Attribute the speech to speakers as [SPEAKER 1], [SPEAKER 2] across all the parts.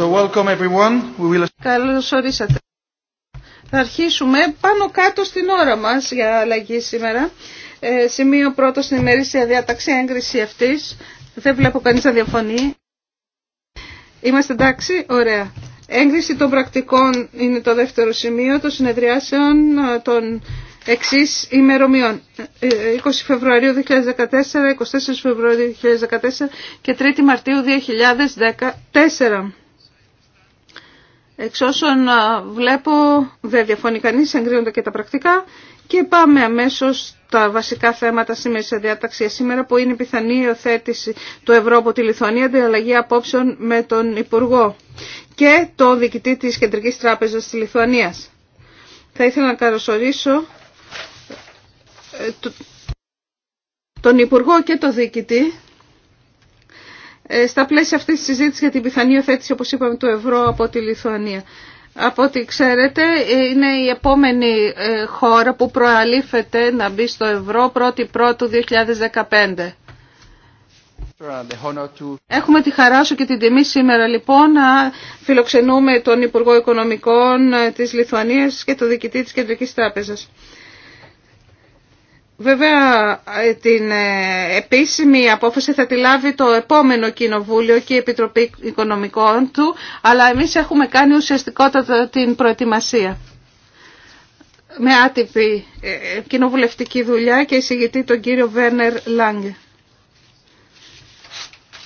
[SPEAKER 1] So welcome everyone. We will...
[SPEAKER 2] Καλώς ορίσατε. Θα αρχίσουμε πάνω κάτω στην ώρα μας για αλλαγή σήμερα. Ε, σημείο πρώτο στην ημερήσια διάταξη έγκριση αυτής. Δεν βλέπω κανείς να διαφωνεί. Είμαστε εντάξει, ωραία. Έγκριση των πρακτικών είναι το δεύτερο σημείο των συνεδριάσεων ε, των εξή ημερομιών. 20 ε, ε, Φεβρουαρίου 2014, 24 Φεβρουαρίου 2014 και 3 Μαρτίου 2014. Εξ όσων βλέπω δεν διαφωνεί κανείς, εγκρίνονται και τα πρακτικά και πάμε αμέσως τα βασικά θέματα σήμερα σε διάταξη σήμερα που είναι η πιθανή υιοθέτηση του ευρώ τη Λιθουανία, ανταλλαγή απόψεων με τον Υπουργό και το διοικητή της Κεντρικής Τράπεζας της Λιθουανίας. Θα ήθελα να καλωσορίσω ε, τον Υπουργό και τον διοικητή ε, στα πλαίσια αυτή τη συζήτηση για την πιθανή οθέτηση, όπως είπαμε, του ευρώ από τη Λιθουανία. Από ό,τι ξέρετε, είναι η επόμενη ε, χώρα που προαλήφεται να μπει στο ευρώ 1η Πρώτου 2015. Έχουμε τη χαρά σου και την τιμή σήμερα λοιπόν να φιλοξενούμε τον Υπουργό Οικονομικών ε, της Λιθουανίας και τον Διοικητή της Κεντρικής Τράπεζας. Βέβαια ε, την ε, επίσημη απόφαση θα τη λάβει το επόμενο κοινοβούλιο και η Επιτροπή Οικονομικών του, αλλά εμείς έχουμε κάνει ουσιαστικότατα την προετοιμασία. Με άτυπη ε, κοινοβουλευτική δουλειά και εισηγητή τον κύριο Βέρνερ Λάγκε.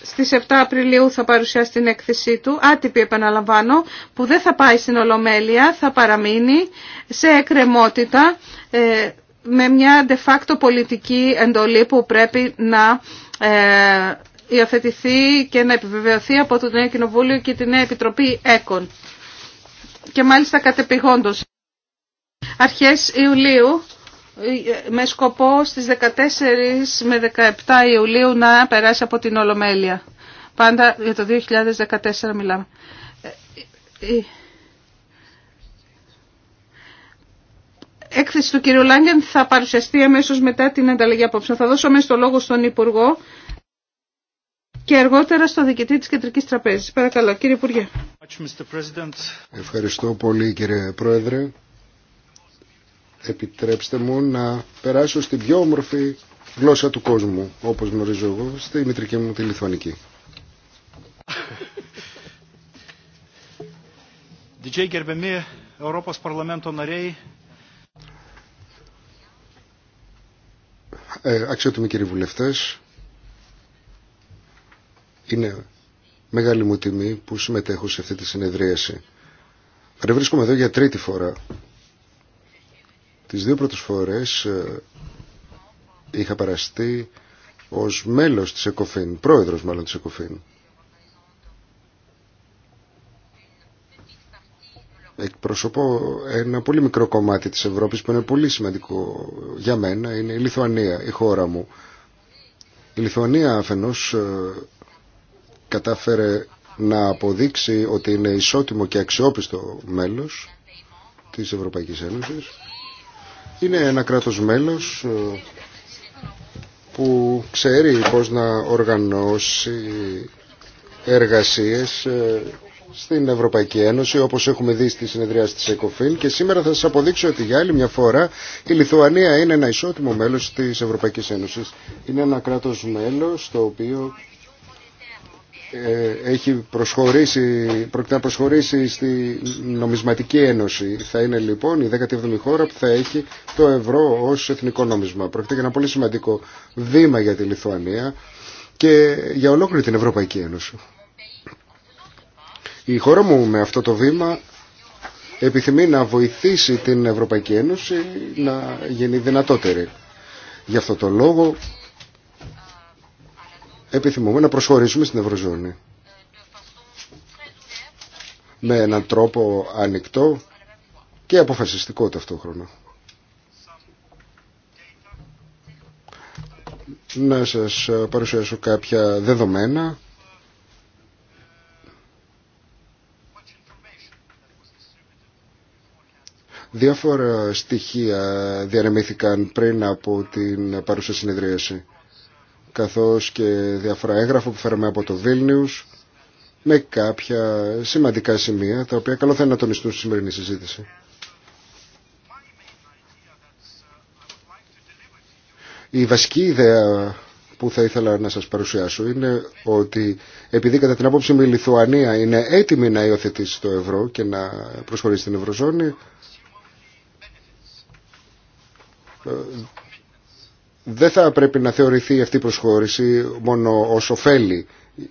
[SPEAKER 2] Στις 7 Απριλίου θα παρουσιάσει την έκθεσή του, άτυπη επαναλαμβάνω, που δεν θα πάει στην Ολομέλεια, θα παραμείνει σε εκκρεμότητα με μια de facto πολιτική εντολή που πρέπει να ε, υιοθετηθεί και να επιβεβαιωθεί από το Νέο Κοινοβούλιο και την Νέα Επιτροπή ΕΚΟΝ. Και μάλιστα κατεπηγόντως. Αρχές Ιουλίου, με σκοπό στις 14 με 17 Ιουλίου να περάσει από την Ολομέλεια. Πάντα για το 2014 μιλάμε. Ε, ε, έκθεση του κύριου Λάγκεν θα παρουσιαστεί αμέσως μετά την ανταλλαγή απόψε. Θα δώσω αμέσως το λόγο στον Υπουργό και αργότερα στο διοικητή της Κεντρικής Τραπέζης. Παρακαλώ, κύριε Υπουργέ.
[SPEAKER 1] Ευχαριστώ πολύ κύριε Πρόεδρε. Επιτρέψτε μου να περάσω στην πιο όμορφη γλώσσα του κόσμου, όπως γνωρίζω εγώ, στη μητρική μου τη Λιθουανική. Ε, αξιότιμοι κύριοι βουλευτές, είναι μεγάλη μου τιμή που συμμετέχω σε αυτή τη συνεδρίαση. Βρίσκομαι εδώ για τρίτη φορά. Τις δύο πρώτες φορές ε, είχα παραστεί ως μέλος της ΕΚΟΦΗΝ, πρόεδρος μάλλον της ΕΚΟΦΗΝ. εκπροσωπώ ένα πολύ μικρό κομμάτι της Ευρώπης που είναι πολύ σημαντικό για μένα, είναι η Λιθουανία, η χώρα μου. Η Λιθουανία αφενός ε, κατάφερε να αποδείξει ότι είναι ισότιμο και αξιόπιστο μέλος της Ευρωπαϊκής Ένωσης. Είναι ένα κράτος μέλος ε, που ξέρει πώς να οργανώσει εργασίες ε, στην Ευρωπαϊκή Ένωση όπως έχουμε δει στη συνεδρία της ΕΚΟΦΗΝ και σήμερα θα σας αποδείξω ότι για άλλη μια φορά η Λιθουανία είναι ένα ισότιμο μέλος της Ευρωπαϊκής Ένωσης. Είναι ένα κράτος μέλος το οποίο ε, έχει προσχωρήσει, πρόκειται να προσχωρήσει στη νομισματική ένωση. Θα είναι λοιπόν η 17η χώρα που θα έχει το ευρώ ως εθνικό νόμισμα. Πρόκειται για ένα πολύ σημαντικό βήμα για τη Λιθουανία και για ολόκληρη την Ευρωπαϊκή Ένωση. Η χώρα μου με αυτό το βήμα επιθυμεί να βοηθήσει την Ευρωπαϊκή Ένωση να γίνει δυνατότερη. Γι' αυτό το λόγο επιθυμούμε να προσχωρήσουμε στην Ευρωζώνη. Με έναν τρόπο ανοιχτό και αποφασιστικό ταυτόχρονα. Να σας παρουσιάσω κάποια δεδομένα Διάφορα στοιχεία διανεμήθηκαν πριν από την παρούσα συνεδρίαση, καθώς και διάφορα έγγραφα που φέραμε από το Βίλνιους, με κάποια σημαντικά σημεία, τα οποία καλό θα είναι να τονιστούν στη σημερινή συζήτηση. Η βασική ιδέα που θα ήθελα να σας παρουσιάσω είναι ότι επειδή κατά την άποψη μου η Λιθουανία είναι έτοιμη να υιοθετήσει το ευρώ και να προσχωρήσει στην ευρωζώνη, ε, δεν θα πρέπει να θεωρηθεί αυτή η προσχώρηση μόνο ως ωφέλη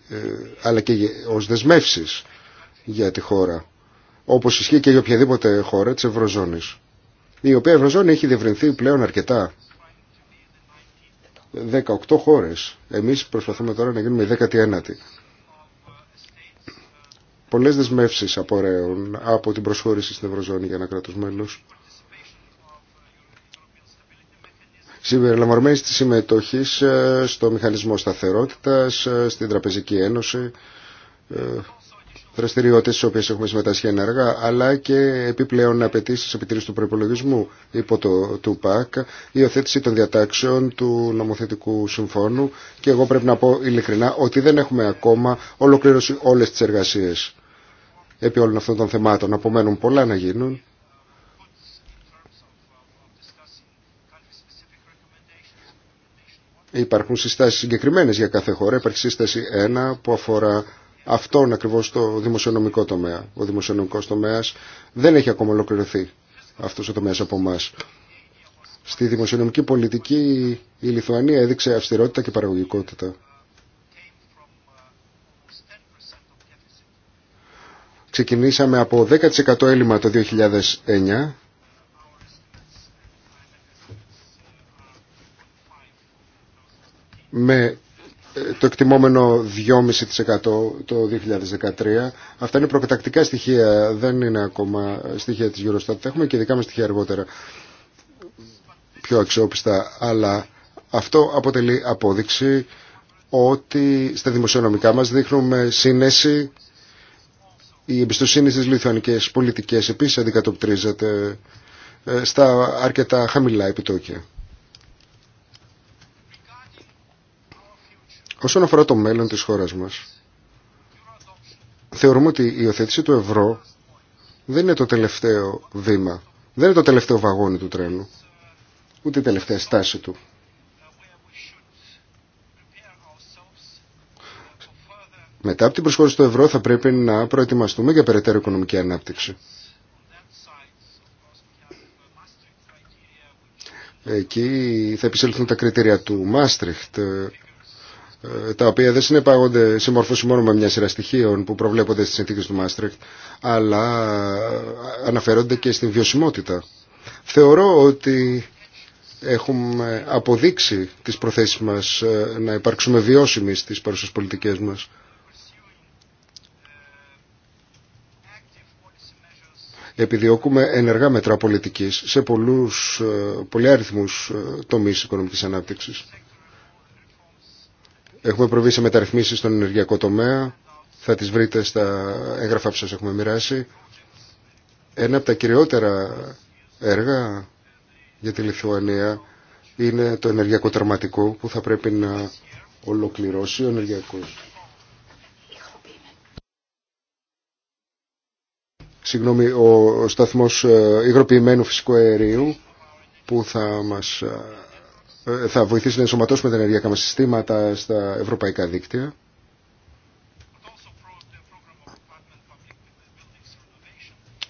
[SPEAKER 1] ε, αλλά και ως δεσμεύσεις για τη χώρα όπως ισχύει και για οποιαδήποτε χώρα της Ευρωζώνης η οποία Ευρωζώνη έχει διευρυνθεί πλέον αρκετά 18 χώρες εμείς προσπαθούμε τώρα να γίνουμε 19η πολλές δεσμεύσεις απορρέουν από την προσχώρηση στην Ευρωζώνη για ένα κράτος μέλος συμπεριλαμβανομένης της συμμετοχής ε, στο μηχανισμό σταθερότητας, ε, στην Τραπεζική Ένωση, ε, δραστηριότητες στις οποίες έχουμε συμμετάσχει ενεργά, αλλά και επιπλέον απαιτήσει επιτήρηση του προπολογισμού υπό το του ΠΑΚ, υιοθέτηση των διατάξεων του νομοθετικού συμφώνου και εγώ πρέπει να πω ειλικρινά ότι δεν έχουμε ακόμα ολοκλήρωση όλες τις εργασίες επί όλων αυτών των θεμάτων. Απομένουν πολλά να γίνουν Υπάρχουν συστάσεις συγκεκριμένες για κάθε χώρα. Υπάρχει σύσταση 1 που αφορά αυτόν ακριβώς το δημοσιονομικό τομέα. Ο δημοσιονομικός τομέας δεν έχει ακόμα ολοκληρωθεί αυτός ο τομέας από εμά. Στη δημοσιονομική πολιτική η Λιθουανία έδειξε αυστηρότητα και παραγωγικότητα. Ξεκινήσαμε από 10% έλλειμμα το 2009 με ε, το εκτιμόμενο 2,5% το 2013. Αυτά είναι προκατακτικά στοιχεία, δεν είναι ακόμα στοιχεία της Eurostat. Έχουμε και δικά μας στοιχεία αργότερα πιο αξιόπιστα, αλλά αυτό αποτελεί απόδειξη ότι στα δημοσιονομικά μας δείχνουμε σύνεση η εμπιστοσύνη στις λιθουανικές πολιτικές επίσης αντικατοπτρίζεται ε, στα αρκετά χαμηλά επιτόκια. Όσον αφορά το μέλλον της χώρας μας, θεωρούμε ότι η υιοθέτηση του ευρώ δεν είναι το τελευταίο βήμα, δεν είναι το τελευταίο βαγόνι του τρένου, ούτε η τελευταία στάση του. Μετά από την προσχώρηση του ευρώ θα πρέπει να προετοιμαστούμε για περαιτέρω οικονομική ανάπτυξη. Εκεί θα επισέλθουν τα κριτήρια του Μάστριχτ, ε, τα οποία δεν συνεπάγονται μορφώση μόνο με μια σειρά στοιχείων που προβλέπονται στις συνθήκες του Μάστρεκτ, αλλά ε, αναφέρονται και στην βιωσιμότητα. Θεωρώ ότι έχουμε αποδείξει τις προθέσεις μας ε, να υπάρξουμε βιώσιμοι στις παρουσίες πολιτικές μας. Επιδιώκουμε ενεργά μέτρα πολιτικής σε πολλούς, πολλοί αριθμούς τομείς οικονομικής ανάπτυξης. Έχουμε προβεί σε μεταρρυθμίσεις στον ενεργειακό τομέα. Θα τις βρείτε στα έγγραφα που σας έχουμε μοιράσει. Ένα από τα κυριότερα έργα για τη Λιθουανία είναι το ενεργειακό τερματικό που θα πρέπει να ολοκληρώσει ο ενεργειακός. Συγγνώμη, ο σταθμός ε, υγροποιημένου φυσικού αερίου που θα μας ε, ε, θα βοηθήσει να ενσωματώσουμε τα ενεργειακά μας συστήματα στα ευρωπαϊκά δίκτυα.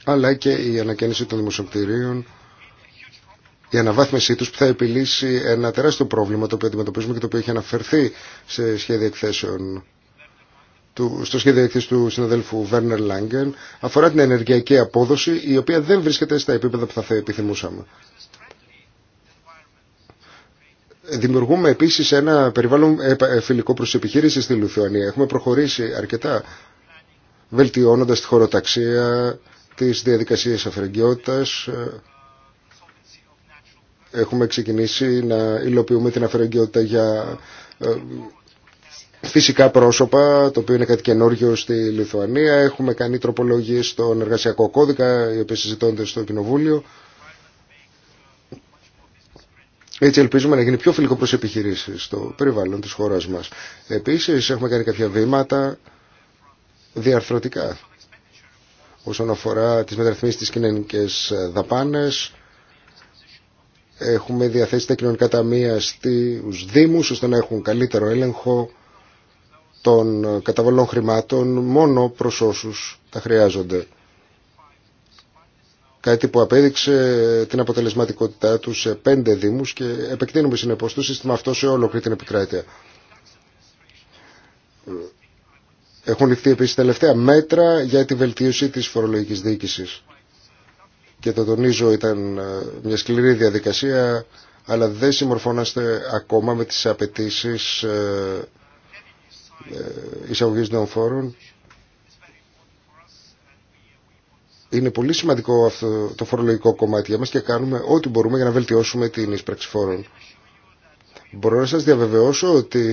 [SPEAKER 1] αλλά και η ανακαίνιση των δημοσιοκτηρίων, η αναβάθμιση τους που θα επιλύσει ένα τεράστιο πρόβλημα το οποίο αντιμετωπίζουμε και το οποίο έχει αναφερθεί σε σχέδια εκθέσεων του, στο σχέδιο εκθέσεων του συναδέλφου Βέρνερ Λάγκεν αφορά την ενεργειακή απόδοση η οποία δεν βρίσκεται στα επίπεδα που θα επιθυμούσαμε. Δημιουργούμε επίσης ένα περιβάλλον ε, ε, φιλικό προς επιχείρηση στη Λιθουανία. Έχουμε προχωρήσει αρκετά βελτιώνοντας τη χωροταξία, τις διαδικασίες αφαιρεγγιότητας. Έχουμε ξεκινήσει να υλοποιούμε την αφαιρεγγιότητα για ε, φυσικά πρόσωπα, το οποίο είναι κάτι καινούργιο στη Λιθουανία. Έχουμε κάνει τροπολογίες στον εργασιακό κώδικα, οι οποίες συζητώνται στο Κοινοβούλιο. Έτσι ελπίζουμε να γίνει πιο φιλικό προς επιχειρήσεις στο περιβάλλον της χώρας μας. Επίσης έχουμε κάνει κάποια βήματα διαρθρωτικά όσον αφορά τις μεταρρυθμίσεις της κοινωνικές δαπάνες. Έχουμε διαθέσει τα κοινωνικά ταμεία στους Δήμους ώστε να έχουν καλύτερο έλεγχο των καταβολών χρημάτων μόνο προς όσους τα χρειάζονται. Κάτι που απέδειξε την αποτελεσματικότητά του σε πέντε δήμους και επεκτείνουμε συνεπώς το σύστημα αυτό σε ολόκληρη την επικράτεια. Έχουν ληφθεί επίσης τελευταία μέτρα για τη βελτίωση της φορολογικής διοίκησης. Και το τονίζω ήταν ε, μια σκληρή διαδικασία, αλλά δεν συμμορφώναστε ακόμα με τις απαιτήσει ε, ε, εισαγωγής νέων φόρων Είναι πολύ σημαντικό αυτό το φορολογικό κομμάτι για μας και κάνουμε ό,τι μπορούμε για να βελτιώσουμε την εισπράξη Μπορώ να σας διαβεβαιώσω ότι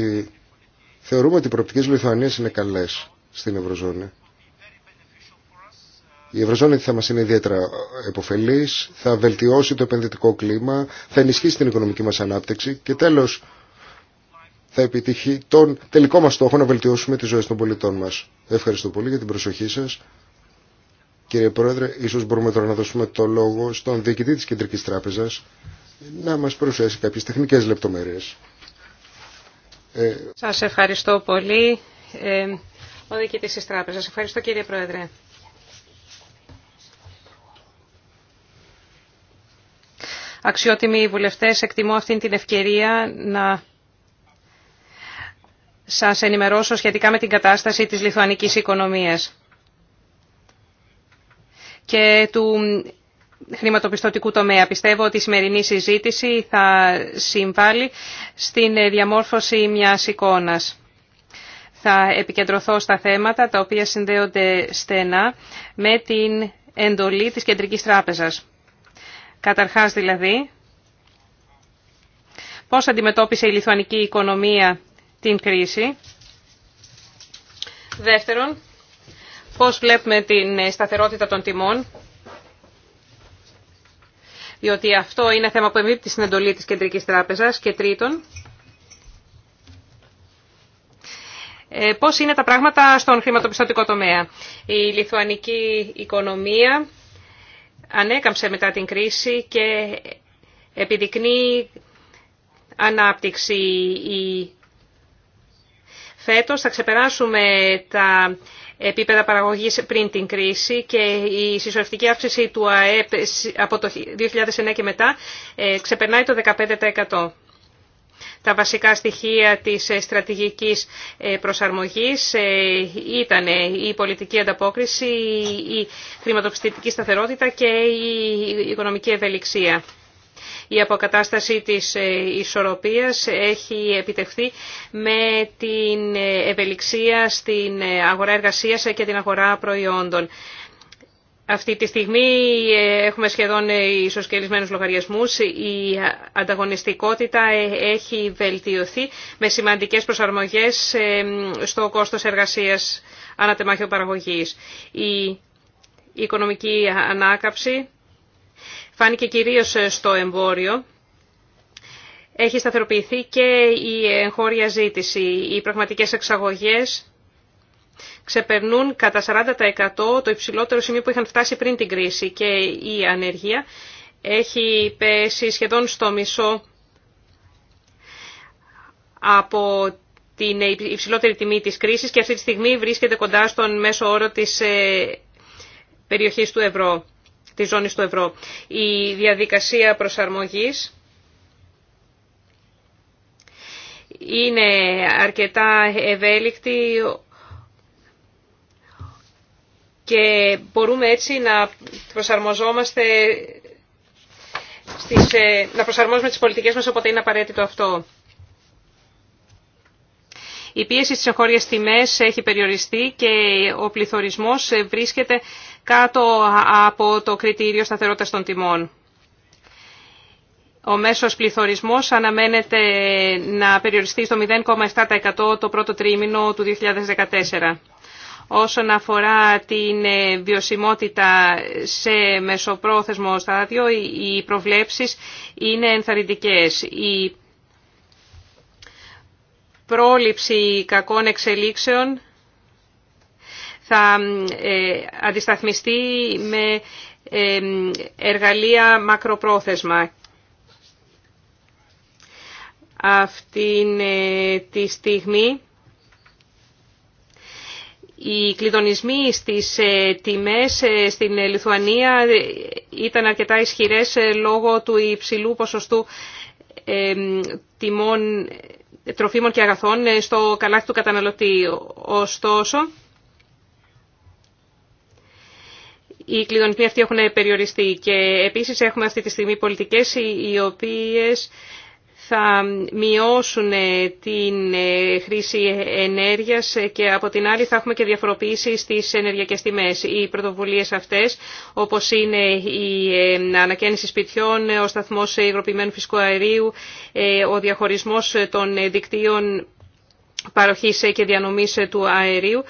[SPEAKER 1] θεωρούμε ότι οι προοπτικές Λιθουανίας είναι καλές στην Ευρωζώνη. Η Ευρωζώνη θα μας είναι ιδιαίτερα επωφελής, θα βελτιώσει το επενδυτικό κλίμα, θα ενισχύσει την οικονομική μας ανάπτυξη και τέλος θα επιτύχει τον τελικό μας στόχο να βελτιώσουμε τις ζωές των πολιτών μας. Ευχαριστώ πολύ για την προσοχή σας. Κύριε Πρόεδρε, ίσως μπορούμε τώρα να δώσουμε το λόγο στον διοικητή της Κεντρικής Τράπεζας να μας παρουσιάσει κάποιες τεχνικές λεπτομέρειες. Ε,
[SPEAKER 3] σας ευχαριστώ πολύ, ε, ο διοικητής της Τράπεζας. Ευχαριστώ κύριε Πρόεδρε. Αξιότιμοι βουλευτές, εκτιμώ αυτήν την ευκαιρία να σας ενημερώσω σχετικά με την κατάσταση της λιθουανικής οικονομίας και του χρηματοπιστωτικού τομέα. Πιστεύω ότι η σημερινή συζήτηση θα συμβάλλει στην διαμόρφωση μιας εικόνας. Θα επικεντρωθώ στα θέματα τα οποία συνδέονται στενά με την εντολή της Κεντρικής Τράπεζας. Καταρχάς δηλαδή, πώς αντιμετώπισε η λιθουανική οικονομία την κρίση. Δεύτερον, πώς βλέπουμε την ε, σταθερότητα των τιμών, διότι αυτό είναι θέμα που εμπίπτει στην εντολή της Κεντρικής Τράπεζας και τρίτον, ε, πώς είναι τα πράγματα στον χρηματοπιστωτικό τομέα. Η λιθουανική οικονομία ανέκαμψε μετά την κρίση και επιδεικνύει ανάπτυξη. Η... Φέτος θα ξεπεράσουμε τα επίπεδα παραγωγής πριν την κρίση και η συσσωρευτική αύξηση του ΑΕΠ από το 2009 και μετά ε, ξεπερνάει το 15%. Τα βασικά στοιχεία της ε, στρατηγικής ε, προσαρμογής ήταν η πολιτική ανταπόκριση, η χρηματοπιστωτική σταθερότητα και η οικονομική ευελιξία. Η αποκατάσταση της ε, ισορροπίας έχει επιτευχθεί με την ε, ευελιξία στην ε, αγορά εργασίας και την αγορά προϊόντων. Αυτή τη στιγμή έχουμε σχεδόν ισοσκελισμένους λογαριασμούς. Η ανταγωνιστικότητα έχει βελτιωθεί με σημαντικές προσαρμογές στο κόστος εργασίας ανατεμάχιο παραγωγής. Η οικονομική ανάκαψη φάνηκε κυρίως ε, στο εμπόριο, έχει σταθεροποιηθεί και η εγχώρια ζήτηση. Οι πραγματικές εξαγωγές ξεπερνούν κατά 40% το υψηλότερο σημείο που είχαν φτάσει πριν την κρίση και η ανεργία έχει πέσει σχεδόν στο μισό από την υψηλότερη τιμή της κρίσης και αυτή τη στιγμή βρίσκεται κοντά στον μέσο όρο της ε, περιοχής του ευρώ της ζώνης του ευρώ. Η διαδικασία προσαρμογής είναι αρκετά ευέλικτη και μπορούμε έτσι να προσαρμοζόμαστε στις, ε, να προσαρμόζουμε τις πολιτικές μας όποτε είναι απαραίτητο αυτό. Η πίεση στις εγχώριες τιμές έχει περιοριστεί και ο πληθωρισμός βρίσκεται κάτω από το κριτήριο σταθερότητας των τιμών. Ο μέσος πληθωρισμός αναμένεται να περιοριστεί στο 0,7% το πρώτο τρίμηνο του 2014. Όσον αφορά την ε, βιωσιμότητα σε μεσοπρόθεσμο στάδιο, οι προβλέψεις είναι ενθαρρυντικές. Η πρόληψη κακών εξελίξεων θα ε, αντισταθμιστεί με ε, εργαλεία μακροπρόθεσμα. Αυτή τη στιγμή οι κλειδονισμοί στις ε, τιμές στην Λιθουανία ήταν αρκετά ισχυρές λόγω του υψηλού ποσοστού τιμών τροφίμων και αγαθών στο καλάθι του καταναλωτή. Ωστόσο, οι κλειδονισμοί αυτοί έχουν περιοριστεί και επίσης έχουμε αυτή τη στιγμή πολιτικές οι οποίες θα μειώσουν ε, την ε, χρήση ενέργειας και από την άλλη θα έχουμε και διαφοροποίηση στις ενεργειακές τιμές. Οι πρωτοβουλίες αυτές, όπως είναι η ε, ανακαίνιση σπιτιών, ο σταθμός υγροποιημένου φυσικού αερίου, ο διαχωρισμός των δικτύων παροχής και διανομής του αερίου,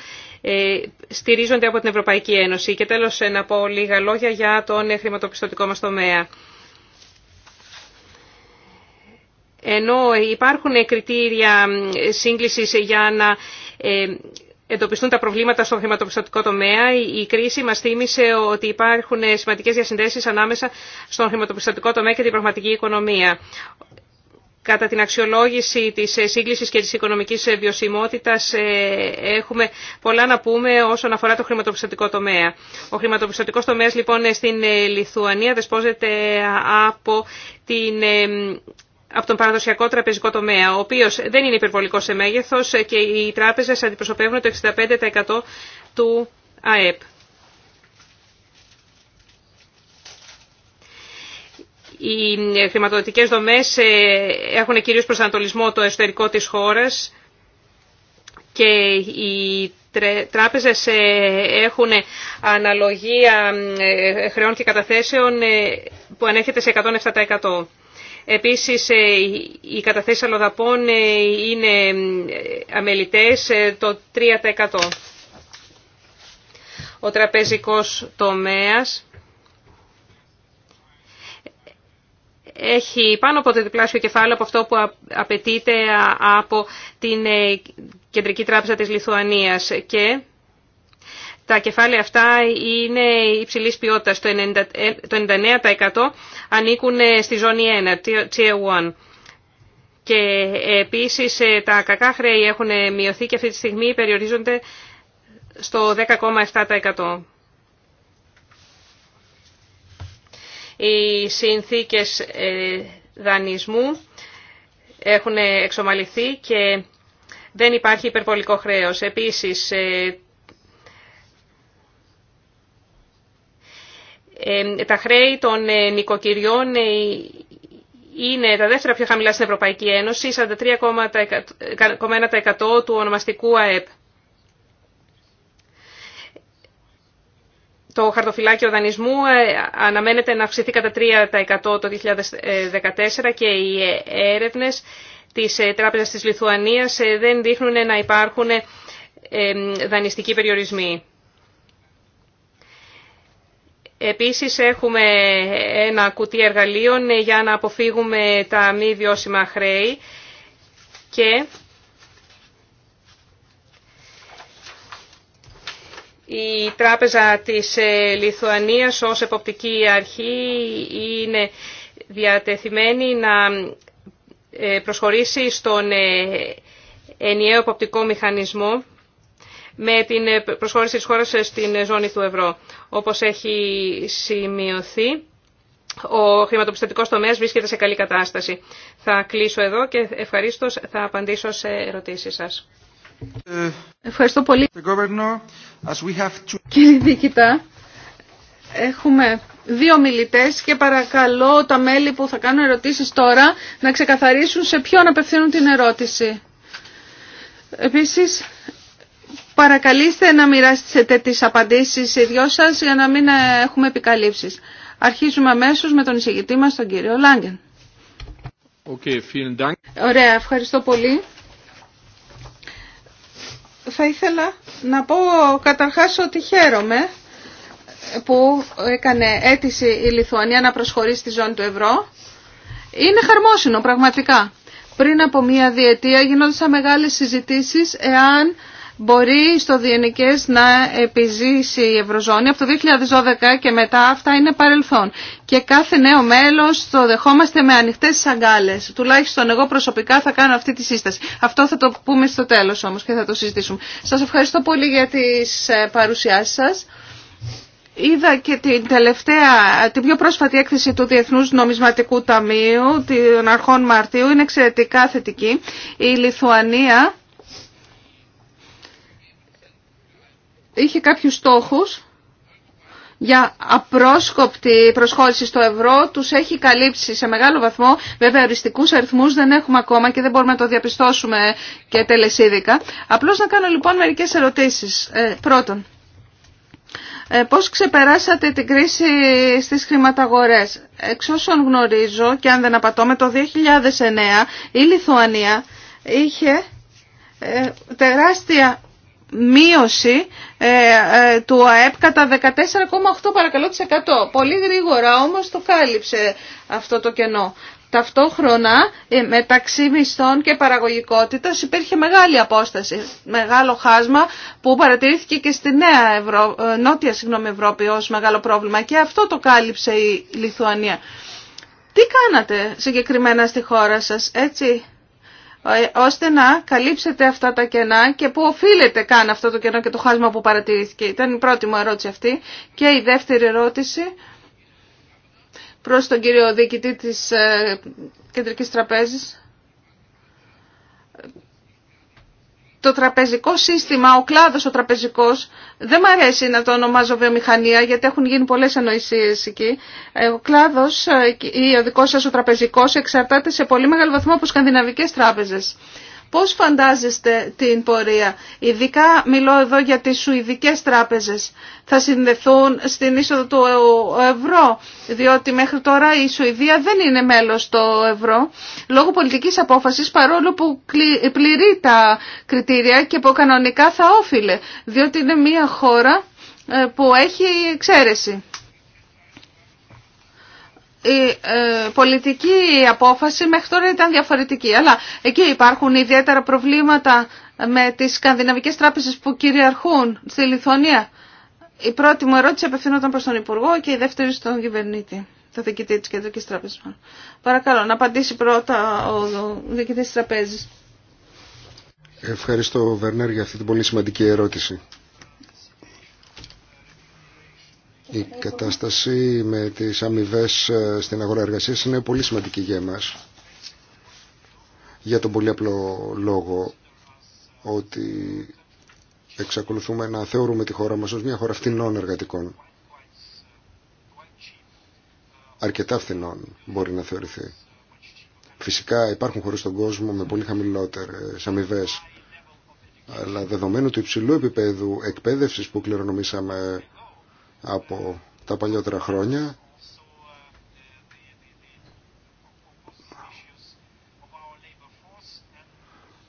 [SPEAKER 3] ε, στηρίζονται από την Ευρωπαϊκή Ένωση. Και τέλος ε, να πω λίγα λόγια για τον χρηματοπιστωτικό μας τομέα. Ενώ υπάρχουν κριτήρια σύγκλησης για να ε, εντοπιστούν τα προβλήματα στον χρηματοπιστωτικό τομέα, η κρίση μας θύμισε ότι υπάρχουν σημαντικές διασυνδέσεις ανάμεσα στον χρηματοπιστωτικό τομέα και την πραγματική οικονομία. Κατά την αξιολόγηση της ε, σύγκλησης και της οικονομικής ε, βιωσιμότητας ε, έχουμε πολλά να πούμε όσον αφορά το χρηματοπιστωτικό τομέα. Ο χρηματοπιστωτικός τομέας λοιπόν στην Λιθουανία δεσπόζεται από, την, από τον παραδοσιακό τραπεζικό τομέα, ο οποίος δεν είναι υπερβολικό σε μέγεθο και οι τράπεζε αντιπροσωπεύουν το 65% του ΑΕΠ. Οι χρηματοδοτικές δομές ε, έχουν κυρίως προσανατολισμό το εσωτερικό της χώρας και οι τράπεζες ε, έχουν αναλογία ε, χρεών και καταθέσεων που ανέρχεται σε 107%. Επίσης, οι καταθέσεις αλλοδαπών είναι αμελητές το 3%. Ο τραπεζικός τομέας έχει πάνω από το διπλάσιο κεφάλαιο από αυτό που απαιτείται από την ε, Κεντρική Τράπεζα της Λιθουανίας και τα κεφάλαια αυτά είναι υψηλής ποιότητας. Το 99% ε, ανήκουν ε, στη ζώνη 1, Tier 1. Και επίσης τα κακά χρέη έχουν μειωθεί και αυτή τη στιγμή περιορίζονται στο 10,7%. οι συνθήκες ε, δανεισμού έχουν εξομαλυθεί και δεν υπάρχει υπερβολικό χρέος. Επίσης, ε, ε, τα χρέη των νοικοκυριών είναι τα δεύτερα πιο χαμηλά στην Ευρωπαϊκή Ένωση, 43,1% του ονομαστικού ΑΕΠ. το χαρτοφυλάκιο δανεισμού ε, αναμένεται να αυξηθεί κατά 3% το 2014 και οι ε, έρευνες της ε, Τράπεζας της Λιθουανίας δεν δείχνουν να υπάρχουν δανειστικοί περιορισμοί. Επίσης έχουμε ένα κουτί εργαλείων για να αποφύγουμε τα μη βιώσιμα χρέη και Η Τράπεζα της ε, Λιθουανίας ως εποπτική αρχή είναι διατεθειμένη να ε, προσχωρήσει στον ε, ενιαίο εποπτικό μηχανισμό με την προσχώρηση της χώρας στην ζώνη του ευρώ. Όπως έχει σημειωθεί, ο χρηματοπιστωτικός τομέας βρίσκεται σε καλή κατάσταση. Θα κλείσω εδώ και ευχαρίστως θα απαντήσω σε ερωτήσεις σας.
[SPEAKER 2] Ευχαριστώ πολύ. Κύριε Δίκητα, έχουμε δύο μιλητές και παρακαλώ τα μέλη που θα κάνουν ερωτήσεις τώρα να ξεκαθαρίσουν σε ποιον απευθύνουν την ερώτηση. Επίσης, παρακαλείστε να μοιράσετε τις απαντήσεις οι δυο σας για να μην έχουμε επικαλύψεις. Αρχίζουμε αμέσως με τον εισηγητή μας, τον κύριο Λάγκεν. Okay, Ωραία, ευχαριστώ πολύ θα ήθελα να πω καταρχάς ότι χαίρομαι που έκανε αίτηση η Λιθουανία να προσχωρήσει στη ζώνη του ευρώ. Είναι χαρμόσυνο πραγματικά. Πριν από μία διετία γινόντουσαν μεγάλες συζητήσεις εάν μπορεί στο διενικές να επιζήσει η Ευρωζώνη. Από το 2012 και μετά αυτά είναι παρελθόν. Και κάθε νέο μέλος το δεχόμαστε με ανοιχτές αγκάλες. Τουλάχιστον εγώ προσωπικά θα κάνω αυτή τη σύσταση. Αυτό θα το πούμε στο τέλος όμως και θα το συζητήσουμε. Σας ευχαριστώ πολύ για τις ε, παρουσιάσεις σας. Είδα και την τελευταία, την πιο πρόσφατη έκθεση του Διεθνούς Νομισματικού Ταμείου των αρχών Μαρτίου. Είναι εξαιρετικά θετική. Η Λιθουανία είχε κάποιους στόχους για απρόσκοπτη προσχώρηση στο ευρώ τους έχει καλύψει σε μεγάλο βαθμό. Βέβαια οριστικούς αριθμούς δεν έχουμε ακόμα και δεν μπορούμε να το διαπιστώσουμε και τελεσίδικα. Απλώς να κάνω λοιπόν μερικές ερωτήσεις. Ε, πρώτον, ε, πώς ξεπεράσατε την κρίση στις χρηματαγορές. Εξ όσων γνωρίζω και αν δεν απατώμε το 2009 η Λιθουανία είχε ε, τεράστια μείωση ε, ε, του ΑΕΠ κατά 14,8 παρακαλώ Πολύ γρήγορα όμως το κάλυψε αυτό το κενό. Ταυτόχρονα ε, μεταξύ μισθών και παραγωγικότητας υπήρχε μεγάλη απόσταση, μεγάλο χάσμα που παρατηρήθηκε και στη νέα Ευρω... νότια συγγνώμη, Ευρώπη ως μεγάλο πρόβλημα και αυτό το κάλυψε η Λιθουανία. Τι κάνατε συγκεκριμένα στη χώρα σας, έτσι ε, ώστε να καλύψετε αυτά τα κενά και πού οφείλεται καν αυτό το κενό και το χάσμα που παρατηρήθηκε. Ήταν η πρώτη μου ερώτηση αυτή. Και η δεύτερη ερώτηση προς τον κύριο διοικητή της ε, Κεντρικής Τραπέζης. το τραπεζικό σύστημα, ο κλάδος ο τραπεζικός, δεν μου αρέσει να το ονομάζω βιομηχανία γιατί έχουν γίνει πολλές ανοησίες εκεί. Ε, ο κλάδος ε, ή ο δικός σας ο τραπεζικός εξαρτάται σε πολύ μεγάλο βαθμό από σκανδιναβικές τράπεζες. Πώς φαντάζεστε την πορεία, ειδικά μιλώ εδώ για τις σουηδικές τράπεζες, θα συνδεθούν στην είσοδο του ευρώ, διότι μέχρι τώρα η Σουηδία δεν είναι μέλος του ευρώ, λόγω πολιτικής απόφασης παρόλο που πληρεί τα κριτήρια και που κανονικά θα όφιλε, διότι είναι μια χώρα ε, που έχει εξαίρεση η ε, πολιτική απόφαση μέχρι τώρα ήταν διαφορετική. Αλλά εκεί υπάρχουν ιδιαίτερα προβλήματα με τις σκανδιναβικές τράπεζες που κυριαρχούν στη Λιθωνία. Η πρώτη μου ερώτηση απευθυνόταν προς τον Υπουργό και η δεύτερη στον κυβερνήτη, το διοικητή της Κεντρικής Τράπεζας. Παρακαλώ να απαντήσει πρώτα ο διοικητής της Τραπέζης.
[SPEAKER 1] Ευχαριστώ Βερνέρ για αυτή την πολύ σημαντική ερώτηση. Η κατάσταση με τις αμοιβέ ε, στην αγορά εργασίας είναι πολύ σημαντική για εμάς. Για τον πολύ απλό λόγο ότι εξακολουθούμε να θεωρούμε τη χώρα μας ως μια χώρα φθηνών εργατικών. Αρκετά φθηνών μπορεί να θεωρηθεί. Φυσικά υπάρχουν χώρες στον κόσμο με πολύ χαμηλότερες αμοιβέ. Αλλά δεδομένου του υψηλού επίπεδου εκπαίδευσης που κληρονομήσαμε από τα παλιότερα χρόνια.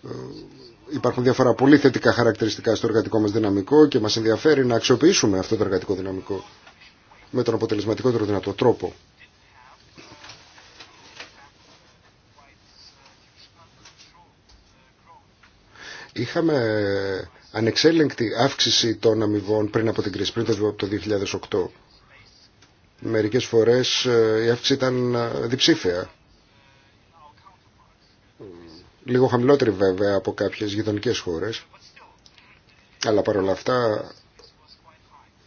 [SPEAKER 1] Ε, υπάρχουν διάφορα πολύ θετικά χαρακτηριστικά στο εργατικό μας δυναμικό και μας ενδιαφέρει να αξιοποιήσουμε αυτό το εργατικό δυναμικό με τον αποτελεσματικότερο δυνατό τρόπο. Είχαμε ανεξέλεγκτη αύξηση των αμοιβών πριν από την κρίση, πριν το 2008. Μερικές φορές ε, η αύξηση ήταν ε, διψήφια. Λίγο χαμηλότερη βέβαια από κάποιες γειτονικές χώρες. Αλλά παρόλα αυτά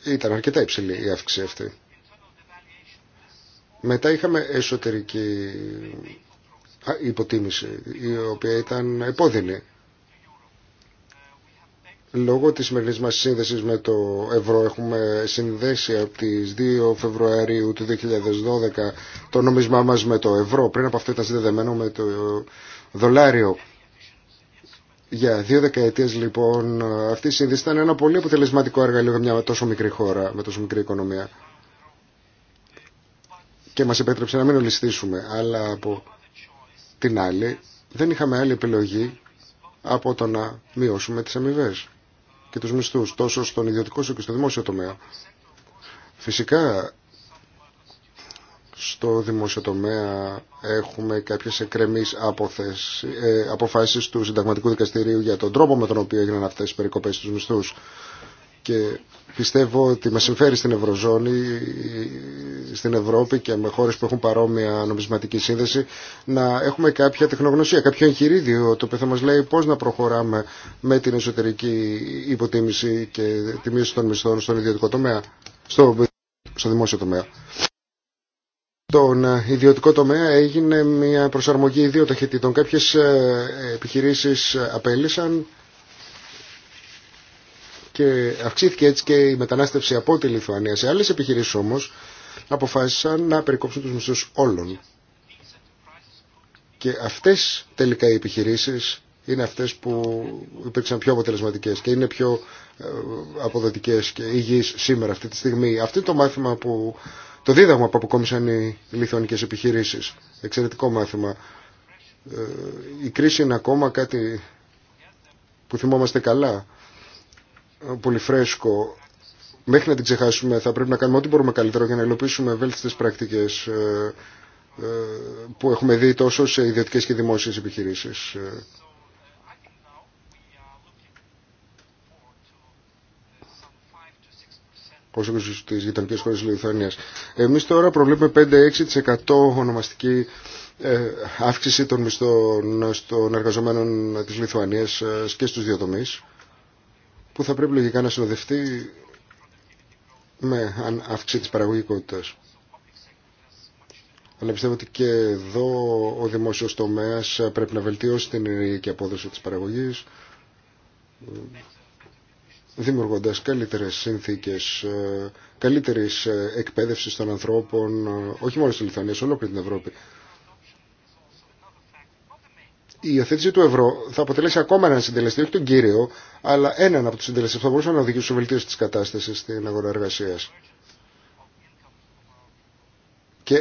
[SPEAKER 1] ήταν αρκετά υψηλή η αύξηση αυτή. Μετά είχαμε εσωτερική υποτίμηση, η οποία ήταν επώδυνη Λόγω της σημερινής μας σύνδεσης με το ευρώ έχουμε συνδέσει από τις 2 Φεβρουαρίου του 2012 το νομισμά μας με το ευρώ. Πριν από αυτό ήταν συνδεδεμένο με το δολάριο. Για δύο δεκαετίες λοιπόν αυτή η σύνδεση ήταν ένα πολύ αποτελεσματικό εργαλείο για μια τόσο μικρή χώρα, με τόσο μικρή οικονομία. Και μας επέτρεψε να μην ολιστήσουμε, αλλά από την άλλη δεν είχαμε άλλη επιλογή από το να μειώσουμε τις αμοιβέ και τους μισθούς τόσο στον ιδιωτικό όσο και στο δημόσιο τομέα. Φυσικά στο δημόσιο τομέα έχουμε κάποιες εκκρεμείς ε, αποφάσεις του Συνταγματικού Δικαστηρίου για τον τρόπο με τον οποίο έγιναν αυτές οι περικοπές στους μισθούς και πιστεύω ότι μας συμφέρει στην Ευρωζώνη, στην Ευρώπη και με χώρες που έχουν παρόμοια νομισματική σύνδεση να έχουμε κάποια τεχνογνωσία, κάποιο εγχειρίδιο το οποίο θα μας λέει πώς να προχωράμε με την εσωτερική υποτίμηση και τη μείωση των μισθών στον ιδιωτικό τομέα, στο, δημόσιο τομέα. Στον ιδιωτικό τομέα έγινε μια προσαρμογή ιδίω ταχυτήτων. Κάποιες ε, επιχειρήσεις απέλησαν και αυξήθηκε έτσι και η μετανάστευση από τη Λιθουανία. Σε άλλες επιχειρήσεις όμως αποφάσισαν να περικόψουν τους μισθούς όλων. Και αυτές τελικά οι επιχειρήσεις είναι αυτές που υπήρξαν πιο αποτελεσματικές και είναι πιο ε, αποδοτικές και υγιείς σήμερα αυτή τη στιγμή. Αυτό είναι το μάθημα που, το δίδαγμα που αποκόμισαν οι λιθουανικές επιχειρήσεις. Εξαιρετικό μάθημα. Ε, η κρίση είναι ακόμα κάτι που θυμόμαστε καλά πολύ φρέσκο. Μέχρι να την ξεχάσουμε θα πρέπει να κάνουμε ό,τι μπορούμε καλύτερο για να υλοποιήσουμε βέλτιστες πρακτικές ε, ε, που έχουμε δει τόσο σε ιδιωτικές και δημόσιες επιχειρήσεις. όσο και στι γειτονικέ χώρε τη Λιθουανία. Εμεί τώρα προβλέπουμε 5-6% ονομαστική ε, αύξηση των μισθών των εργαζομένων τη Λιθουανία και στου δύο που θα πρέπει λογικά να συνοδευτεί με αύξηση της παραγωγικότητας. Αλλά πιστεύω ότι και εδώ ο δημόσιος τομέας πρέπει να βελτιώσει την ενεργειακή απόδοση της παραγωγής δημιουργώντας καλύτερες συνθήκες, καλύτερης εκπαίδευσης των ανθρώπων, όχι μόνο στη Λιθανία, σε ολόκληρη την Ευρώπη η υιοθέτηση του ευρώ θα αποτελέσει ακόμα έναν συντελεστή, όχι τον κύριο, αλλά έναν από του συντελεστέ που θα μπορούσαν να οδηγήσουν σε βελτίωση τη κατάσταση στην αγορά εργασία. Και ε,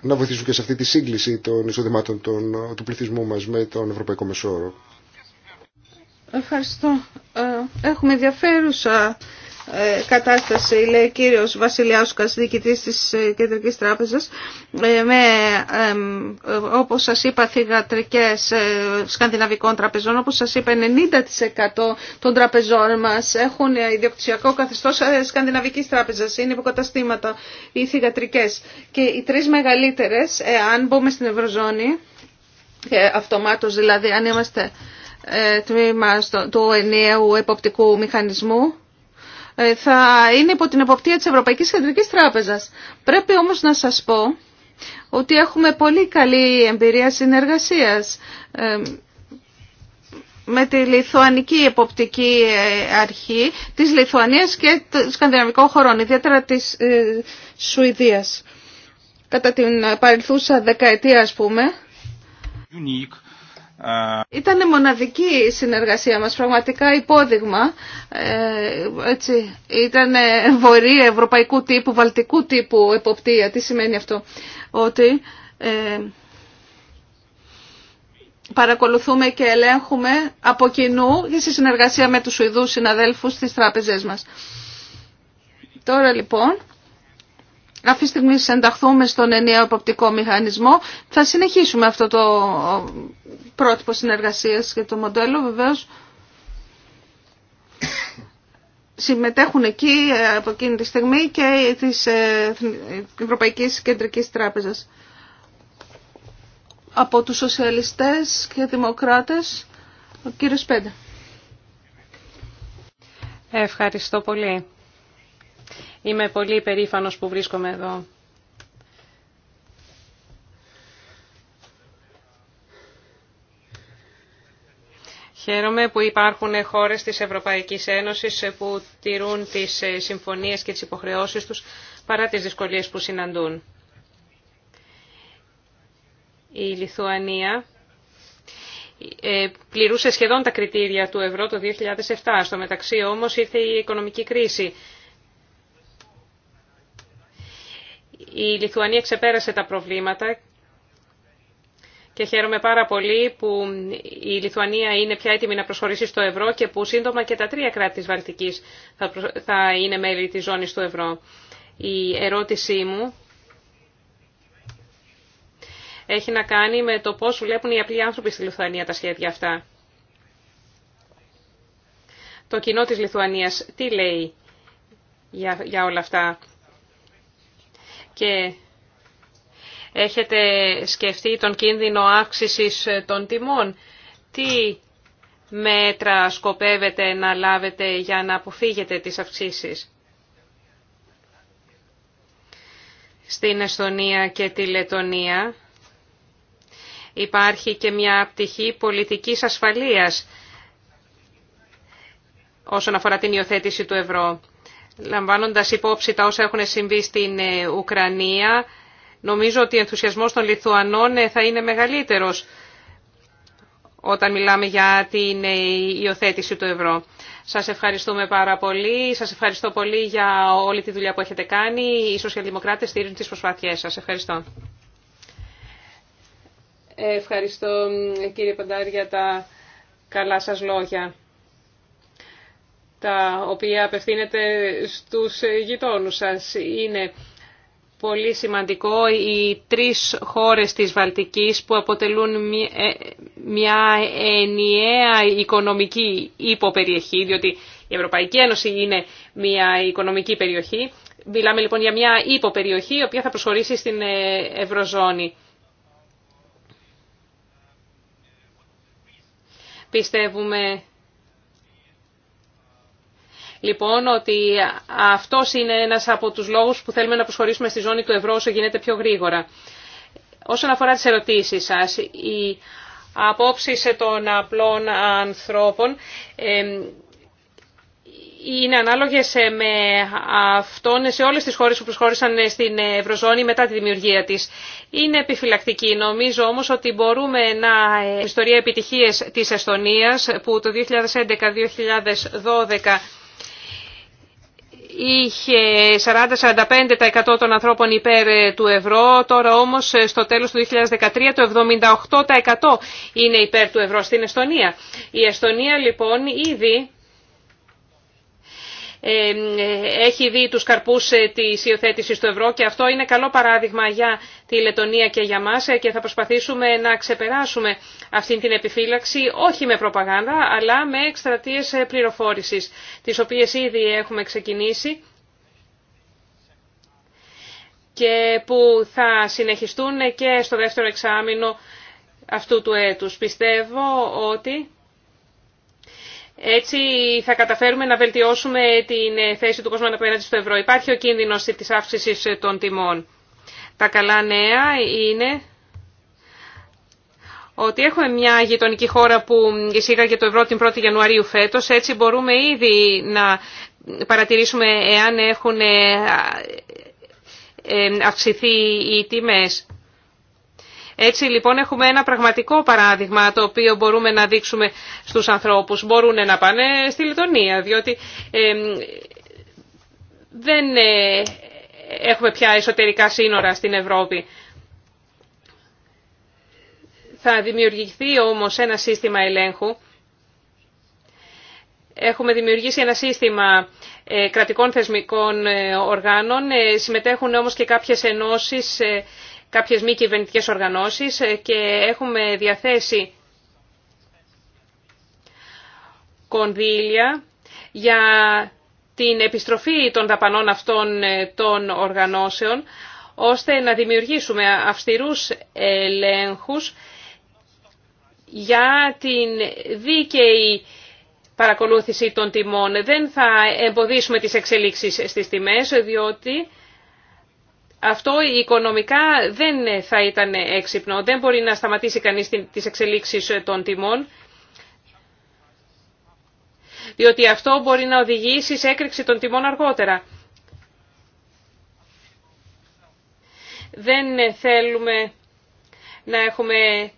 [SPEAKER 1] να βοηθήσουν και σε αυτή τη σύγκληση των εισοδημάτων των, του πληθυσμού μα με τον Ευρωπαϊκό μεσόωρο.
[SPEAKER 2] Ευχαριστώ. Ε, έχουμε ενδιαφέρουσα ε, κατάσταση, λέει ο κύριος Βασιλιάουσκας, διοικητής της ε, Κεντρικής Τράπεζας, ε, με, όπως σας είπα, θηγατρικές σκανδιναβικών τραπεζών, όπως σας είπα, 90% των τραπεζών μας έχουν ιδιοκτησιακό καθεστώς σκανδιναβικής τράπεζας, είναι υποκαταστήματα ή θηγατρικές. Και οι τρεις μεγαλύτερες, αν μπούμε στην Ευρωζώνη, αυτομάτως δηλαδή, αν είμαστε τμήμα του ενιαίου εποπτικού μηχανισμού, ε, θα είναι υπό την εποπτεία της Ευρωπαϊκής Κεντρικής Τράπεζας. Πρέπει όμως να σας πω ότι έχουμε πολύ καλή εμπειρία συνεργασίας ε, με τη Λιθουανική Εποπτική ε, Αρχή της Λιθουανίας και των Σκανδιναβικών χωρών, ιδιαίτερα της Σουηδίας. Κατά την παρελθούσα δεκαετία, ας πούμε, ήταν μοναδική η συνεργασία μας, πραγματικά υπόδειγμα. Ε, ήταν βορή ευρωπαϊκού τύπου, βαλτικού τύπου εποπτεία. Τι σημαίνει αυτό, ότι ε, παρακολουθούμε και ελέγχουμε από κοινού και στη συνεργασία με τους Σουηδούς συναδέλφους στις τράπεζές μας. Τώρα λοιπόν αυτή τη στιγμή συνταχθούμε στον ενιαίο εποπτικό μηχανισμό. Θα συνεχίσουμε αυτό το πρότυπο συνεργασίας και το μοντέλο βεβαίως. Συμμετέχουν εκεί ε, από εκείνη τη στιγμή και της ε, Ευρωπαϊκής Κεντρικής Τράπεζας. Από τους σοσιαλιστές και δημοκράτες, ο κύριος Πέντε.
[SPEAKER 3] Ευχαριστώ πολύ. Είμαι πολύ περήφανος που βρίσκομαι εδώ. Χαίρομαι που υπάρχουν χώρες της Ευρωπαϊκής Ένωσης που τηρούν τις συμφωνίες και τις υποχρεώσεις τους παρά τις δυσκολίες που συναντούν. Η Λιθουανία ε, πληρούσε σχεδόν τα κριτήρια του ευρώ το 2007. Στο μεταξύ όμως ήρθε η οικονομική κρίση Η Λιθουανία ξεπέρασε τα προβλήματα και χαίρομαι πάρα πολύ που η Λιθουανία είναι πια έτοιμη να προσχωρήσει στο ευρώ και που σύντομα και τα τρία κράτη της Βαλτικής θα είναι μέλη της ζώνης του ευρώ. Η ερώτησή μου έχει να κάνει με το πώς βλέπουν οι απλοί άνθρωποι στη Λιθουανία τα σχέδια αυτά. Το κοινό της Λιθουανίας τι λέει για όλα αυτά και έχετε σκεφτεί τον κίνδυνο αύξησης των τιμών. Τι μέτρα σκοπεύετε να λάβετε για να αποφύγετε τις αυξήσεις. Στην Εστονία και τη Λετονία υπάρχει και μια πτυχή πολιτικής ασφαλείας όσον αφορά την υιοθέτηση του ευρώ. Λαμβάνοντας υπόψη τα όσα έχουν συμβεί στην ε, Ουκρανία, νομίζω ότι ο ενθουσιασμός των Λιθουανών ε, θα είναι μεγαλύτερος όταν μιλάμε για την ε, υιοθέτηση του ευρώ. Σας ευχαριστούμε πάρα πολύ. Σας ευχαριστώ πολύ για όλη τη δουλειά που έχετε κάνει. Οι σοσιαλδημοκράτες στηρίζουν τις προσπάθειές σας. Ευχαριστώ. Ευχαριστώ κύριε Παντάρ για τα καλά σας λόγια τα οποία απευθύνεται στους γειτόνους σας. Είναι πολύ σημαντικό οι τρεις χώρες της Βαλτικής που αποτελούν ε, μια ενιαία οικονομική υποπεριοχή, διότι η Ευρωπαϊκή Ένωση είναι μια οικονομική περιοχή. Μιλάμε λοιπόν για μια υποπεριοχή η οποία θα προσχωρήσει στην ε, Ευρωζώνη. Πιστεύουμε λοιπόν ότι αυτό είναι ένας από τους λόγους που θέλουμε να προσχωρήσουμε στη ζώνη του ευρώ όσο γίνεται πιο γρήγορα. Όσον αφορά τις ερωτήσεις σας, οι απόψει των απλών ανθρώπων είναι ανάλογε με αυτόν σε όλες τις χώρες που προσχώρησαν στην Ευρωζώνη μετά τη δημιουργία της. Είναι επιφυλακτική. Νομίζω όμω ότι μπορούμε να... Ε, ιστορία επιτυχίε της Εστονία που το 2011-2012 είχε 40-45% των ανθρώπων υπέρ ε, του ευρώ, τώρα όμως ε, στο τέλος του 2013 το 78% είναι υπέρ του ευρώ στην Εστονία. Η Εστονία λοιπόν ήδη ε, έχει δει τους καρπούς ε, της υιοθέτηση του ευρώ και αυτό είναι καλό παράδειγμα για τη Λετωνία και για μας ε, και θα προσπαθήσουμε να ξεπεράσουμε αυτή την επιφύλαξη όχι με προπαγάνδα αλλά με εκστρατείες πληροφόρησης τις οποίες ήδη έχουμε ξεκινήσει και που θα συνεχιστούν και στο δεύτερο εξάμεινο αυτού του έτους. Πιστεύω ότι έτσι θα καταφέρουμε να βελτιώσουμε την ε, θέση του κόσμου απέναντι στο ευρώ. Υπάρχει ο κίνδυνος της αύξησης ε, των τιμών. Τα καλά νέα είναι ότι έχουμε μια γειτονική χώρα που εισήγαγε το ευρώ την 1η Ιανουαρίου φέτος, έτσι μπορούμε ήδη να παρατηρήσουμε εάν έχουν ε, αυξηθεί οι τιμές. Έτσι λοιπόν έχουμε ένα πραγματικό παράδειγμα το οποίο μπορούμε να δείξουμε στους ανθρώπους. Μπορούν να πάνε στη Λιτωνία διότι δεν ε, έχουμε πια εσωτερικά σύνορα στην Ευρώπη. Θα δημιουργηθεί όμως ένα σύστημα ελέγχου. Έχουμε δημιουργήσει ένα σύστημα ε, κρατικών θεσμικών ε, οργάνων. Συμμετέχουν όμως και κάποιες ενώσεις κάποιες μη κυβερνητικές οργανώσεις ε, και έχουμε διαθέσει κονδύλια για την επιστροφή των δαπανών αυτών ε, των οργανώσεων, ώστε να δημιουργήσουμε αυστηρούς ελέγχους για την δίκαιη παρακολούθηση των τιμών. Δεν θα εμποδίσουμε τις εξελίξεις στις τιμές, διότι αυτό οικονομικά δεν θα ήταν έξυπνο. Δεν μπορεί να σταματήσει κανείς τις εξελίξεις των τιμών, διότι αυτό μπορεί να οδηγήσει σε έκρηξη των τιμών αργότερα. Δεν θέλουμε να έχουμε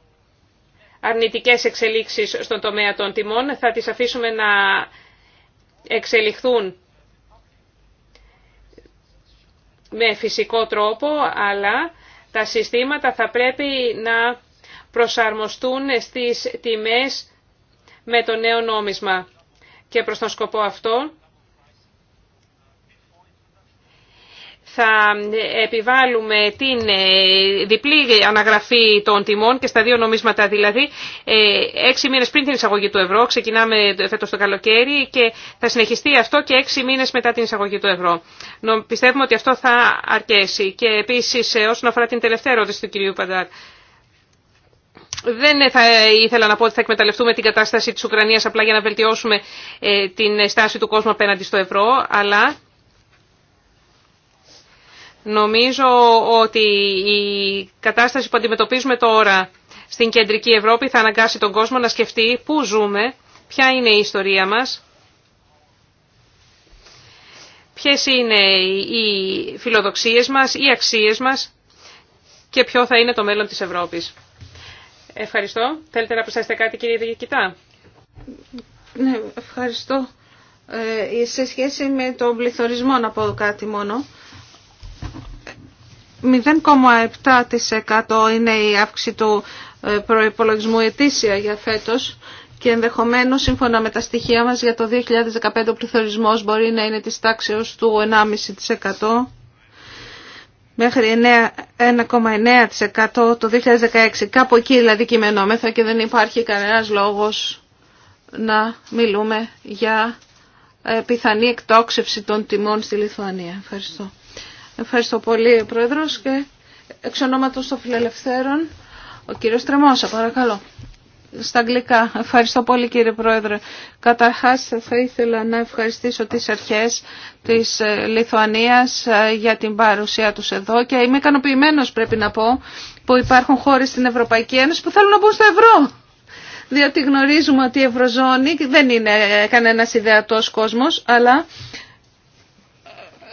[SPEAKER 3] αρνητικές εξελίξεις στον τομέα των τιμών. Θα τις αφήσουμε να εξελιχθούν με φυσικό τρόπο, αλλά τα συστήματα θα πρέπει να προσαρμοστούν στις τιμές με το νέο νόμισμα. Και προς τον σκοπό αυτό θα επιβάλλουμε την ε, διπλή αναγραφή των τιμών και στα δύο νομίσματα δηλαδή ε, έξι μήνες πριν την εισαγωγή του ευρώ, ξεκινάμε φέτος το καλοκαίρι και θα συνεχιστεί αυτό και έξι μήνες μετά την εισαγωγή του ευρώ. Πιστεύουμε ότι αυτό θα αρκέσει και επίσης ε, όσον αφορά την τελευταία ερώτηση του κυρίου Παντάρ. Δεν θα ήθελα να πω ότι θα εκμεταλλευτούμε την κατάσταση της Ουκρανίας απλά για να βελτιώσουμε την στάση του κόσμου απέναντι στο ευρώ, αλλά Νομίζω ότι η κατάσταση που αντιμετωπίζουμε τώρα στην κεντρική Ευρώπη θα αναγκάσει τον κόσμο να σκεφτεί πού ζούμε, ποια είναι η ιστορία μας, ποιες είναι οι φιλοδοξίες μας, οι αξίες μας και ποιο θα είναι το μέλλον της Ευρώπης. Ευχαριστώ. Θέλετε να προσθέσετε κάτι κύριε Διοικητά.
[SPEAKER 2] Ναι, ευχαριστώ. Ε, σε σχέση με τον πληθωρισμό να πω κάτι μόνο. 0,7% είναι η αύξηση του ε, προϋπολογισμού ετήσια για φέτος και ενδεχομένως σύμφωνα με τα στοιχεία μας για το 2015 ο πληθωρισμός μπορεί να είναι της τάξεως του 1,5% μέχρι 1,9% το 2016. Κάπου εκεί δηλαδή κειμενόμεθα και δεν υπάρχει κανένας λόγος να μιλούμε για ε, πιθανή εκτόξευση των τιμών στη Λιθουανία. Ευχαριστώ. Ευχαριστώ πολύ, Πρόεδρος, και εξ ονόματος των Φιλελευθέρων, ο κύριος Τρεμόσα, παρακαλώ. Στα αγγλικά. Ευχαριστώ πολύ κύριε Πρόεδρε. Καταρχάς θα ήθελα να ευχαριστήσω τις αρχές της ε, Λιθουανίας ε, για την παρουσία τους εδώ και είμαι ικανοποιημένος πρέπει να πω που υπάρχουν χώρες στην Ευρωπαϊκή Ένωση που θέλουν να μπουν στο ευρώ. Διότι γνωρίζουμε ότι η Ευρωζώνη δεν είναι κανένα ιδεατός κόσμος αλλά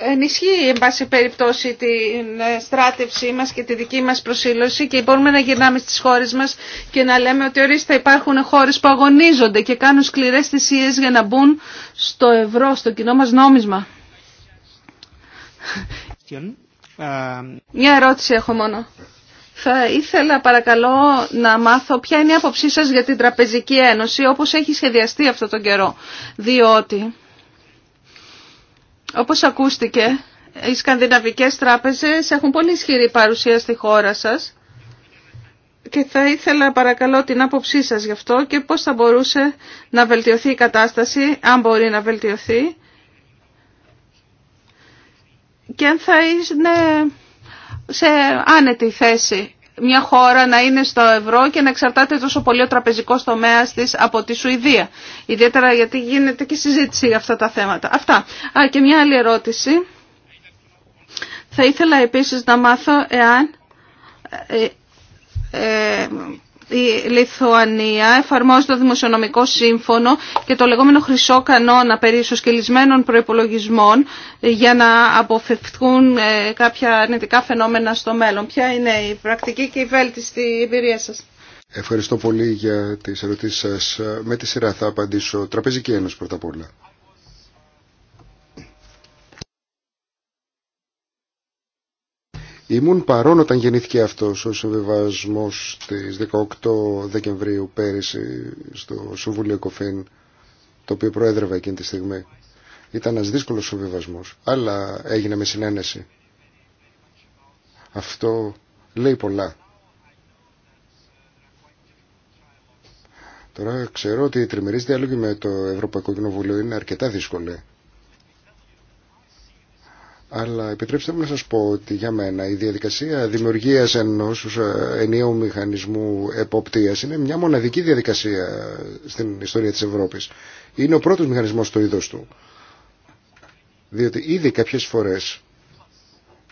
[SPEAKER 2] ενισχύει εν πάση περιπτώσει την ε, στράτευσή μας και τη δική μας προσήλωση και μπορούμε να γυρνάμε στις χώρες μας και να λέμε ότι ορίστε υπάρχουν χώρες που αγωνίζονται και κάνουν σκληρές θυσίες για να μπουν στο ευρώ, στο κοινό μας νόμισμα. Μια ερώτηση έχω μόνο. Θα ήθελα παρακαλώ να μάθω ποια είναι η άποψή σας για την Τραπεζική Ένωση όπως έχει σχεδιαστεί αυτό τον καιρό. Διότι όπως ακούστηκε, οι σκανδιναβικές τράπεζες έχουν πολύ ισχυρή παρουσία στη χώρα σας και θα ήθελα παρακαλώ την άποψή σας γι' αυτό και πώς θα μπορούσε να βελτιωθεί η κατάσταση, αν μπορεί να βελτιωθεί και αν θα είναι σε άνετη θέση μια χώρα να είναι στο ευρώ και να εξαρτάται τόσο πολύ ο τραπεζικό τομέα τη από τη Σουηδία. Ιδιαίτερα γιατί γίνεται και συζήτηση για αυτά τα θέματα. Αυτά. Α, και μια άλλη ερώτηση. Θα ήθελα επίσης να μάθω εάν ε, ε, η Λιθουανία εφαρμόζει το δημοσιονομικό σύμφωνο και το λεγόμενο χρυσό κανόνα περί ισοσκελισμένων προϋπολογισμών για να αποφευθούν ε, κάποια αρνητικά φαινόμενα στο μέλλον. Ποια είναι η πρακτική και η βέλτιστη εμπειρία σας.
[SPEAKER 1] Ευχαριστώ πολύ για τις ερωτήσεις σας. Με τη σειρά θα απαντήσω. Τραπεζική Ένωση πρώτα απ' όλα. Ήμουν παρόν όταν γεννήθηκε αυτός ο συμβιβασμός της 18 Δεκεμβρίου πέρυσι στο Συμβούλιο Κοφίν, το οποίο προέδρευα εκείνη τη στιγμή. Ήταν ένας δύσκολος συμβιβασμός, αλλά έγινε με συνένεση. Αυτό λέει πολλά. Τώρα ξέρω ότι οι τριμερείς διάλογοι με το Ευρωπαϊκό Κοινοβούλιο είναι αρκετά δύσκολη. Αλλά επιτρέψτε μου να σας πω ότι για μένα η διαδικασία δημιουργίας ενός ε, ενιαίου μηχανισμού εποπτείας είναι μια μοναδική διαδικασία στην ιστορία της Ευρώπης. Είναι ο πρώτος μηχανισμός στο είδος του. Διότι ήδη κάποιες φορές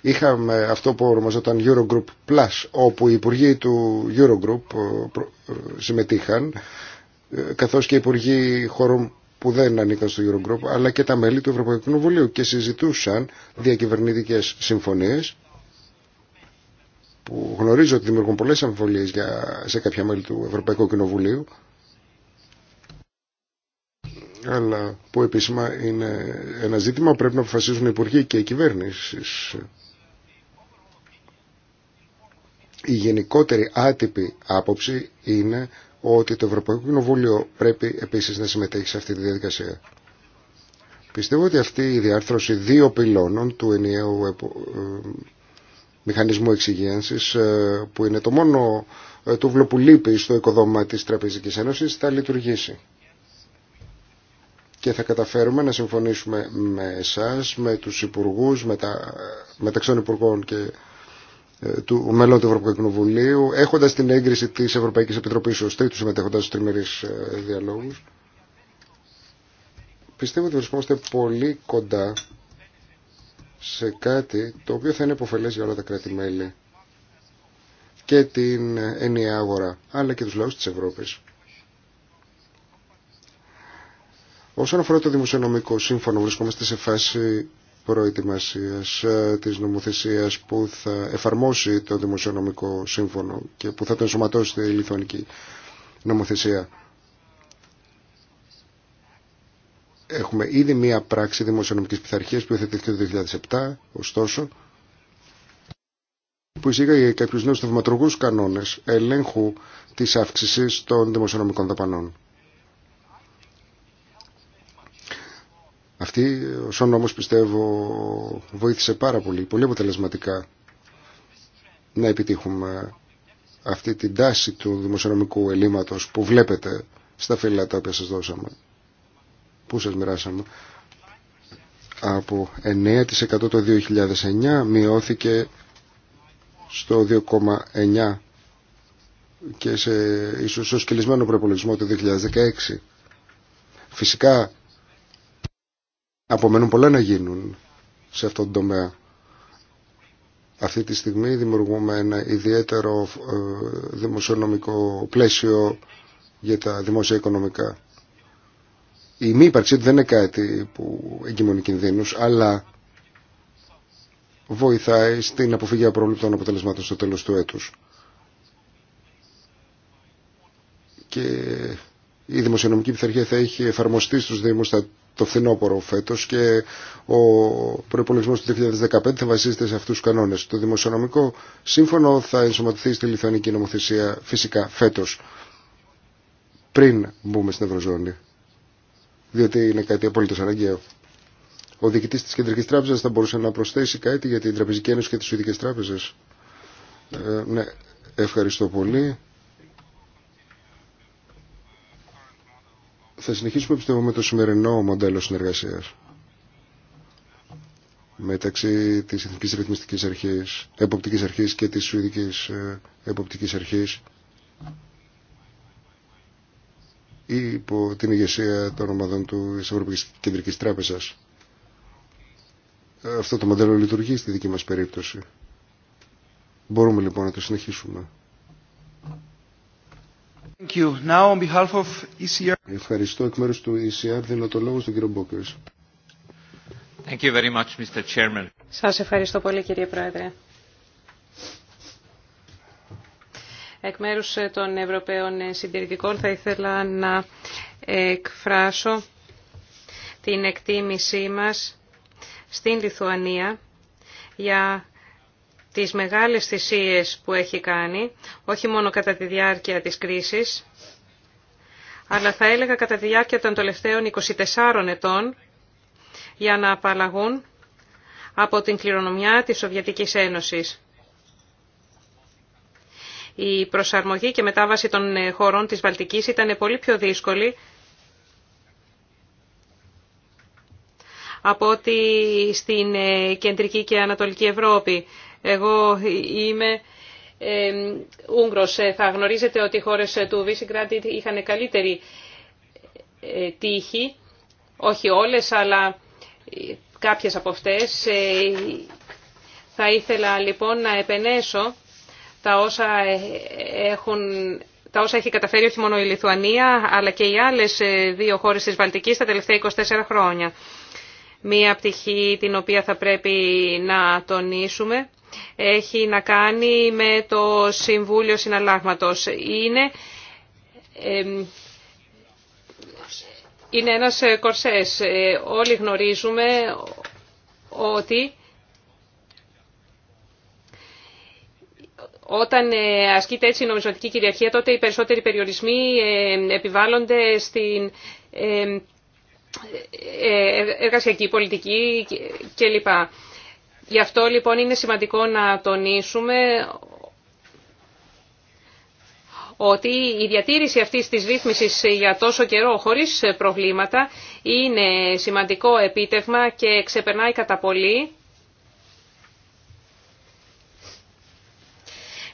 [SPEAKER 1] είχαμε αυτό που ονομαζόταν Eurogroup Plus, όπου οι υπουργοί του Eurogroup ε, ε, συμμετείχαν, καθώς και οι υπουργοί χωρών που δεν ανήκαν στο Eurogroup αλλά και τα μέλη του Ευρωπαϊκού Κοινοβουλίου και συζητούσαν διακυβερνητικές συμφωνίες που γνωρίζω ότι δημιουργούν πολλές αμφιβολίες για, σε κάποια μέλη του Ευρωπαϊκού Κοινοβουλίου αλλά που επίσημα είναι ένα ζήτημα που πρέπει να αποφασίζουν οι υπουργοί και οι κυβέρνηση. Η γενικότερη άτυπη άποψη είναι ότι το Ευρωπαϊκό Κοινοβούλιο πρέπει επίσης να συμμετέχει σε αυτή τη διαδικασία. Πιστεύω ότι αυτή η διάρθρωση δύο πυλώνων του ενιαίου ε, ε, μηχανισμού εξυγίανσης ε, που είναι το μόνο που λείπει στο οικοδόμημα της Τραπεζικής Ένωσης θα λειτουργήσει. Και θα καταφέρουμε να συμφωνήσουμε με εσάς, με τους υπουργούς, μεταξύ των υπουργών και ε, του μέλλον του Ευρωπαϊκού Κοινοβουλίου, έχοντας την έγκριση της Ευρωπαϊκής Επιτροπής σωστή, τρίτου συμμετέχοντας στους τριμερείς ε, διαλόγους. Πιστεύω ότι βρισκόμαστε πολύ κοντά σε κάτι το οποίο θα είναι υποφελές για όλα τα κράτη-μέλη και την ενιαία αγορά, αλλά και τους λαούς της Ευρώπης. Όσον αφορά το δημοσιονομικό σύμφωνο, βρισκόμαστε σε φάση προετοιμασίας ε, της νομοθεσίας που θα εφαρμόσει το Δημοσιονομικό Σύμφωνο και που θα το ενσωματώσει στη Λιθουανική νομοθεσία. Έχουμε ήδη μία πράξη δημοσιονομικής πειθαρχίας που υιοθετήθηκε το 2007, ωστόσο, που εισήγαγε κάποιους νέους θευματουργούς κανόνες ελέγχου της αύξησης των δημοσιονομικών δαπανών. Αυτή ο όμως πιστεύω βοήθησε πάρα πολύ, πολύ αποτελεσματικά να επιτύχουμε αυτή την τάση του δημοσιονομικού ελλείμματος που βλέπετε στα φύλλα τα οποία σας δώσαμε, που σας μοιράσαμε. Από 9% το 2009 μειώθηκε στο 2,9% και σε ίσως ως προπολογισμό το 2016. Φυσικά απομένουν πολλά να γίνουν σε αυτόν τον τομέα. Αυτή τη στιγμή δημιουργούμε ένα ιδιαίτερο ε, δημοσιονομικό πλαίσιο για τα δημόσια οικονομικά. Η μη ύπαρξή δεν είναι κάτι που εγκυμονεί κινδύνους, αλλά βοηθάει στην αποφυγή απρόβλεπτων αποτελεσμάτων στο τέλος του έτους. Και η δημοσιονομική πειθαρχία θα έχει εφαρμοστεί στους Δήμους το φθινόπωρο φέτο. και ο προϋπολογισμός του 2015 θα βασίζεται σε αυτούς τους κανόνες. Το δημοσιονομικό σύμφωνο θα ενσωματωθεί στη λιθανική νομοθεσία φυσικά φέτος πριν μπούμε στην Ευρωζώνη. Διότι είναι κάτι απολύτω αναγκαίο. Ο διοικητή τη Κεντρική Τράπεζα θα μπορούσε να προσθέσει κάτι για την Τραπεζική Ένωση και τι Σουηδικέ Τράπεζε. Ε, ναι, ευχαριστώ πολύ. Θα συνεχίσουμε πιστεύω με το σημερινό μοντέλο συνεργασίας μεταξύ της Εθνικής Ρυθμιστικής Αρχής, Εποπτικής Αρχής και της Σουηδικής ε, Εποπτικής Αρχής ή υπό την ηγεσία των ομάδων του της Ευρωπαϊκής Κεντρικής Τράπεζας. Αυτό το μοντέλο λειτουργεί στη δική μας περίπτωση. Μπορούμε λοιπόν να το συνεχίσουμε. E ευχαριστώ εκ μέρους του ECR. Δίνω το λόγο στον κύριο Μπόκερς.
[SPEAKER 3] Thank Σας ευχαριστώ πολύ κύριε Πρόεδρε. Εκ μέρους ε, των Ευρωπαίων ε, Συντηρητικών θα ήθελα να ε, εκφράσω την εκτίμησή μας στην Λιθουανία για τις μεγάλες θυσίες που έχει κάνει, όχι μόνο κατά τη διάρκεια της κρίσης, αλλά θα έλεγα κατά τη διάρκεια των τελευταίων 24 ετών, για να απαλλαγούν από την κληρονομιά της Σοβιετικής Ένωσης. Η προσαρμογή και μετάβαση των ε, χωρών της Βαλτικής ήταν πολύ πιο δύσκολη από ότι στην ε, κεντρική και ανατολική Ευρώπη. Εγώ είμαι ε, Ούγγρος. Θα γνωρίζετε ότι οι χώρες του Βίσιγκραντ είχαν καλύτερη ε, τύχη, όχι όλες, αλλά ε, κάποιες από αυτές. Ε, θα ήθελα λοιπόν να επενέσω τα όσα, έχουν, τα όσα έχει καταφέρει όχι μόνο η Λιθουανία, αλλά και οι άλλες δύο χώρες της Βαλτικής τα τελευταία 24 χρόνια. Μία πτυχή την οποία θα πρέπει να τονίσουμε έχει να κάνει με το Συμβούλιο Συναλλάγματος. Είναι, είναι ένας ε, κορσές. Ε, όλοι γνωρίζουμε ότι Όταν ε, ασκείται έτσι η νομισματική κυριαρχία, τότε οι περισσότεροι περιορισμοί επιβάλλονται στην εργασιακή πολιτική κλπ. Γι' αυτό λοιπόν είναι σημαντικό να τονίσουμε ότι η διατήρηση αυτής της ρύθμισης για τόσο καιρό χωρίς προβλήματα είναι σημαντικό επίτευγμα και ξεπερνάει κατά πολύ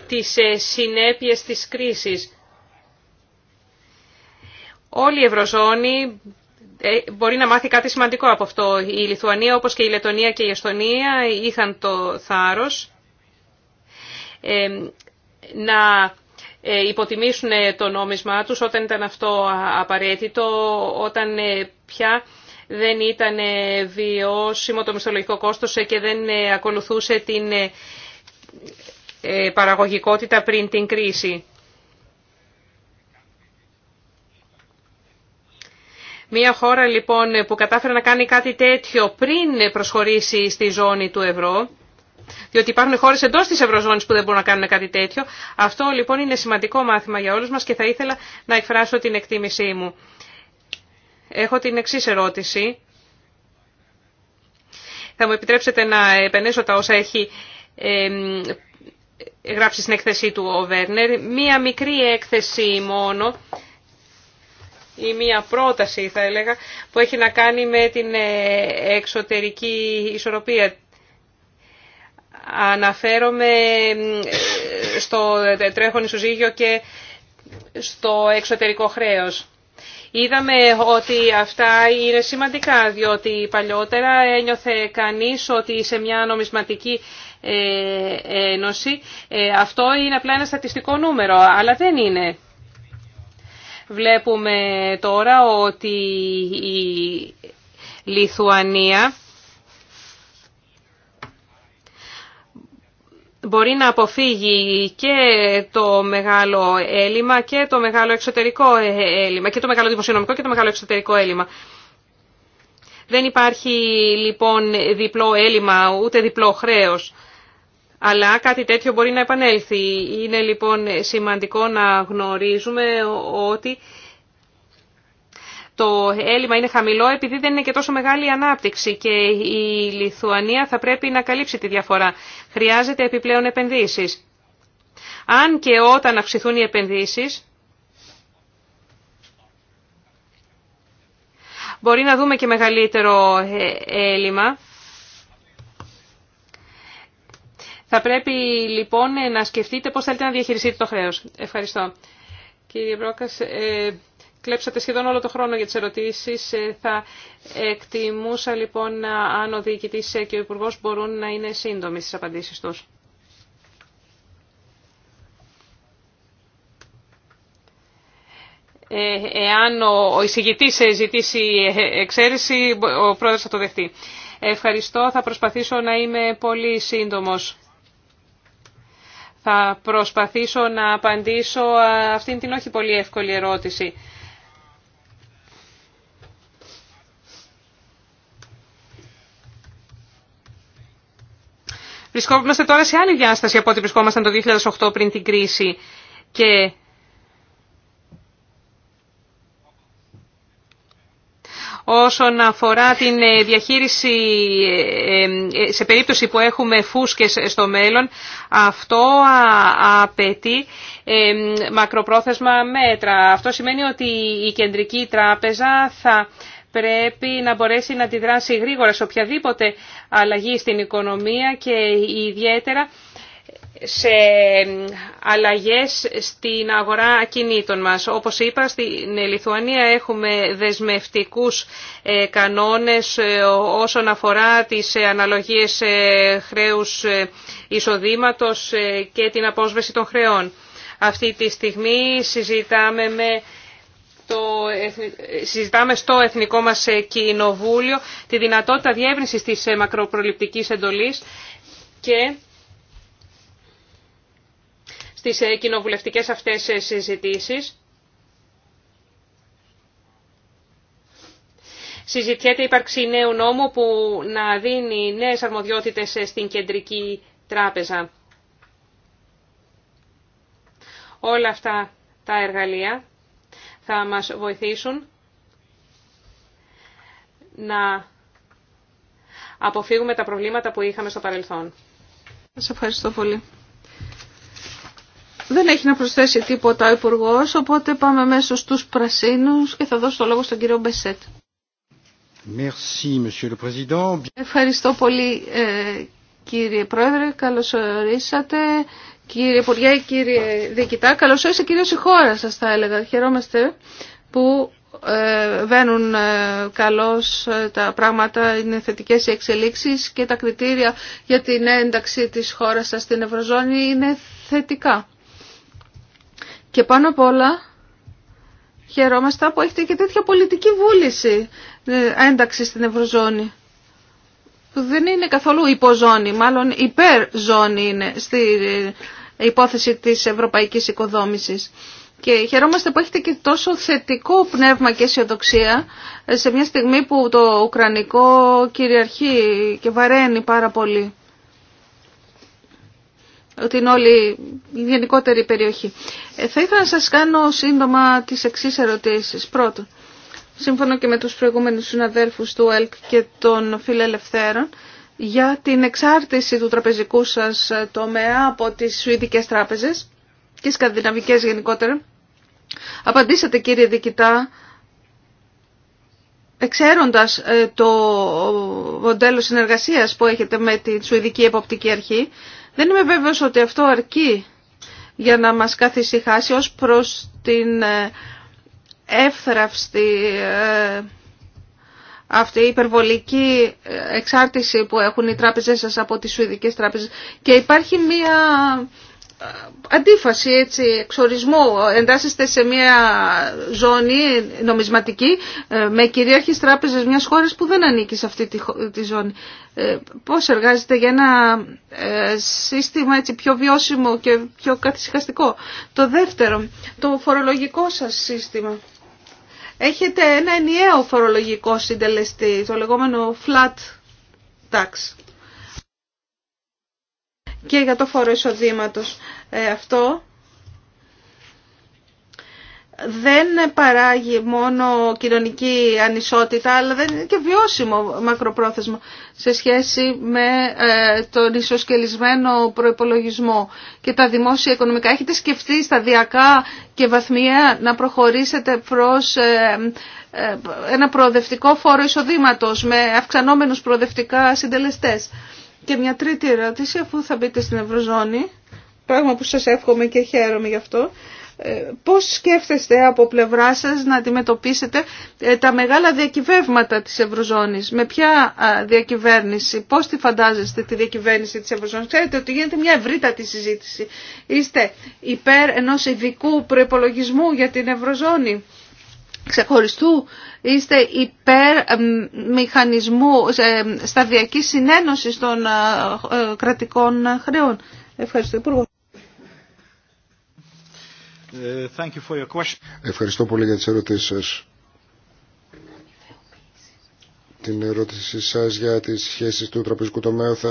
[SPEAKER 3] τις ε, συνέπειες της κρίσης. Όλη η Ευρωζώνη ε, μπορεί να μάθει κάτι σημαντικό από αυτό. Η Λιθουανία όπως και η Λετωνία και η Εστονία είχαν το θάρρος ε, να ε, υποτιμήσουν το νόμισμά τους όταν ήταν αυτό απαραίτητο, όταν πια δεν ήταν βιώσιμο το μισθολογικό κόστος και δεν ακολουθούσε την παραγωγικότητα πριν την κρίση. Μία χώρα λοιπόν που κατάφερε να κάνει κάτι τέτοιο πριν προσχωρήσει στη ζώνη του ευρώ, διότι υπάρχουν χώρες εντός της Ευρωζώνης που δεν μπορούν να κάνουν κάτι τέτοιο. Αυτό λοιπόν είναι σημαντικό μάθημα για όλους μας και θα ήθελα να εκφράσω την εκτίμησή μου. Έχω την εξή ερώτηση. Θα μου επιτρέψετε να επενέσω τα όσα έχει γράψει στην έκθεσή του ο Βέρνερ. Μία μικρή έκθεση μόνο ή μία πρόταση θα έλεγα που έχει να κάνει με την ε, εξωτερική ισορροπία. Αναφέρομαι ε, στο τρέχον ισοζύγιο και στο εξωτερικό χρέος. Είδαμε ότι αυτά είναι σημαντικά, διότι παλιότερα ένιωθε κανείς ότι σε μια νομισματική ε, ένωση αυτό είναι απλά ένα στατιστικό νούμερο, αλλά δεν είναι. Βλέπουμε τώρα ότι η Λιθουανία μπορεί να αποφύγει και το μεγάλο έλλειμμα και το μεγάλο εξωτερικό έλλειμμα και το μεγάλο δημοσιονομικό και το μεγάλο εξωτερικό έλλειμμα. Δεν υπάρχει λοιπόν διπλό έλλειμμα ούτε διπλό χρέος αλλά κάτι τέτοιο μπορεί να επανέλθει. Είναι λοιπόν σημαντικό να γνωρίζουμε ότι το έλλειμμα είναι χαμηλό επειδή δεν είναι και τόσο μεγάλη η ανάπτυξη και η Λιθουανία θα πρέπει να καλύψει τη διαφορά. Χρειάζεται επιπλέον επενδύσεις. Αν και όταν αυξηθούν οι επενδύσεις, μπορεί να δούμε και μεγαλύτερο ε, έλλειμμα. Θα πρέπει λοιπόν να σκεφτείτε πώς θέλετε να διαχειριστείτε το χρέος. Ευχαριστώ. Κύριε Μπρόκας, ε, κλέψατε σχεδόν όλο το χρόνο για τις ερωτήσεις. Ε, θα εκτιμούσα λοιπόν αν ο διοικητής και ο Υπουργός μπορούν να είναι σύντομοι στις απαντήσεις τους. Ε, εάν ο, ο εισηγητής ζητήσει εξαίρεση, ο πρόεδρος θα το δεχτεί. Ευχαριστώ. Θα προσπαθήσω να είμαι πολύ σύντομος. Θα προσπαθήσω να απαντήσω αυτήν την όχι πολύ εύκολη ερώτηση. Βρισκόμαστε τώρα σε άλλη διάσταση από ό,τι βρισκόμασταν το 2008 πριν την κρίση και όσον αφορά την ε, διαχείριση ε, ε, σε περίπτωση που έχουμε φούσκες στο μέλλον, αυτό απαιτεί μακροπρόθεσμα μέτρα. Αυτό σημαίνει ότι η Κεντρική Τράπεζα θα πρέπει να μπορέσει να αντιδράσει γρήγορα σε οποιαδήποτε αλλαγή στην οικονομία και ιδιαίτερα σε αλλαγές στην αγορά ακινήτων μας. Όπως είπα, στην Λιθουανία έχουμε δεσμευτικούς ε, κανόνες ε, όσον αφορά τις ε, αναλογίες χρέους εισοδήματος και την απόσβεση των χρεών. Αυτή τη στιγμή συζητάμε με το, συζητάμε στο Εθνικό μας Κοινοβούλιο τη δυνατότητα διεύρυνσης της μακροπροληπτικής εντολής και στις ε, κοινοβουλευτικές αυτές ε, συζητήσεις. Συζητιέται η ύπαρξη νέου νόμου που να δίνει νέες αρμοδιότητες ε, στην κεντρική τράπεζα. Όλα αυτά τα εργαλεία θα μας βοηθήσουν να αποφύγουμε τα προβλήματα που είχαμε στο παρελθόν. Σας ευχαριστώ πολύ.
[SPEAKER 2] Δεν έχει να προσθέσει τίποτα ο υπουργό, οπότε πάμε μέσω στου πρασίνου και θα δώσω το λόγο στον κύριο Μπεσέτ. Ευχαριστώ πολύ ε, κύριε Πρόεδρε, καλώς ορίσατε. Κύριε Υπουργέ, κύριε Διοικητά, καλώ ορίσατε κυρίω η χώρα σα θα έλεγα. Χαιρόμαστε που ε, βαίνουν ε, καλώς τα πράγματα, είναι θετικές οι εξελίξεις και τα κριτήρια για την ένταξη της χώρας σας στην Ευρωζώνη είναι θετικά. Και πάνω απ' όλα χαιρόμαστε που έχετε και τέτοια πολιτική βούληση ε, ένταξη στην Ευρωζώνη. Που δεν είναι καθόλου υποζώνη, μάλλον υπερζώνη είναι στη ε, υπόθεση της ευρωπαϊκής οικοδόμησης. Και χαιρόμαστε που έχετε και τόσο θετικό πνεύμα και αισιοδοξία ε, σε μια στιγμή που το Ουκρανικό κυριαρχεί και βαραίνει πάρα πολύ την όλη γενικότερη περιοχή. Ε, θα ήθελα να σας κάνω σύντομα τις εξής ερωτήσεις. Πρώτον, σύμφωνα και με τους προηγούμενους συναδέλφους του ΕΛΚ και των φιλελευθέρων, για την εξάρτηση του τραπεζικού σας τομέα από τις Σουηδικές τράπεζες και σκανδιναβικές γενικότερα. Απαντήσατε κύριε Δικητά, εξαίροντας ε, το μοντέλο συνεργασίας που έχετε με τη Σουηδική Εποπτική Αρχή, δεν είμαι βέβαιος ότι αυτό αρκεί για να μας καθησυχάσει ως προς την ε, εύθραυστη ε, αυτή η υπερβολική εξάρτηση που έχουν οι τράπεζες σας από τις Σουηδικές τράπεζες. Και υπάρχει μία αντίφαση, έτσι, εξορισμού. Εντάσσεστε σε μια ζώνη νομισματική ε, με κυρίαρχες τράπεζες μιας χώρας που δεν ανήκει σε αυτή τη ζώνη. Ε, πώς εργάζεται για ένα ε, σύστημα έτσι πιο βιώσιμο και πιο καθησυχαστικό. Το δεύτερο, το φορολογικό σας σύστημα. Έχετε ένα ενιαίο φορολογικό συντελεστή, το λεγόμενο flat tax και για το φόρο εισοδήματος. Ε, αυτό δεν παράγει μόνο κοινωνική ανισότητα, αλλά δεν είναι και βιώσιμο μακροπρόθεσμο σε σχέση με ε, τον ισοσκελισμένο προϋπολογισμό και τα δημόσια οικονομικά. Έχετε σκεφτεί σταδιακά και βαθμία να προχωρήσετε προς ε, ένα προοδευτικό φόρο εισοδήματος με αυξανόμενους προοδευτικά συντελεστές. Και μια τρίτη ερώτηση, αφού θα μπείτε στην Ευρωζώνη, πράγμα που σας εύχομαι και χαίρομαι γι' αυτό, ε, πώς σκέφτεστε από πλευρά σας να αντιμετωπίσετε ε, τα μεγάλα διακυβεύματα της Ευρωζώνης. Με ποια διακυβέρνηση, πώς τη φαντάζεστε τη διακυβέρνηση της Ευρωζώνης. Ξέρετε ότι γίνεται μια ευρύτατη συζήτηση. Είστε υπέρ ενός ειδικού προπολογισμού για την Ευρωζώνη ξεχωριστού είστε υπέρ ε, μηχανισμού ε, σταδιακής συνένωση των ε, κρατικών χρεών. Ευχαριστώ, Υπουργό.
[SPEAKER 1] Thank you for your question. Ευχαριστώ πολύ για τις ερωτήσεις σας. Την ερώτησή σας για τις σχέσεις του τραπεζικού τομέα θα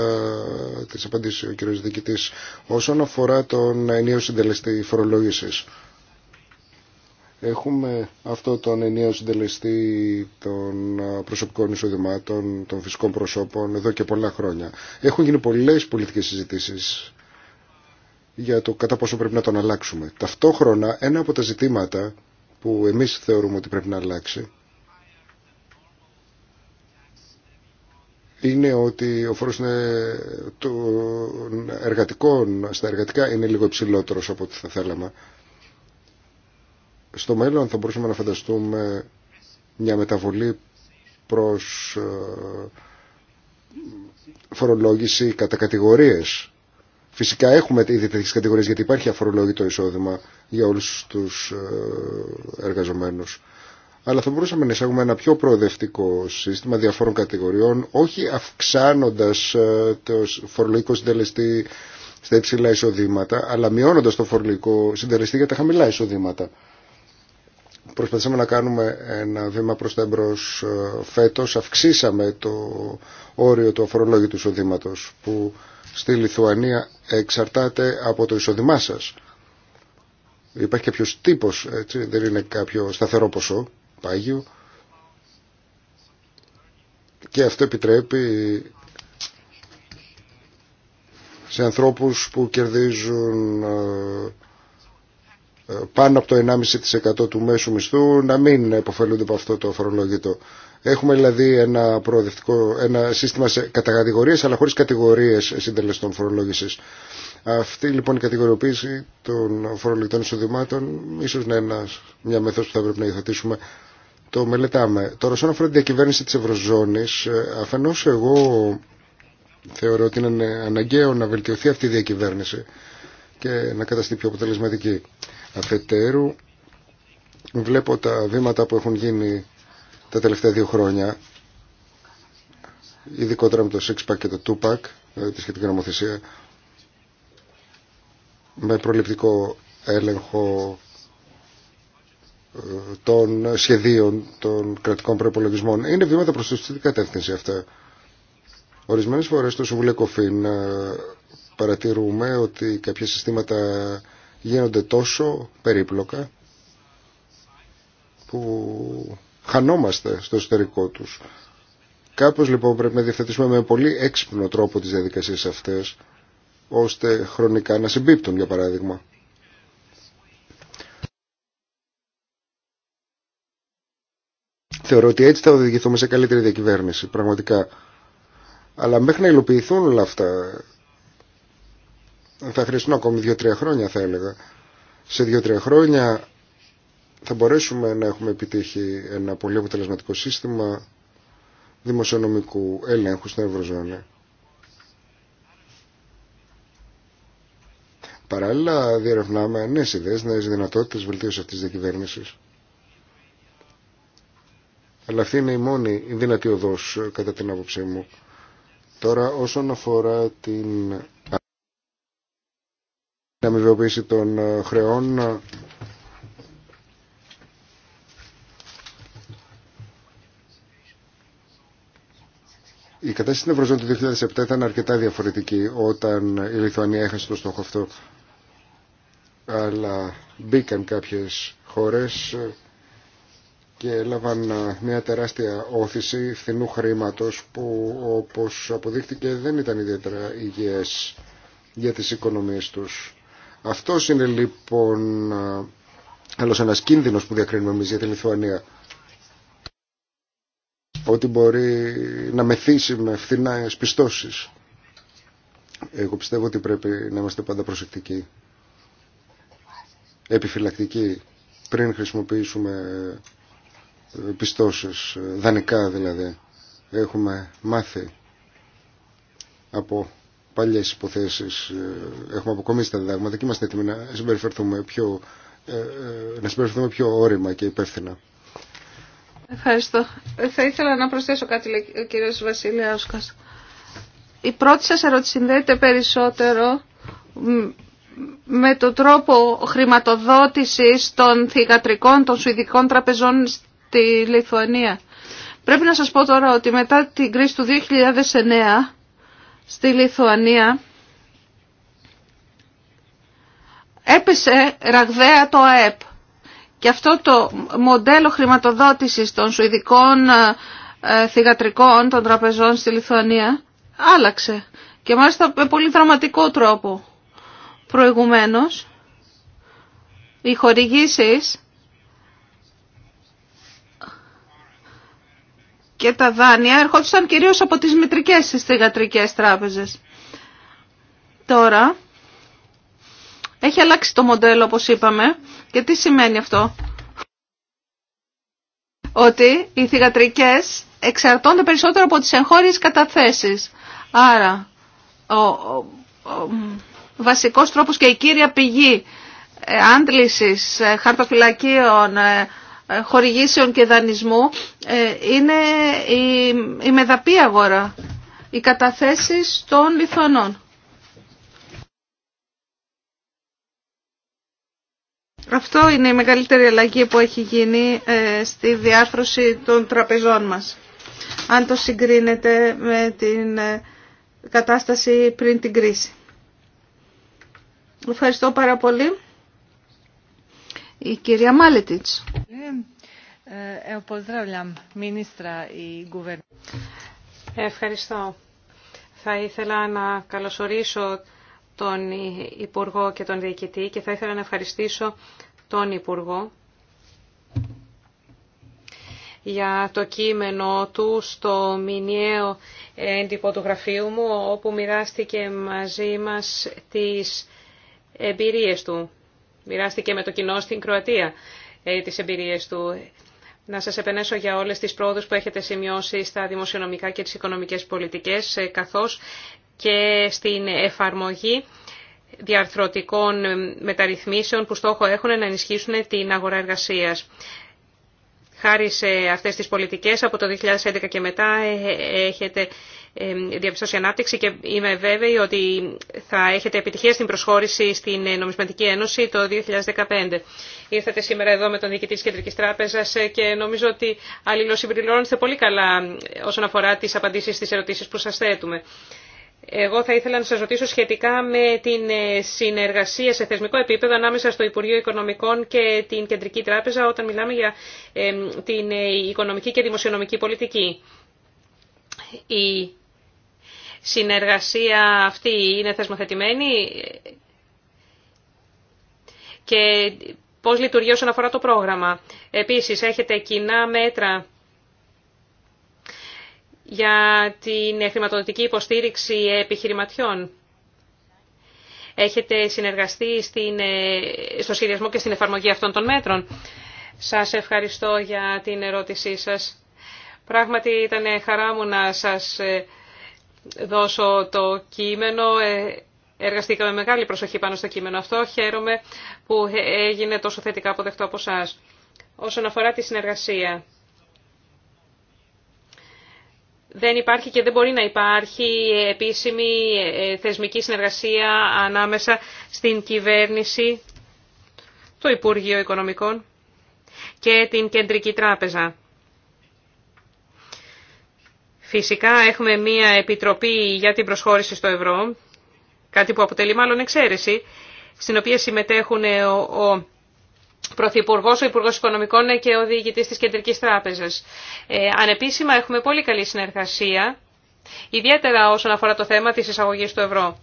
[SPEAKER 1] τις απαντήσει ο κύριος Διοικητής. Όσον αφορά τον ενίο συντελεστή φορολόγησης, Έχουμε αυτό τον ενίο συντελεστή των προσωπικών εισοδημάτων, των φυσικών προσώπων εδώ και πολλά χρόνια. Έχουν γίνει πολλές πολιτικές συζητήσεις για το κατά πόσο πρέπει να τον αλλάξουμε. Ταυτόχρονα ένα από τα ζητήματα που εμείς θεωρούμε ότι πρέπει να αλλάξει είναι ότι ο φόρος των εργατικών στα εργατικά είναι λίγο υψηλότερος από ό,τι θα θέλαμε στο μέλλον θα μπορούσαμε να φανταστούμε μια μεταβολή προς ε, φορολόγηση κατά κατηγορίες. Φυσικά έχουμε ήδη τέτοιες κατηγορίες γιατί υπάρχει αφορολόγητο εισόδημα για όλους τους ε, εργαζομένους. Αλλά θα μπορούσαμε να εισάγουμε ένα πιο προοδευτικό σύστημα διαφόρων κατηγοριών, όχι αυξάνοντας ε, το φορολογικό συντελεστή στα υψηλά εισοδήματα, αλλά μειώνοντας το φορολογικό συντελεστή για τα χαμηλά εισοδήματα προσπαθήσαμε να κάνουμε ένα βήμα προς τα εμπρός ε, φέτος. Αυξήσαμε το όριο του αφορολόγητου εισοδήματο που στη Λιθουανία εξαρτάται από το εισόδημά σας. Υπάρχει κάποιο τύπος, δεν είναι κάποιο σταθερό ποσό, πάγιο. Και αυτό επιτρέπει σε ανθρώπους που κερδίζουν ε, ε, πάνω από το 1,5% του μέσου μισθού να μην υποφελούνται από αυτό το φορολογητό. Έχουμε δηλαδή ένα, προοδευτικό, ένα σύστημα σε κατακατηγορίες αλλά χωρίς κατηγορίες συντελεστών φορολόγησης. Αυτή λοιπόν η κατηγοριοποίηση των φορολογητών εισοδημάτων ίσως να είναι μια μεθόδος που θα πρέπει να υιοθετήσουμε. Το μελετάμε. Τώρα όσον αφορά την διακυβέρνηση της Ευρωζώνης, ε, αφενός εγώ θεωρώ ότι είναι αναγκαίο να βελτιωθεί αυτή η διακυβέρνηση και να καταστεί πιο αποτελεσματική. Αφετέρου, βλέπω τα βήματα που έχουν γίνει τα τελευταία δύο χρόνια, ειδικότερα με το 6 και το 2-pack, δηλαδή τη σχετική νομοθεσία, με προληπτικό έλεγχο ε, των σχεδίων των κρατικών προπολογισμών. Είναι βήματα προς τη σωστή κατεύθυνση αυτά. Ορισμένες φορές στο Σουβουλέ Κοφίν ε, παρατηρούμε ότι κάποια συστήματα γίνονται τόσο περίπλοκα που χανόμαστε στο εσωτερικό τους. Κάπως λοιπόν πρέπει να διευθετήσουμε με πολύ έξυπνο τρόπο τις διαδικασίες αυτές ώστε χρονικά να συμπίπτουν για παράδειγμα. Θεωρώ ότι έτσι θα οδηγηθούμε σε καλύτερη διακυβέρνηση, πραγματικά. Αλλά μέχρι να υλοποιηθούν όλα αυτά θα χρειαστούν ακόμη 2-3 χρόνια θα έλεγα. Σε 2-3 χρόνια θα μπορέσουμε να έχουμε επιτύχει ένα πολύ αποτελεσματικό σύστημα δημοσιονομικού έλεγχου στην Ευρωζώνη. Παράλληλα διερευνάμε νέες ιδέες, νέες δυνατότητες βελτίωσης αυτής της διακυβέρνησης. Αλλά αυτή είναι η μόνη η δυνατή οδός κατά την άποψή μου. Τώρα όσον αφορά την αμοιβοποίηση των ε, χρεών Η κατάσταση στην Ευρωζώνη του 2007 ήταν αρκετά διαφορετική όταν η Λιθουανία έχασε το στόχο αυτό. Αλλά μπήκαν κάποιες χώρες ε, και έλαβαν ε, μια τεράστια όθηση φθηνού χρήματος που όπως αποδείχτηκε δεν ήταν ιδιαίτερα υγιές για τις οικονομίες τους. Αυτό είναι λοιπόν άλλο ένα κίνδυνο που διακρίνουμε εμεί για τη Λιθουανία. Ότι μπορεί να μεθύσει με φθηνά πιστώσει. Εγώ πιστεύω ότι πρέπει να είμαστε πάντα προσεκτικοί. Επιφυλακτικοί πριν χρησιμοποιήσουμε ε, πιστώσεις, ε, δανεικά δηλαδή. Έχουμε μάθει από παλιές υποθέσεις, ε, έχουμε αποκομίσει τα διδάγματα και είμαστε έτοιμοι να συμπεριφερθούμε πιο, ε, ε, να συμπεριφερθούμε πιο όρημα και υπεύθυνα.
[SPEAKER 2] Ευχαριστώ. Θα ήθελα να προσθέσω κάτι, λέει ο κύριος Βασίλειά Η πρώτη σα ερώτηση συνδέεται περισσότερο με τον τρόπο χρηματοδότησης των θηγατρικών των Σουηδικών τραπεζών στη Λιθουανία. Πρέπει να σας πω τώρα ότι μετά την κρίση του 2009 στη Λιθουανία έπεσε ραγδαία το ΑΕΠ. Και αυτό το μοντέλο χρηματοδότησης των σουηδικών ε, ε, θυγατρικών των τραπεζών στη Λιθουανία άλλαξε. Και μάλιστα με πολύ δραματικό τρόπο. Προηγουμένως, οι χορηγήσεις και τα δάνεια ερχόντουσαν κυρίως από τις μητρικές συστηγατρικές τράπεζες. Τώρα έχει αλλάξει το μοντέλο όπως είπαμε και τι σημαίνει αυτό. Ότι οι θηγατρικές εξαρτώνται περισσότερο από τις εγχώριες καταθέσεις. Άρα ο, ο, ο βασικός τρόπος και η κύρια πηγή ε, άντλησης ε, χαρτοφυλακίων ε, ε, χορηγήσεων και δανεισμού ε, είναι η μεδαπή αγορά, οι καταθέσεις των Λιθωνών. Αυτό είναι η μεγαλύτερη αλλαγή που έχει γίνει ε, στη διάρθρωση των τραπεζών μας. Αν το συγκρίνετε με την κατάσταση πριν την κρίση. Ευχαριστώ πάρα πολύ. Η κυρία Μάλετιτς. Ε,
[SPEAKER 3] ε, Ευχαριστώ. Θα ήθελα να καλωσορίσω τον Υπουργό και τον Διοικητή και θα ήθελα να ευχαριστήσω τον Υπουργό για το κείμενο του στο μηνιαίο έντυπο του γραφείου μου, όπου μοιράστηκε μαζί μας τις εμπειρίες του. Μοιράστηκε με το κοινό στην Κροατία ε, τις εμπειρίες του να σας επενέσω για όλες τις πρόοδους που έχετε σημειώσει στα δημοσιονομικά και τις οικονομικές πολιτικές, ε, καθώς και στην εφαρμογή διαρθρωτικών ε, μεταρρυθμίσεων που στόχο έχουν να ενισχύσουν την αγορά εργασίας. Χάρη σε αυτές τις πολιτικές, από το 2011 και μετά ε, έχετε διαπιστώσει ανάπτυξη και είμαι βέβαιη ότι θα έχετε επιτυχία στην προσχώρηση στην ε, Νομισματική Ένωση το 2015. Ήρθατε σήμερα εδώ με τον διοικητή της Κεντρικής Τράπεζας ε, και νομίζω ότι αλληλοσυμπληρώνεστε πολύ καλά ε, όσον αφορά τις απαντήσεις στις ερωτήσεις που σας θέτουμε. Εγώ θα ήθελα να σας ρωτήσω σχετικά με την συνεργασία σε θεσμικό επίπεδο ανάμεσα στο Υπουργείο Οικονομικών και την Κεντρική Τράπεζα όταν μιλάμε για την οικονομική και δημοσιονομική πολιτική συνεργασία αυτή είναι θεσμοθετημένη και πώς λειτουργεί όσον αφορά το πρόγραμμα. Επίσης, έχετε κοινά μέτρα για την χρηματοδοτική υποστήριξη επιχειρηματιών. Έχετε συνεργαστεί στην, ε, στο σχεδιασμό και στην εφαρμογή αυτών των μέτρων. Σας ευχαριστώ για την ερώτησή σας. Πράγματι ήταν χαρά μου να σας ε, δώσω το κείμενο. Ε, εργαστήκαμε μεγάλη προσοχή πάνω στο κείμενο αυτό. Χαίρομαι που έγινε τόσο θετικά αποδεκτό από εσά. Όσον αφορά τη συνεργασία, δεν υπάρχει και δεν μπορεί να υπάρχει επίσημη ε, θεσμική συνεργασία ανάμεσα στην κυβέρνηση, το Υπουργείο Οικονομικών και την Κεντρική Τράπεζα. Φυσικά έχουμε μία επιτροπή για την προσχώρηση στο ευρώ, κάτι που αποτελεί μάλλον εξαίρεση, στην οποία συμμετέχουν ο Πρωθυπουργό, ο Υπουργό Οικονομικών και ο Διοικητή τη Κεντρική Τράπεζα. Ε, ανεπίσημα έχουμε πολύ καλή συνεργασία, ιδιαίτερα όσον αφορά το θέμα τη εισαγωγή του ευρώ.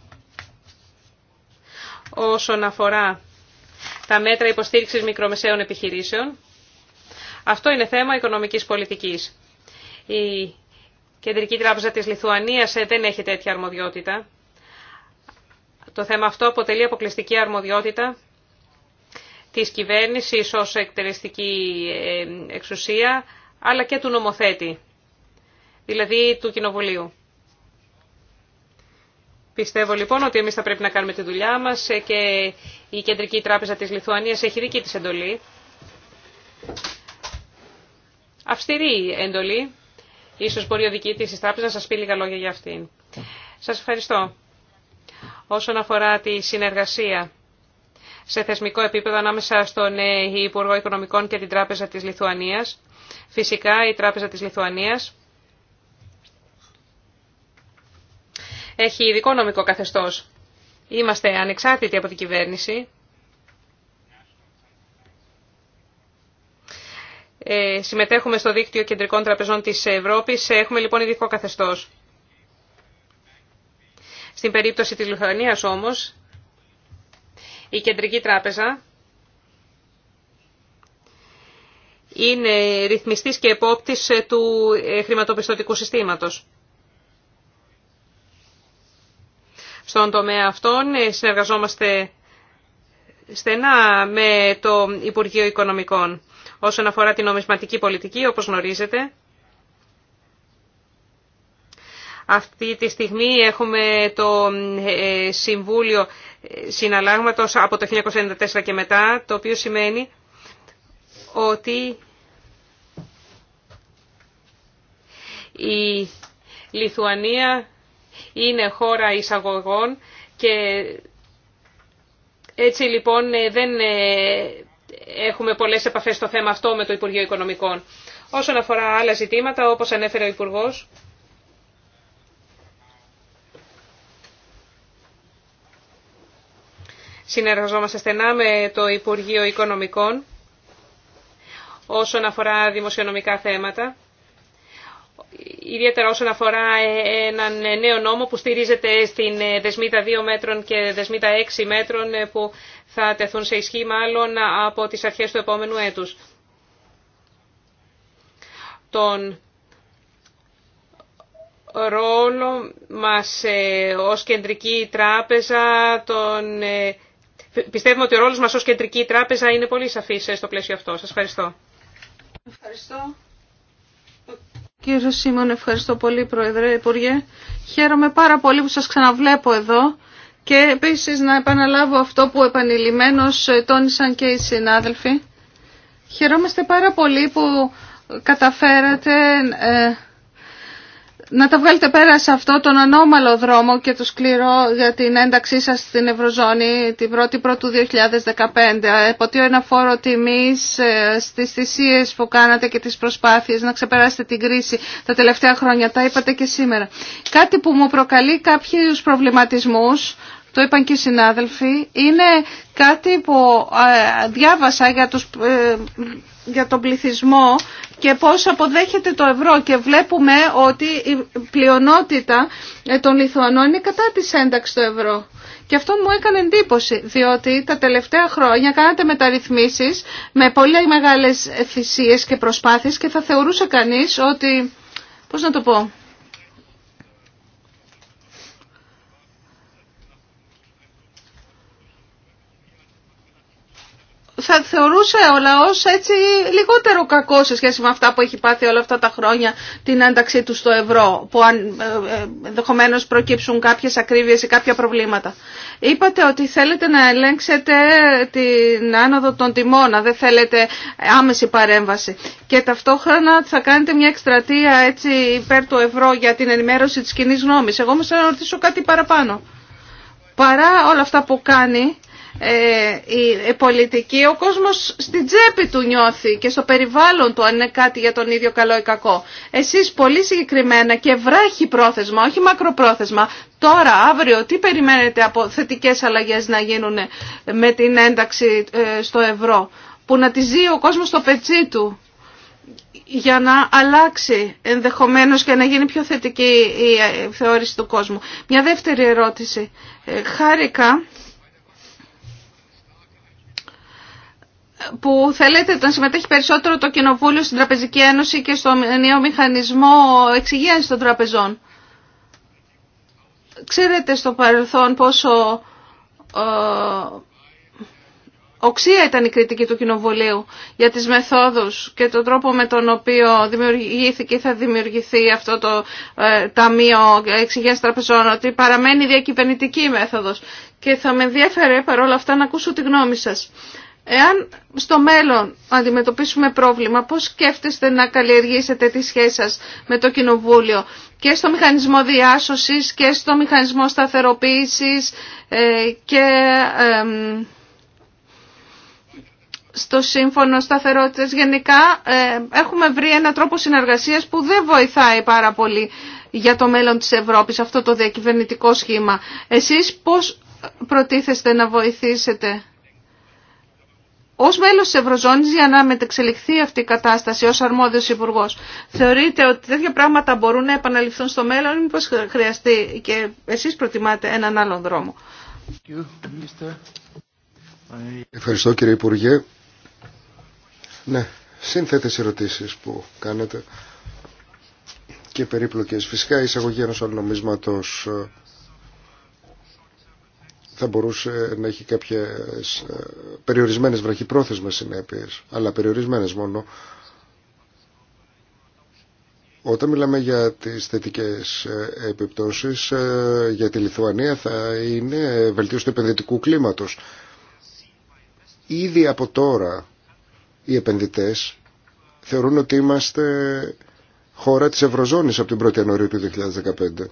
[SPEAKER 3] Όσον αφορά τα μέτρα υποστήριξη μικρομεσαίων επιχειρήσεων, αυτό είναι θέμα οικονομική πολιτική. Κεντρική Τράπεζα της Λιθουανίας ε, δεν έχει τέτοια αρμοδιότητα. Το θέμα αυτό αποτελεί αποκλειστική αρμοδιότητα της κυβέρνησης ως εκτελεστική ε, εξουσία, αλλά και του νομοθέτη, δηλαδή του Κοινοβουλίου. Πιστεύω λοιπόν ότι εμείς θα πρέπει να κάνουμε τη δουλειά μας ε, και η Κεντρική Τράπεζα της Λιθουανίας έχει δική της εντολή. Αυστηρή εντολή Ίσως μπορεί ο διοικητής της τράπεζας να σας πει λίγα λόγια για αυτήν. Σας ευχαριστώ. Όσον αφορά τη συνεργασία σε θεσμικό επίπεδο ανάμεσα στον ε, Υπουργό Οικονομικών και την Τράπεζα της Λιθουανίας, φυσικά η Τράπεζα της Λιθουανίας έχει ειδικό νομικό καθεστώς. Είμαστε ανεξάρτητοι από την κυβέρνηση Ε, συμμετέχουμε στο δίκτυο κεντρικών τραπεζών της Ευρώπης. Έχουμε λοιπόν ειδικό καθεστώς. Στην περίπτωση της Λιθουανίας όμως, η κεντρική τράπεζα είναι ρυθμιστής και επόπτης του ε, χρηματοπιστωτικού συστήματος. Στον τομέα αυτών ε, συνεργαζόμαστε στενά με το Υπουργείο Οικονομικών. Όσον αφορά την νομισματική πολιτική, όπως γνωρίζετε, αυτή τη στιγμή έχουμε το ε, Συμβούλιο Συναλλάγματος από το 1994 και μετά, το οποίο σημαίνει ότι η Λιθουανία είναι χώρα εισαγωγών και έτσι λοιπόν ε, δεν ε, έχουμε πολλές επαφές στο θέμα αυτό με το Υπουργείο Οικονομικών. Όσον αφορά άλλα ζητήματα, όπως ανέφερε ο Υπουργό. συνεργαζόμαστε στενά με το Υπουργείο Οικονομικών όσον αφορά δημοσιονομικά θέματα ιδιαίτερα όσον αφορά ε, έναν ε, νέο νόμο που στηρίζεται στην ε, δεσμήτα 2 μέτρων και δεσμήτα 6 μέτρων που θα τεθούν σε ισχύ μάλλον από τις αρχές του επόμενου έτους. Τον ρόλο μας ως κεντρική τράπεζα, τον... πιστεύουμε ότι ο ρόλος μας ως κεντρική τράπεζα είναι πολύ σαφής στο πλαίσιο αυτό. Σας ευχαριστώ.
[SPEAKER 2] Ευχαριστώ. Κύριε Σίμων, ευχαριστώ πολύ Πρόεδρε Υπουργέ. Χαίρομαι πάρα πολύ που σας ξαναβλέπω εδώ και επίσης να επαναλάβω αυτό που επανειλημμένως τόνισαν και οι συνάδελφοι. Χαιρόμαστε πάρα πολύ που καταφέρατε ε, να τα βγάλετε πέρα σε αυτό τον ανώμαλο δρόμο και το σκληρό για την ένταξή σας στην Ευρωζώνη την 1η Πρώτου 2015. Εποτείω ένα φόρο τιμής ε, στις θυσίες που κάνατε και τις προσπάθειες να ξεπεράσετε την κρίση τα τελευταία χρόνια. Τα είπατε και σήμερα. Κάτι που μου προκαλεί κάποιους προβληματισμούς το είπαν και οι συνάδελφοι, είναι κάτι που διάβασα ε, για, τον πληθυσμό και πώς αποδέχεται το ευρώ και βλέπουμε ότι η πλειονότητα ε, των Λιθουανών είναι κατά της ένταξης του ευρώ. Και αυτό μου έκανε εντύπωση, διότι τα τελευταία χρόνια κάνατε μεταρρυθμίσεις με πολύ μεγάλες θυσίες και προσπάθειες και θα θεωρούσε κανείς ότι, πώς να το πω, θα θεωρούσε ο λαό έτσι λιγότερο κακό σε σχέση με αυτά που έχει πάθει όλα αυτά τα χρόνια την ένταξή του στο ευρώ που αν, ε, ε, ενδεχομένω προκύψουν κάποιες ακρίβειε ή κάποια προβλήματα. Είπατε ότι θέλετε να ελέγξετε την άνοδο των τιμών, δεν θέλετε άμεση παρέμβαση και ταυτόχρονα θα κάνετε μια εκστρατεία έτσι υπέρ του ευρώ για την ενημέρωση τη κοινή γνώμη. Εγώ όμω θέλω να ρωτήσω κάτι παραπάνω. Παρά όλα αυτά που κάνει, ε, η πολιτική, ο κόσμος στην τσέπη του νιώθει και στο περιβάλλον του αν είναι κάτι για τον ίδιο καλό ή κακό. Εσείς πολύ συγκεκριμένα και βράχει πρόθεσμα, όχι μακροπρόθεσμα, τώρα, αύριο, τι περιμένετε από θετικές αλλαγές να γίνουν με την ένταξη ε, στο ευρώ, που να τη ζει ο κόσμος στο πετσί του για να αλλάξει ενδεχομένως και να γίνει πιο θετική η θεώρηση του κόσμου. Μια δεύτερη ερώτηση. Ε, χάρηκα που θέλετε να συμμετέχει περισσότερο το Κοινοβούλιο στην Τραπεζική Ένωση και στο νέο μηχανισμό εξυγίανση των τραπεζών. Ξέρετε στο παρελθόν πόσο ε, οξία ήταν η κριτική του Κοινοβουλίου για τις μεθόδους και τον τρόπο με τον οποίο δημιουργήθηκε ή θα δημιουργηθεί αυτό το ε, Ταμείο Εξυγείας Τραπεζών, ότι παραμένει διακυβερνητική μέθοδος. Και θα με ενδιαφέρε παρόλα αυτά να ακούσω τη γνώμη σας. Εάν στο μέλλον αντιμετωπίσουμε πρόβλημα, πώς σκέφτεστε να καλλιεργήσετε τη σχέση σας με το Κοινοβούλιο και στο μηχανισμό διάσωσης και στο μηχανισμό σταθεροποίησης ε, και στο σύμφωνο σταθερότητας. Γενικά ε, έχουμε βρει ένα τρόπο συνεργασίας που δεν βοηθάει πάρα πολύ για το μέλλον της Ευρώπης αυτό το διακυβερνητικό σχήμα. Εσείς πώς προτίθεστε να βοηθήσετε ως μέλο τη Ευρωζώνης για να μετεξελιχθεί αυτή η κατάσταση ως αρμόδιος υπουργό. Θεωρείτε ότι τέτοια πράγματα μπορούν να επαναληφθούν στο μέλλον ή μήπως χρειαστεί και εσείς προτιμάτε έναν άλλον δρόμο.
[SPEAKER 1] Ευχαριστώ κύριε Υπουργέ. Ναι, σύνθετες ερωτήσεις που κάνετε και περίπλοκες. Φυσικά η μηπω χρειαστει και εσεις προτιματε εναν ενός άλλου φυσικα η εισαγωγη ενος θα μπορούσε να έχει κάποιες ε, περιορισμένες βραχυπρόθεσμες συνέπειες, αλλά περιορισμένες μόνο. Όταν μιλάμε για τις θετικές ε, επιπτώσεις ε, για τη Λιθουανία θα είναι βελτίωση του επενδυτικού κλίματος. Ήδη από τώρα οι επενδυτές θεωρούν ότι είμαστε χώρα της Ευρωζώνης από την 1η Ιανουαρίου του 2015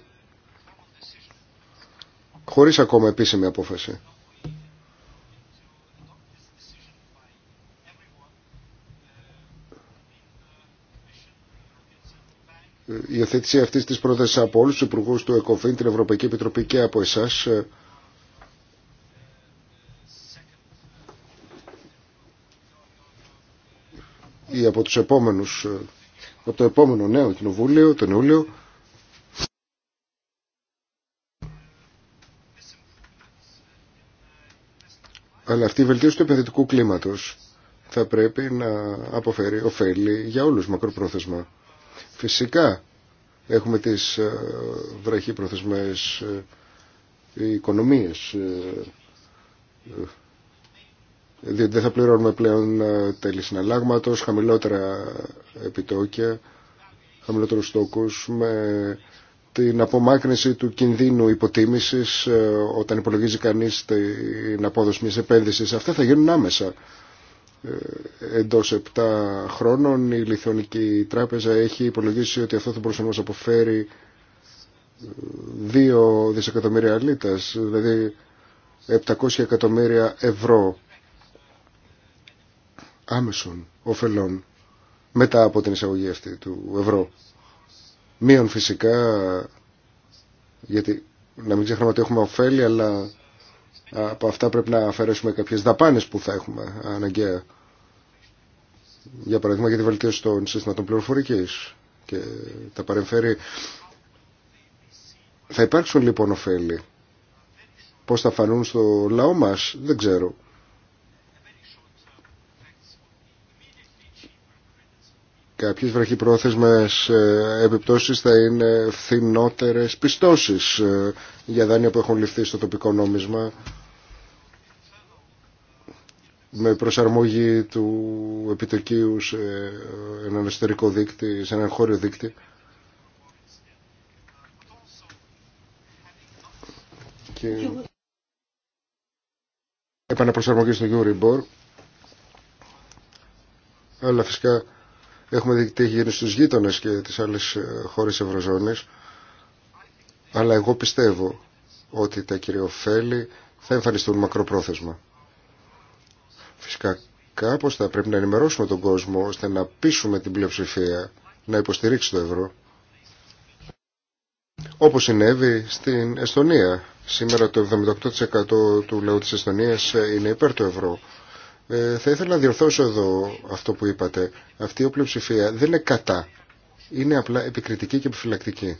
[SPEAKER 1] χωρίς ακόμα επίσημη απόφαση. Η υιοθέτηση αυτής της πρότασης από όλους τους υπουργούς του ΕΚΟΦΗΝ, την Ευρωπαϊκή Επιτροπή και από εσάς ε, ή από τους επόμενους ε, από το επόμενο νέο κοινοβούλιο, τον Ιούλιο Αλλά αυτή η βελτίωση του επενδυτικού κλίματος θα πρέπει να αποφέρει ωφέλη για όλους μακροπρόθεσμα. Φυσικά έχουμε τις ε, βραχυπρόθεσμες ε, οικονομίες ε, διότι δεν θα πληρώνουμε πλέον τέλη συναλλάγματο, χαμηλότερα επιτόκια, χαμηλότερου στόκους με την απομάκρυνση του κινδύνου υποτίμησης ε, όταν υπολογίζει κανείς την απόδοση μιας επένδυσης. Αυτά θα γίνουν άμεσα. Ε, εντός 7 χρόνων η Λιθωνική Τράπεζα έχει υπολογίσει ότι αυτό θα μπορούσε να αποφέρει 2 ε, δισεκατομμύρια λίτας, δηλαδή 700 εκατομμύρια ευρώ άμεσων ωφελών μετά από την εισαγωγή αυτή του ευρώ. Μείον φυσικά, γιατί να μην ξεχνάμε ότι έχουμε ωφέλη, αλλά από αυτά πρέπει να αφαιρέσουμε κάποιες δαπάνες που θα έχουμε αναγκαία. Για παράδειγμα για τη βελτίωση των συστηματών πληροφορικής και τα παρεμφέρει. Θα υπάρξουν λοιπόν ωφέλη. Πώς θα φανούν στο λαό μας δεν ξέρω. κάποιες βραχυπρόθεσμες ε, επιπτώσεις θα είναι φθηνότερες πιστώσεις ε, για δάνεια που έχουν ληφθεί στο τοπικό νόμισμα με προσαρμογή του επιτοκίου σε έναν εσωτερικό δίκτυ, σε έναν χώριο δίκτυ. Και... Επαναπροσαρμογή στο Euribor. Αλλά φυσικά Έχουμε δει τι έχει γίνει στους γείτονες και τις άλλες ε, χώρες Ευρωζώνης. Αλλά εγώ πιστεύω ότι τα κυριοφέλη θα εμφανιστούν μακροπρόθεσμα. Φυσικά κάπως θα πρέπει να ενημερώσουμε τον κόσμο ώστε να πείσουμε την πλειοψηφία να υποστηρίξει το ευρώ. Όπως συνέβη στην Εστονία. Σήμερα το 78% του λαού της Εστονίας ε, είναι υπέρ του ευρώ. Ε, θα ήθελα να διορθώσω εδώ αυτό που είπατε. Αυτή η πλειοψηφία δεν είναι κατά. Είναι απλά επικριτική και επιφυλακτική.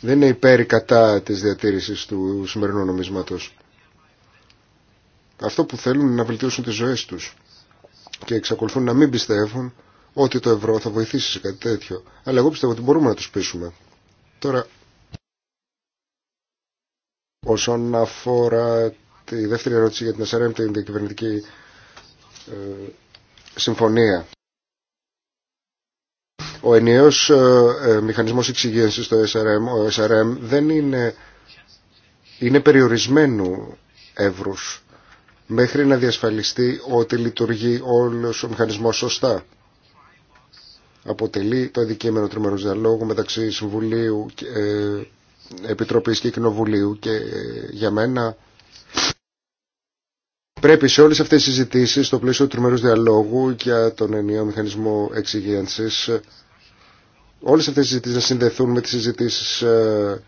[SPEAKER 1] Δεν είναι υπέρ κατά της διατήρησης του σημερινού νομίσματος. Αυτό που θέλουν είναι να βελτιώσουν τις ζωές τους και εξακολουθούν να μην πιστεύουν ότι το ευρώ θα βοηθήσει σε κάτι τέτοιο. Αλλά εγώ πιστεύω ότι μπορούμε να τους πείσουμε. Τώρα, όσον αφορά τη δεύτερη ερώτηση για την SRM, την διακυβερνητική ε, συμφωνία. Ο ενιαίος ε, ε, μηχανισμός εξυγίανσης στο SRM, ο SRM δεν είναι, είναι περιορισμένου εύρους μέχρι να διασφαλιστεί ότι λειτουργεί όλος ο μηχανισμός σωστά. Αποτελεί το αντικείμενο τριμερούς διαλόγου μεταξύ Συμβουλίου, ε, Επιτροπής και Κοινοβουλίου και για μένα Πρέπει σε όλες αυτές τις συζητήσεις, στο πλαίσιο του τριμερούς διαλόγου για τον ενιαίο μηχανισμό εξυγένσης, όλες αυτές τις συζητήσεις να συνδεθούν με τις συζητήσεις ε,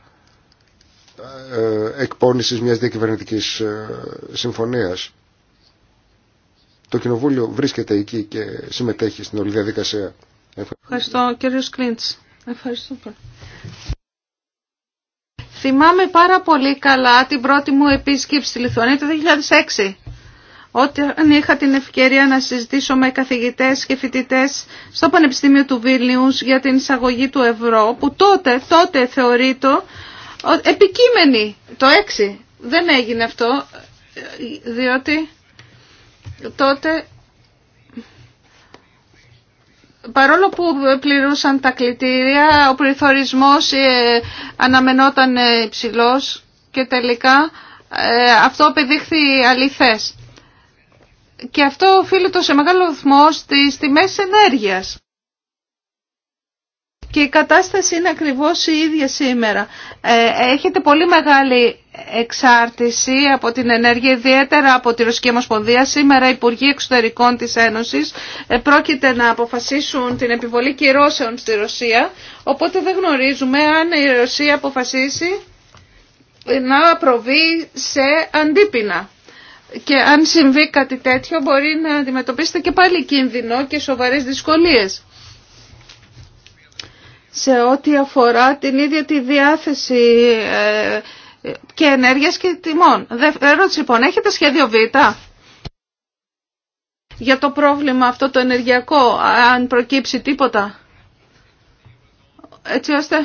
[SPEAKER 1] ε, ε, εκπόνησης μιας διακυβερνητικής συμφωνίας. Το Κοινοβούλιο βρίσκεται εκεί και συμμετέχει στην όλη διαδικασία.
[SPEAKER 2] Ευχαριστώ κύριος Κλίντς. Ευχαριστώ πολύ. Θυμάμαι πάρα πολύ καλά την πρώτη μου επίσκεψη στη Λιθουανία το 2006 όταν είχα την ευκαιρία να συζητήσω με καθηγητές και φοιτητές στο Πανεπιστήμιο του Βίλνιους για την εισαγωγή του ευρώ, που τότε, τότε θεωρείτο επικείμενη το 6. Δεν έγινε αυτό, διότι τότε παρόλο που πληρούσαν τα κλητήρια, ο πληθωρισμός ε, αναμενόταν ε, υψηλός και τελικά ε, αυτό επιδείχθη αληθές και αυτό οφείλεται σε μεγάλο βαθμό στις τιμές ενέργειας. Και η κατάσταση είναι ακριβώς η ίδια σήμερα. Ε, έχετε πολύ μεγάλη εξάρτηση από την ενέργεια, ιδιαίτερα από τη Ρωσική Ομοσπονδία. Σήμερα οι Υπουργοί Εξωτερικών της Ένωσης ε, πρόκειται να αποφασίσουν την επιβολή κυρώσεων στη Ρωσία, οπότε δεν γνωρίζουμε αν η Ρωσία αποφασίσει να προβεί σε αντίπεινα και αν συμβεί κάτι τέτοιο μπορεί να αντιμετωπίσετε και πάλι κίνδυνο και σοβαρές δυσκολίες σε ό,τι αφορά την ίδια τη διάθεση ε, και ενέργειας και τιμών. ερώτηση λοιπόν, έχετε σχέδιο Β για το πρόβλημα αυτό το ενεργειακό, αν προκύψει τίποτα, έτσι ώστε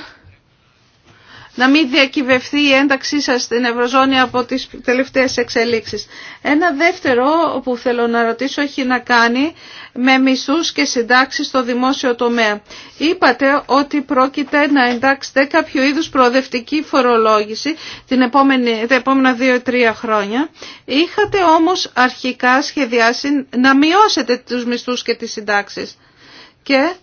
[SPEAKER 2] να μην διακυβευτεί η ένταξή σας στην Ευρωζώνη από τις τελευταίες εξελίξεις. Ένα δεύτερο που θέλω να ρωτήσω έχει να κάνει με μισούς και συντάξεις στο δημόσιο τομέα. Είπατε ότι πρόκειται να εντάξετε κάποιο είδους προοδευτική φορολόγηση την επόμενη, τα επόμενα δύο-τρία χρόνια. Είχατε όμως αρχικά σχεδιάσει να μειώσετε τους μισθούς και τις συντάξεις. Και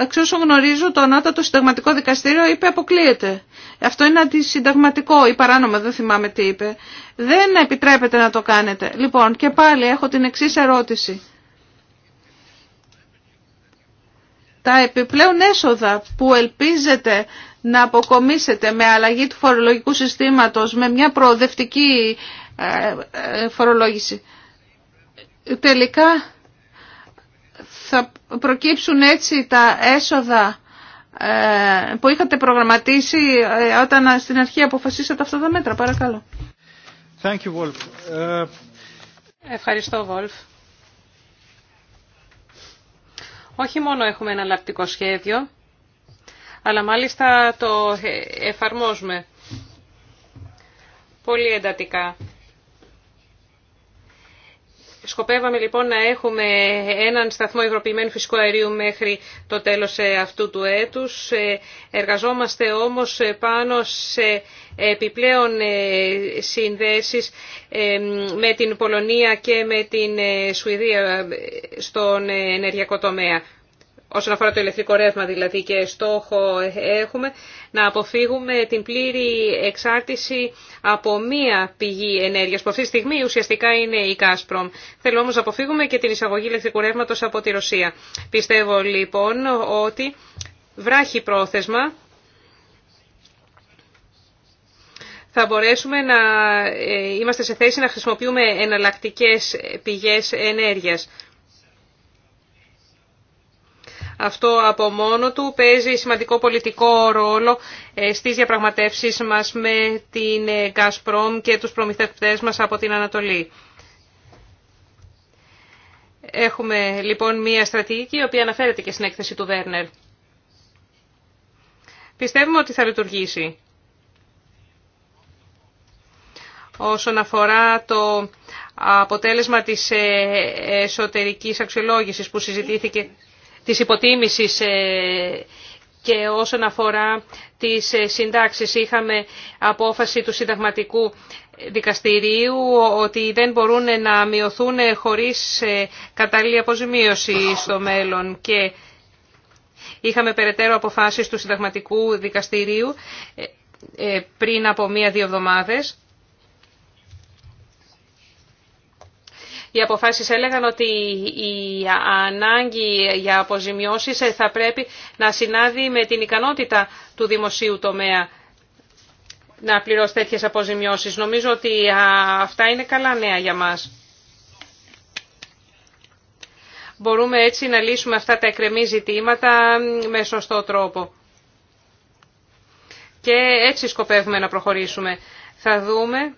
[SPEAKER 2] εξ όσων γνωρίζω, το ανώτατο συνταγματικό δικαστήριο είπε αποκλείεται. Αυτό είναι αντισυνταγματικό ή παράνομο, δεν θυμάμαι τι είπε. Δεν επιτρέπεται να το κάνετε. Λοιπόν, και πάλι έχω την εξή ερώτηση. Τα επιπλέον έσοδα που ελπίζετε να αποκομίσετε με αλλαγή του φορολογικού συστήματος, με μια προοδευτική ε, ε, φορολόγηση, τελικά θα προκύψουν έτσι τα έσοδα ε, που είχατε προγραμματίσει ε, όταν ε, στην αρχή αποφασίσατε αυτά τα μέτρα. Παρακαλώ.
[SPEAKER 3] Ευχαριστώ, Βόλφ. Όχι μόνο έχουμε ένα λαπτικό σχέδιο, αλλά μάλιστα το εφαρμόζουμε πολύ εντατικά. Σκοπεύαμε λοιπόν να έχουμε έναν σταθμό υγροποιημένου φυσικού αερίου μέχρι το τέλος ε, αυτού του έτους. Ε, εργαζόμαστε όμως ε, πάνω σε επιπλέον συνδέσεις με την Πολωνία και με την Σουηδία στον ενεργειακό τομέα. Όσον αφορά το ηλεκτρικό ρεύμα δηλαδή και στόχο έχουμε να αποφύγουμε την πλήρη εξάρτηση από μία πηγή ενέργειας που αυτή τη στιγμή ουσιαστικά είναι η ΚΑΣΠΡΟΜ. Θέλω όμως να αποφύγουμε και την εισαγωγή ηλεκτρικού ρεύματος από τη Ρωσία. Πιστεύω λοιπόν ότι βράχει πρόθεσμα θα μπορέσουμε να ε, είμαστε σε θέση να χρησιμοποιούμε εναλλακτικές πηγές ενέργειας. Αυτό από μόνο του παίζει σημαντικό πολιτικό ρόλο ε, στις διαπραγματεύσεις μας με την ε, Gazprom και τους προμηθευτές μας από την Ανατολή. Έχουμε λοιπόν μία στρατηγική, η οποία αναφέρεται και στην έκθεση του Βέρνερ. Πιστεύουμε ότι θα λειτουργήσει. Όσον αφορά το αποτέλεσμα της ε, εσωτερικής αξιολόγησης που συζητήθηκε της υποτίμησης ε, και όσον αφορά τις ε, συντάξεις. Είχαμε απόφαση του συνταγματικού δικαστηρίου ότι δεν μπορούν να μειωθούν χωρίς ε, κατάλληλη αποζημίωση στο μέλλον και είχαμε περαιτέρω αποφάσεις του συνταγματικού δικαστηρίου πριν από μία-δύο εβδομάδες Οι αποφάσεις έλεγαν ότι η ανάγκη για αποζημιώσεις θα πρέπει να συνάδει με την ικανότητα του δημοσίου τομέα να πληρώσει τέτοιες αποζημιώσεις. Νομίζω ότι αυτά είναι καλά νέα για μας. Μπορούμε έτσι να λύσουμε αυτά τα εκρεμή ζητήματα με σωστό τρόπο. Και έτσι σκοπεύουμε να προχωρήσουμε. Θα δούμε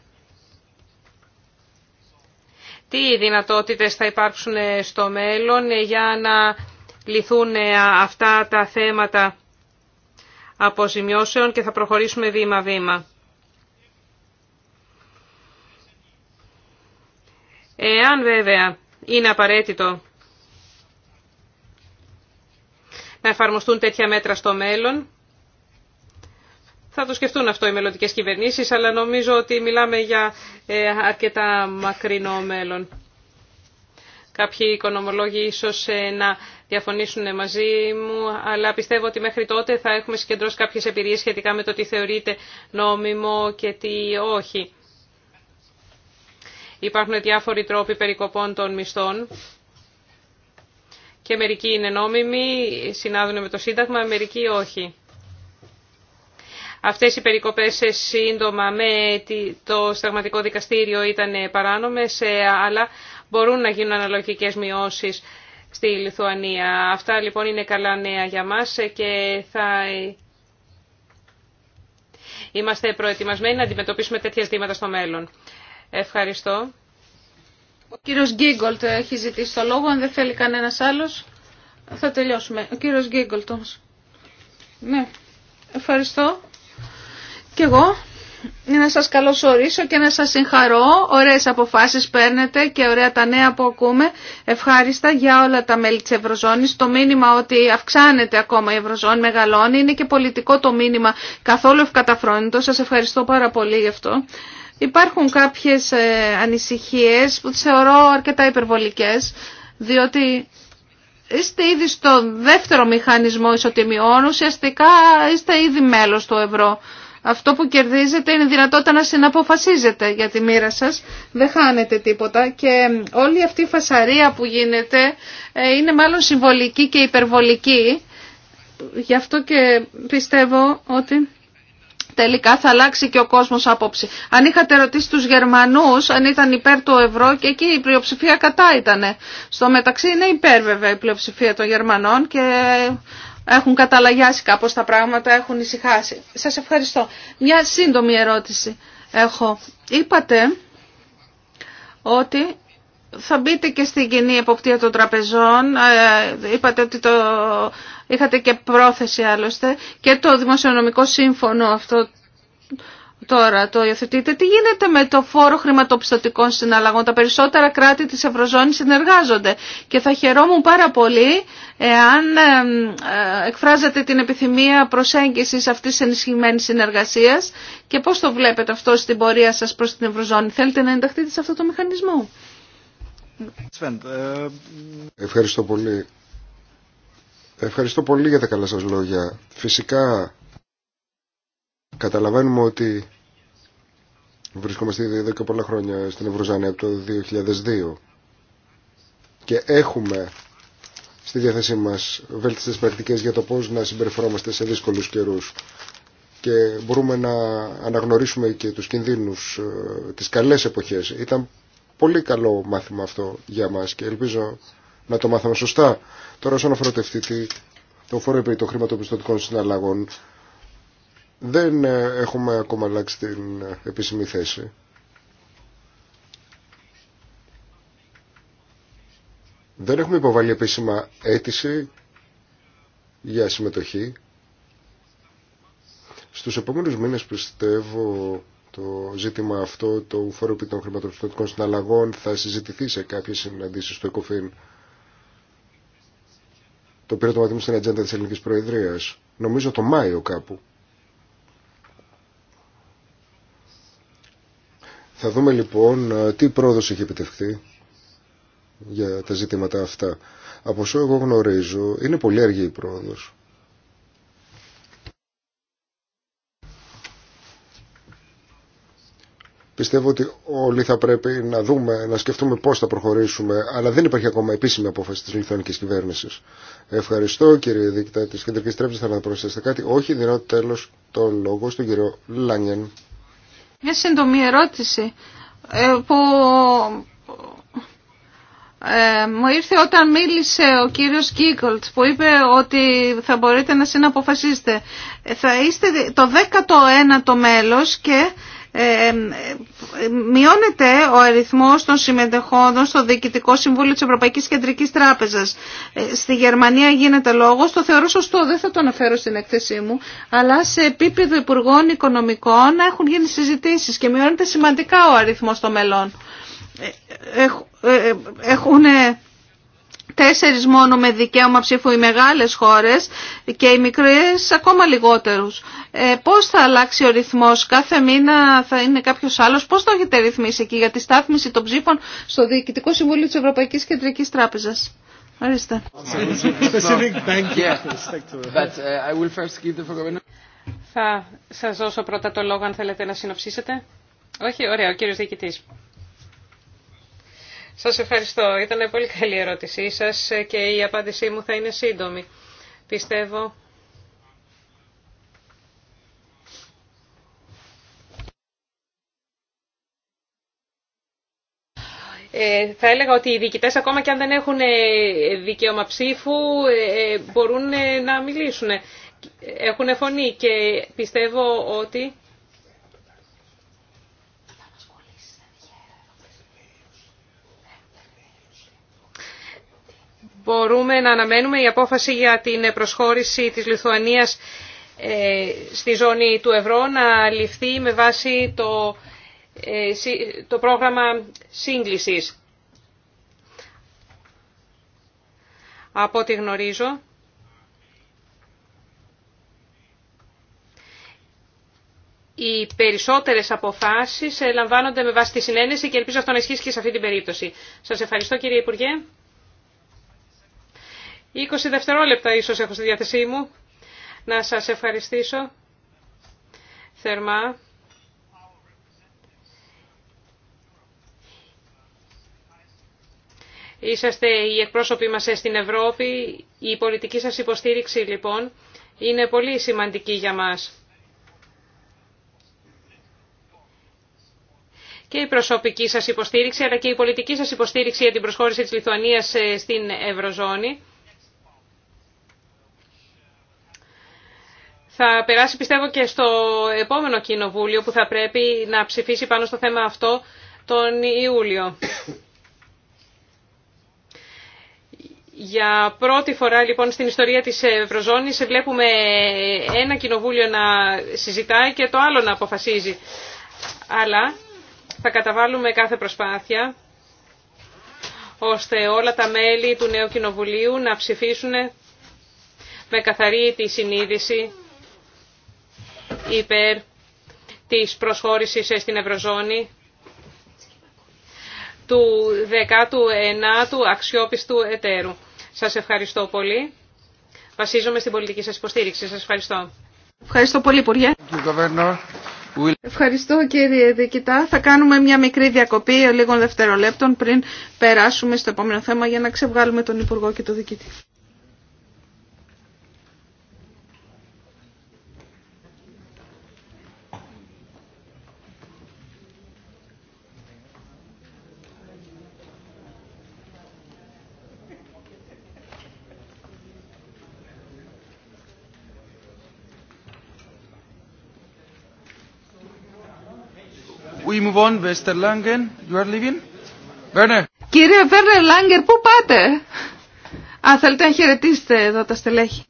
[SPEAKER 3] τι δυνατότητες θα υπάρξουν ε, στο μέλλον ε, για να λυθούν ε, αυτά τα θέματα αποζημιώσεων και θα προχωρήσουμε βήμα-βήμα. Εάν βέβαια είναι απαραίτητο να εφαρμοστούν τέτοια μέτρα στο μέλλον, θα το σκεφτούν αυτό οι μελλοντικέ κυβερνήσει, αλλά νομίζω ότι μιλάμε για ε, αρκετά μακρινό μέλλον. Κάποιοι οικονομολόγοι ίσως ε, να διαφωνήσουν μαζί μου, αλλά πιστεύω ότι μέχρι τότε θα έχουμε συγκεντρώσει κάποιες εμπειρίες σχετικά με το τι θεωρείται νόμιμο και τι όχι. Υπάρχουν διάφοροι τρόποι περικοπών των μισθών και μερικοί είναι νόμιμοι, συνάδουν με το Σύνταγμα, μερικοί όχι. Αυτές οι περικοπές ε, σύντομα με το σταγματικό δικαστήριο ήταν ε, παράνομες, ε, αλλά μπορούν να γίνουν αναλογικές μειώσεις στη Λιθουανία. Αυτά λοιπόν είναι καλά νέα για μας και θα... Είμαστε προετοιμασμένοι να αντιμετωπίσουμε τέτοια ζητήματα στο μέλλον. Ευχαριστώ.
[SPEAKER 2] Ο κύριος Γκίγκολτ έχει ζητήσει το λόγο. Αν δεν θέλει κανένας άλλος, θα τελειώσουμε. Ο κύριος Γκίγκολτ όμως. Ναι. Ευχαριστώ και εγώ να σας καλωσορίσω και να σας συγχαρώ. Ωραίες αποφάσεις παίρνετε και ωραία τα νέα που ακούμε. Ευχάριστα για όλα τα μέλη της Ευρωζώνης. Το μήνυμα ότι αυξάνεται ακόμα η Ευρωζώνη, μεγαλώνει. Είναι και πολιτικό το μήνυμα καθόλου ευκαταφρόνητο. Σας ευχαριστώ πάρα πολύ γι' αυτό. Υπάρχουν κάποιες ε, ανησυχίες που τις θεωρώ αρκετά υπερβολικές, διότι είστε ήδη στο δεύτερο μηχανισμό ισοτιμιών, ουσιαστικά είστε ήδη μέλος του ευρώ. Αυτό που κερδίζετε είναι η δυνατότητα να συναποφασίζετε για τη μοίρα σας. Δεν χάνετε τίποτα και όλη αυτή η φασαρία που γίνεται ε, είναι μάλλον συμβολική και υπερβολική. Γι' αυτό και πιστεύω ότι τελικά θα αλλάξει και ο κόσμος άποψη. Αν είχατε ρωτήσει τους Γερμανούς αν ήταν υπέρ του ευρώ και εκεί η πλειοψηφία κατά ήτανε. Στο μεταξύ είναι υπέρ βέβαια η πλειοψηφία των Γερμανών και έχουν καταλαγιάσει κάπως τα πράγματα, έχουν ησυχάσει. Σας ευχαριστώ. Μια σύντομη ερώτηση έχω. Είπατε ότι θα μπείτε και στην κοινή εποπτεία των τραπεζών, ε, είπατε ότι το είχατε και πρόθεση άλλωστε, και το δημοσιονομικό σύμφωνο αυτό τώρα το υιοθετείτε. Τι γίνεται με το φόρο χρηματοπιστωτικών συναλλαγών. Τα περισσότερα κράτη της Ευρωζώνης συνεργάζονται και θα χαιρόμουν πάρα πολύ εάν ε, εκφράζετε την επιθυμία προσέγγισης αυτής της ενισχυμένης συνεργασίας και πώς το βλέπετε αυτό στην πορεία σας προς την Ευρωζώνη. Θέλετε να ενταχθείτε σε αυτό το μηχανισμό.
[SPEAKER 1] Ε, Ευχαριστώ πολύ. Ευχαριστώ πολύ για τα καλά σας λόγια. Φυσικά Καταλαβαίνουμε ότι βρισκόμαστε ήδη εδώ και πολλά χρόνια στην Ευρωζάνη από το 2002 και έχουμε στη διάθεσή μας βέλτιστες πρακτικές για το πώς να συμπεριφερόμαστε σε δύσκολους καιρούς και μπορούμε να αναγνωρίσουμε και τους κινδύνους, ε, τις καλές εποχές. Ήταν πολύ καλό μάθημα αυτό για μας και ελπίζω να το μάθαμε σωστά. Τώρα όσον αφορά το το των χρηματοπιστωτικών συναλλαγών, δεν ε, έχουμε ακόμα αλλάξει την ε, επίσημη θέση. Δεν έχουμε υποβάλει επίσημα αίτηση για συμμετοχή. Στους επόμενους μήνες πιστεύω το ζήτημα αυτό το φόρο των χρηματοπιστωτικών συναλλαγών θα συζητηθεί σε κάποιες συναντήσεις του ΕΚΟΦΗΝ. Το πήρε το μαθήμα στην ατζέντα της Ελληνικής Προεδρίας. Νομίζω το Μάιο κάπου. Θα δούμε λοιπόν ε, τι πρόοδος έχει επιτευχθεί για τα ζητήματα αυτά. Από όσο εγώ γνωρίζω, είναι πολύ αργή η πρόοδος. Πιστεύω ότι όλοι θα πρέπει να δούμε, να σκεφτούμε πώς θα προχωρήσουμε, αλλά δεν υπάρχει ακόμα επίσημη απόφαση της λιθωνικής κυβέρνησης. Ευχαριστώ κύριε Δίκτα της Κεντρικής Τρέψης, θα να προσθέσετε κάτι. Όχι, δίνω τέλος το λόγο στον κύριο Λάνιεν.
[SPEAKER 2] Μια σύντομη ερώτηση ε, που ε, μου ήρθε όταν μίλησε ο κύριος Γκίγκολτ που είπε ότι θα μπορείτε να συναποφασίσετε. Ε, θα είστε το 19ο μέλος και ε, ε, μειώνεται ο αριθμός των συμμετεχόντων στο Διοικητικό Συμβούλιο της Ευρωπαϊκής Κεντρικής Τράπεζας. Ε, στη Γερμανία γίνεται λόγος, το θεωρώ σωστό, δεν θα το αναφέρω στην έκθεσή μου, αλλά σε επίπεδο Υπουργών Οικονομικών έχουν γίνει συζητήσεις και μειώνεται σημαντικά ο αριθμός των μελών. έχουν τέσσερις μόνο με δικαίωμα ψήφου οι μεγάλες χώρες και οι μικρές ακόμα λιγότερους. Ε, πώς θα αλλάξει ο ρυθμός, κάθε μήνα θα είναι κάποιος άλλος, πώς το έχετε ρυθμίσει εκεί για τη στάθμιση των ψήφων στο Διοικητικό Συμβούλιο της Ευρωπαϊκής Κεντρικής Τράπεζας. Ορίστε.
[SPEAKER 3] Θα σας δώσω πρώτα το λόγο αν θέλετε να συνοψίσετε. Όχι, ωραία, ο κύριος Διοικητής. Σας ευχαριστώ. Ήταν πολύ καλή η ερώτησή σας και η απάντησή μου θα είναι σύντομη. Πιστεύω ε, θα έλεγα ότι οι διοικητέ, ακόμα και αν δεν έχουν ε, δικαίωμα ψήφου, ε, μπορούν να μιλήσουν. Έχουν φωνή και πιστεύω ότι μπορούμε να αναμένουμε η απόφαση για την προσχώρηση της Λιθουανίας ε, στη ζώνη του ευρώ να ληφθεί με βάση το, ε, το πρόγραμμα σύγκλησης. Από ό,τι γνωρίζω, οι περισσότερες αποφάσεις ε, λαμβάνονται με βάση τη συνένεση και ελπίζω αυτό να ισχύσει και σε αυτή την περίπτωση. Σας ευχαριστώ κύριε Υπουργέ. 20 δευτερόλεπτα ίσως έχω στη διάθεσή μου. Να σας ευχαριστήσω θερμά. Είσαστε οι εκπρόσωποι μας στην Ευρώπη. Η πολιτική σας υποστήριξη λοιπόν είναι πολύ σημαντική για μας. Και η προσωπική σας υποστήριξη αλλά και η πολιτική σας υποστήριξη για την προσχώρηση της Λιθουανίας ε, στην Ευρωζώνη θα περάσει πιστεύω και στο επόμενο κοινοβούλιο που θα πρέπει να ψηφίσει πάνω στο θέμα αυτό τον Ιούλιο. Για πρώτη φορά λοιπόν στην ιστορία της Ευρωζώνης βλέπουμε ένα κοινοβούλιο να συζητάει και το άλλο να αποφασίζει. Αλλά θα καταβάλουμε κάθε προσπάθεια ώστε όλα τα μέλη του νέου κοινοβουλίου να ψηφίσουν με καθαρή τη συνείδηση υπέρ της προσχώρησης στην Ευρωζώνη του 19ου αξιόπιστου εταίρου. Σας ευχαριστώ πολύ. Βασίζομαι στην πολιτική σας υποστήριξη. Σας ευχαριστώ. Ευχαριστώ πολύ, Υπουργέ.
[SPEAKER 2] Ευχαριστώ κύριε Δικητά. Θα κάνουμε μια μικρή διακοπή λίγων δευτερολέπτων πριν περάσουμε στο επόμενο θέμα για να ξεβγάλουμε τον Υπουργό και τον Δικητή. we move on. Mr. Langen, you are leaving? Werner. Κύριε Βέρνερ Λάγκερ, πού πάτε? Αν θέλετε να χαιρετήσετε εδώ τα στελέχη.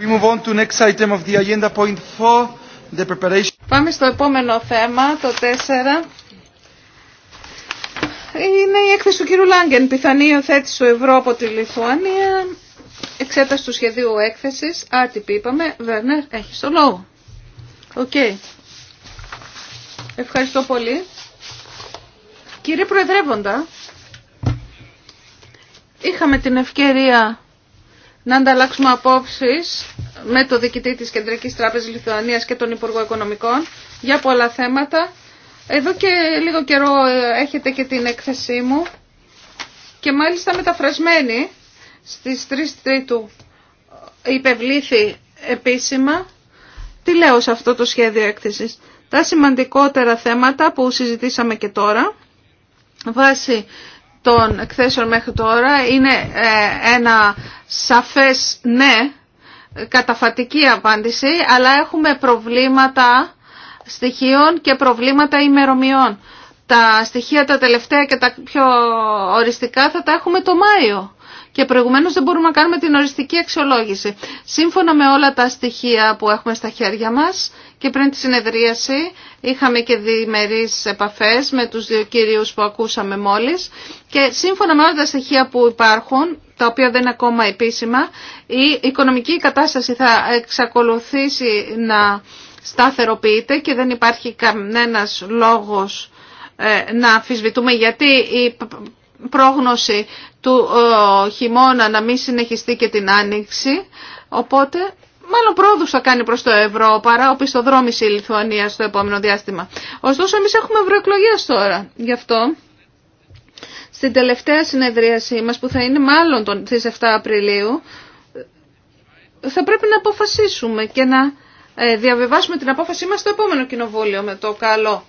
[SPEAKER 1] We move on to next item of the agenda point 4, the preparation.
[SPEAKER 2] Πάμε στο επόμενο θέμα, το 4. Είναι η έκθεση του κύριου Λάγκεν, πιθανή υιοθέτηση του ευρώ από τη Λιθουανία εξέταση του σχεδίου έκθεσης, άτυπη είπαμε, Βέρνερ, έχει το λόγο. Οκ. Ευχαριστώ πολύ. Κύριε Προεδρεύοντα, είχαμε την ευκαιρία να ανταλλάξουμε απόψεις με το διοικητή της Κεντρικής Τράπεζας Λιθουανίας και τον Υπουργό Οικονομικών για πολλά θέματα. Εδώ και λίγο καιρό ε, έχετε και την έκθεσή μου και μάλιστα μεταφρασμένη στις 3 Τρίτου υπευλήθη επίσημα. Τι λέω σε αυτό το σχέδιο έκθεσης. Τα σημαντικότερα θέματα που συζητήσαμε και τώρα, βάσει των εκθέσεων μέχρι τώρα, είναι ε, ένα σαφές ναι, καταφατική απάντηση, αλλά έχουμε προβλήματα στοιχείων και προβλήματα ημερομιών. Τα στοιχεία τα τελευταία και τα πιο οριστικά θα τα έχουμε το Μάιο και προηγουμένως δεν μπορούμε να κάνουμε την οριστική αξιολόγηση. Σύμφωνα με όλα τα στοιχεία που έχουμε στα χέρια μας και πριν τη συνεδρίαση είχαμε και διμερείς επαφές με τους δύο κυρίους που ακούσαμε μόλις και σύμφωνα με όλα τα στοιχεία που υπάρχουν, τα οποία δεν είναι ακόμα επίσημα, η οικονομική κατάσταση θα εξακολουθήσει να σταθεροποιείται και δεν υπάρχει κανένας λόγος ε, να αφισβητούμε γιατί η πρόγνωση του ε, χειμώνα να μην συνεχιστεί και την άνοιξη. Οπότε μάλλον πρόοδου θα κάνει προ το ευρώ παρά οπισθοδρόμηση η Λιθουανία στο επόμενο διάστημα. Ωστόσο, εμεί έχουμε ευρωεκλογέ τώρα. Γι' αυτό στην τελευταία συνεδρίασή μας που θα είναι μάλλον τον, 7 Απριλίου θα πρέπει να αποφασίσουμε και να ε, διαβιβάσουμε την απόφασή μας στο επόμενο κοινοβούλιο με το καλό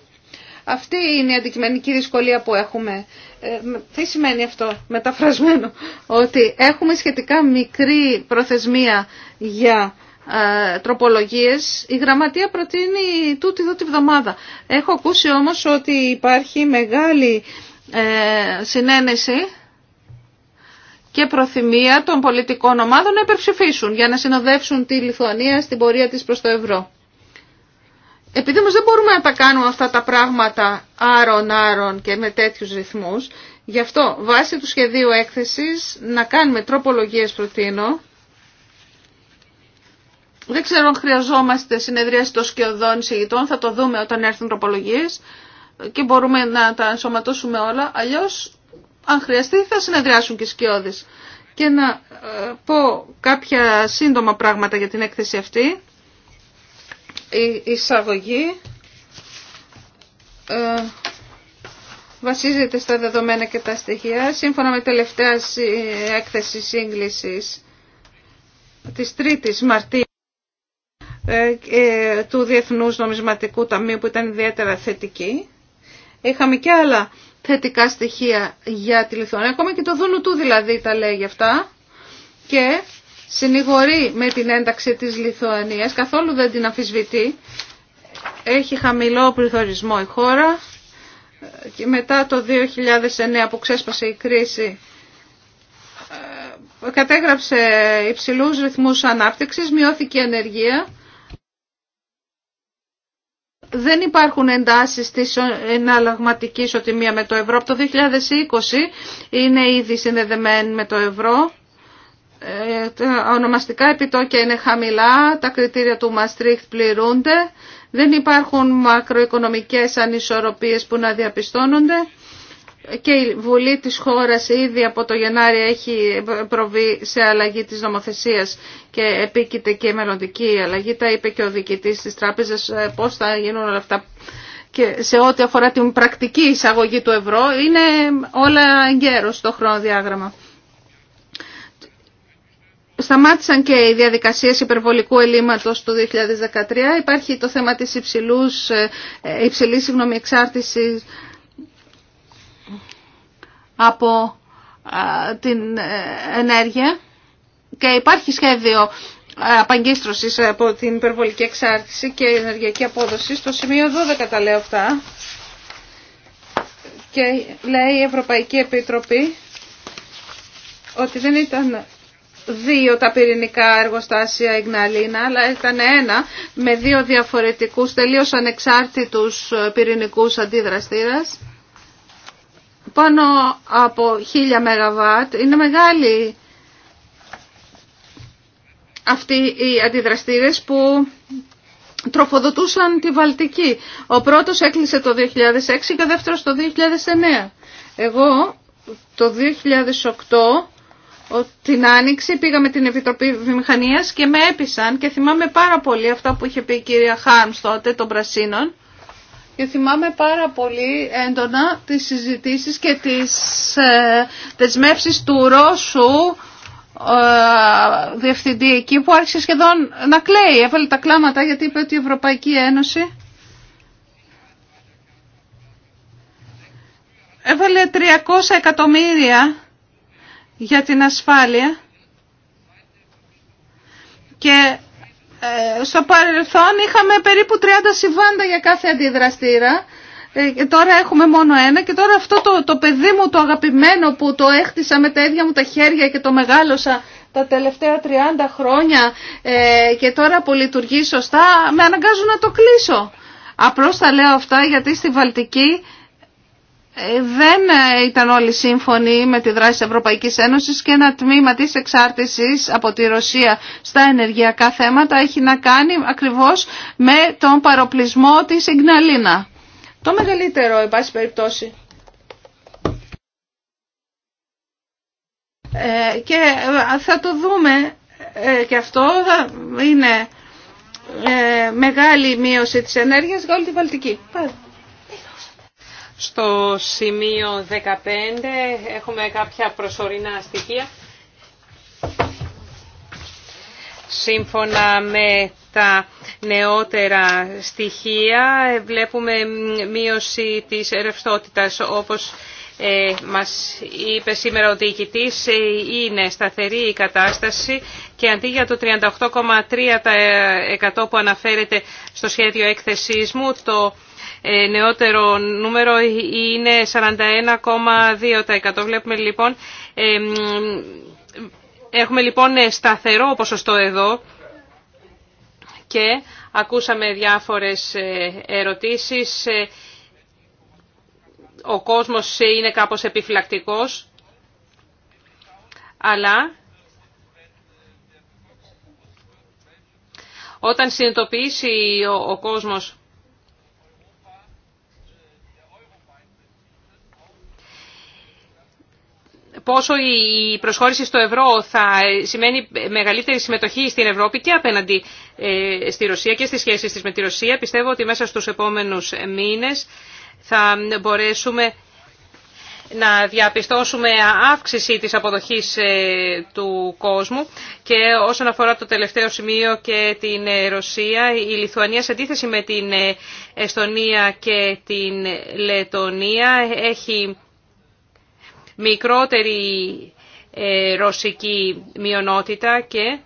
[SPEAKER 2] αυτή είναι η αντικειμενική δυσκολία που έχουμε. Ε, τι σημαίνει αυτό μεταφρασμένο, ότι έχουμε σχετικά μικρή προθεσμία για ε, τροπολογίες. Η γραμματεία προτείνει τούτη εδώ τη βδομάδα. Έχω ακούσει όμως ότι υπάρχει μεγάλη ε, συνένεση και προθυμία των πολιτικών ομάδων να υπερψηφίσουν για να συνοδεύσουν τη Λιθουανία στην πορεία της προς το ευρώ. Επειδή όμως δεν μπορούμε να τα κάνουμε αυτά τα πραγματα αρων άρων-άρων και με τέτοιους ρυθμούς, γι' αυτό βάσει του σχεδίου έκθεσης να κάνουμε τροπολογίες προτείνω. Δεν ξέρω αν χρειαζόμαστε συνεδρίαση των σκιωδών εισηγητών, θα το δούμε όταν έρθουν τροπολογίες και μπορούμε να τα ενσωματώσουμε όλα, αλλιώς αν χρειαστεί θα συνεδριάσουν και σκιώδεις. Και να ε, πω κάποια σύντομα πράγματα για την έκθεση αυτή η εισαγωγή ε, βασίζεται στα δεδομένα και τα στοιχεία σύμφωνα με τελευταία έκθεση σύγκλησης της 3ης Μαρτίου ε, ε, του Διεθνούς Νομισματικού Ταμείου που ήταν ιδιαίτερα θετική. Είχαμε και άλλα θετικά στοιχεία για τη Λιθουανία, ακόμα και το Δούνου του δηλαδή τα λέει αυτά και συνηγορεί με την ένταξη της Λιθουανίας, καθόλου δεν την αμφισβητεί. Έχει χαμηλό πληθωρισμό η χώρα και μετά το 2009 που ξέσπασε η κρίση ε, κατέγραψε υψηλούς ρυθμούς ανάπτυξης, μειώθηκε η ανεργία. Δεν υπάρχουν εντάσεις της εναλλαγματικής οτιμία με το ευρώ. Από το 2020 είναι ήδη συνδεδεμένη με το ευρώ ε, τα ονομαστικά επιτόκια είναι χαμηλά, τα κριτήρια του Μαστρίχτ πληρούνται, δεν υπάρχουν μακροοικονομικές ανισορροπίες που να διαπιστώνονται και η Βουλή της χώρας ήδη από το Γενάρη έχει προβεί σε αλλαγή της νομοθεσίας και επίκειται και μελλοντική αλλαγή. Τα είπε και ο διοικητής της τράπεζας ε, πώς θα γίνουν όλα αυτά και σε ό,τι αφορά την πρακτική εισαγωγή του ευρώ είναι όλα εγκαίρως στο χρονοδιάγραμμα. Σταμάτησαν και οι διαδικασίες υπερβολικού ελλείμματος του 2013. Υπάρχει το θέμα της υψηλούς, ε, ε, υψηλής συγγνώμη, εξάρτησης από την ε, ενέργεια και υπάρχει σχέδιο απαγκίστρωσης από την υπερβολική εξάρτηση και η ενεργειακή απόδοση. Στο σημείο 12 τα λέω αυτά και λέει η Ευρωπαϊκή Επιτροπή ότι δεν ήταν δύο τα πυρηνικά εργοστάσια Ιγναλίνα, αλλά ήταν ένα με δύο διαφορετικούς, τελείως ανεξάρτητους πυρηνικούς αντιδραστήρας. Πάνω από 1000 ΜΒ είναι μεγάλη αυτοί οι αντιδραστήρες που τροφοδοτούσαν τη Βαλτική. Ο πρώτος έκλεισε το 2006 και ο δεύτερος το 2009. Εγώ το 2008 την Άνοιξη πήγαμε την Επιτροπή Βιομηχανίας και με έπεισαν και θυμάμαι πάρα πολύ αυτά που είχε πει η κυρία Χάρμς τότε των Πρασίνων και θυμάμαι πάρα πολύ έντονα τις συζητήσεις και τις ε, δεσμεύσεις του Ρώσου ε, διευθυντή εκεί που άρχισε σχεδόν να κλαίει. Έβαλε τα κλάματα γιατί είπε ότι η Ευρωπαϊκή Ένωση έβαλε 300 εκατομμύρια για την ασφάλεια και ε, στο παρελθόν είχαμε περίπου 30 συμβάντα για κάθε αντιδραστήρα. Ε, τώρα έχουμε μόνο ένα και τώρα αυτό το, το παιδί μου το αγαπημένο που το έχτισα με τα ίδια μου τα χέρια και το μεγάλωσα τα τελευταία 30 χρόνια ε, και τώρα που λειτουργεί σωστά με αναγκάζουν να το κλείσω. Απλώς θα λέω αυτά γιατί στη Βαλτική ε, δεν ε, ήταν όλοι σύμφωνοι με τη δράση της Ευρωπαϊκής Ένωσης και ένα τμήμα της εξάρτησης από τη Ρωσία στα ενεργειακά θέματα έχει να κάνει ακριβώς με τον παροπλισμό της Ιγναλίνα. Το μεγαλύτερο, εν πάση περιπτώσει. Ε, και θα το δούμε και αυτό είναι ε, μεγάλη μείωση της ενέργειας για όλη τη Βαλτική.
[SPEAKER 3] Στο σημείο 15 έχουμε κάποια προσωρινά στοιχεία. Σύμφωνα με τα νεότερα στοιχεία βλέπουμε μείωση της ρευστότητας όπως ε, μας είπε σήμερα ο διοικητής ε, είναι σταθερή η κατάσταση και αντί για το 38,3% που αναφέρεται στο σχέδιο έκθεσής μου το ε, νεότερο νούμερο είναι 41,2%. Βλέπουμε λοιπόν, ε, έχουμε λοιπόν σταθερό ποσοστό εδώ και ακούσαμε διάφορες ε, ερωτήσεις. Ο κόσμος είναι κάπως επιφυλακτικός, αλλά όταν συνειδητοποιήσει ο κόσμος πόσο η προσχώρηση στο ευρώ θα ε, σημαίνει μεγαλύτερη συμμετοχή στην Ευρώπη και απέναντι ε, στη Ρωσία και στις σχέσεις της με τη Ρωσία. Πιστεύω ότι μέσα στους επόμενους μήνες θα μπορέσουμε να διαπιστώσουμε αύξηση της αποδοχής ε, του κόσμου και όσον αφορά το τελευταίο σημείο και την Ρωσία, η Λιθουανία σε αντίθεση με την Εστονία και την Λετονία έχει μικρότερη ε, ρωσική μειονότητα και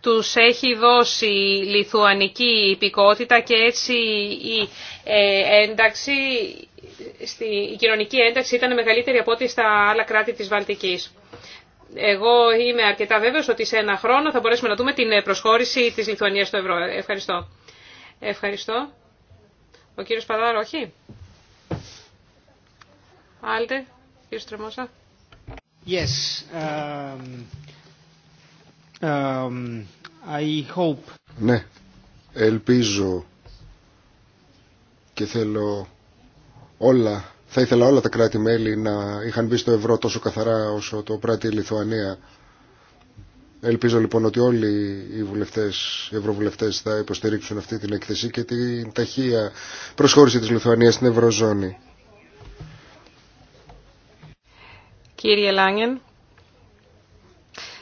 [SPEAKER 3] τους έχει δώσει λιθουανική υπηκότητα και έτσι η ε, ένταξη, η κοινωνική ένταξη ήταν μεγαλύτερη από ό,τι στα άλλα κράτη της Βαλτικής. Εγώ είμαι αρκετά βέβαιος ότι σε ένα χρόνο θα μπορέσουμε να δούμε την ε, προσχώρηση της Λιθουανίας στο ευρώ. Ευχαριστώ. Ευχαριστώ. Ο κύριος Παδάρο, όχι. Άλτε, κύριε Στρεμόσα.
[SPEAKER 1] Yes. Um, um, I hope. Ναι, ελπίζω και θέλω όλα, θα ήθελα όλα τα κράτη-μέλη να είχαν μπει στο ευρώ τόσο καθαρά όσο το πράττει η Λιθουανία. Ελπίζω λοιπόν ότι όλοι οι βουλευτές, οι ευρωβουλευτές θα υποστηρίξουν αυτή την εκθεσή και την ταχεία προσχώρηση της Λιθουανίας στην Ευρωζώνη.
[SPEAKER 3] Κύριε Λάγγεν,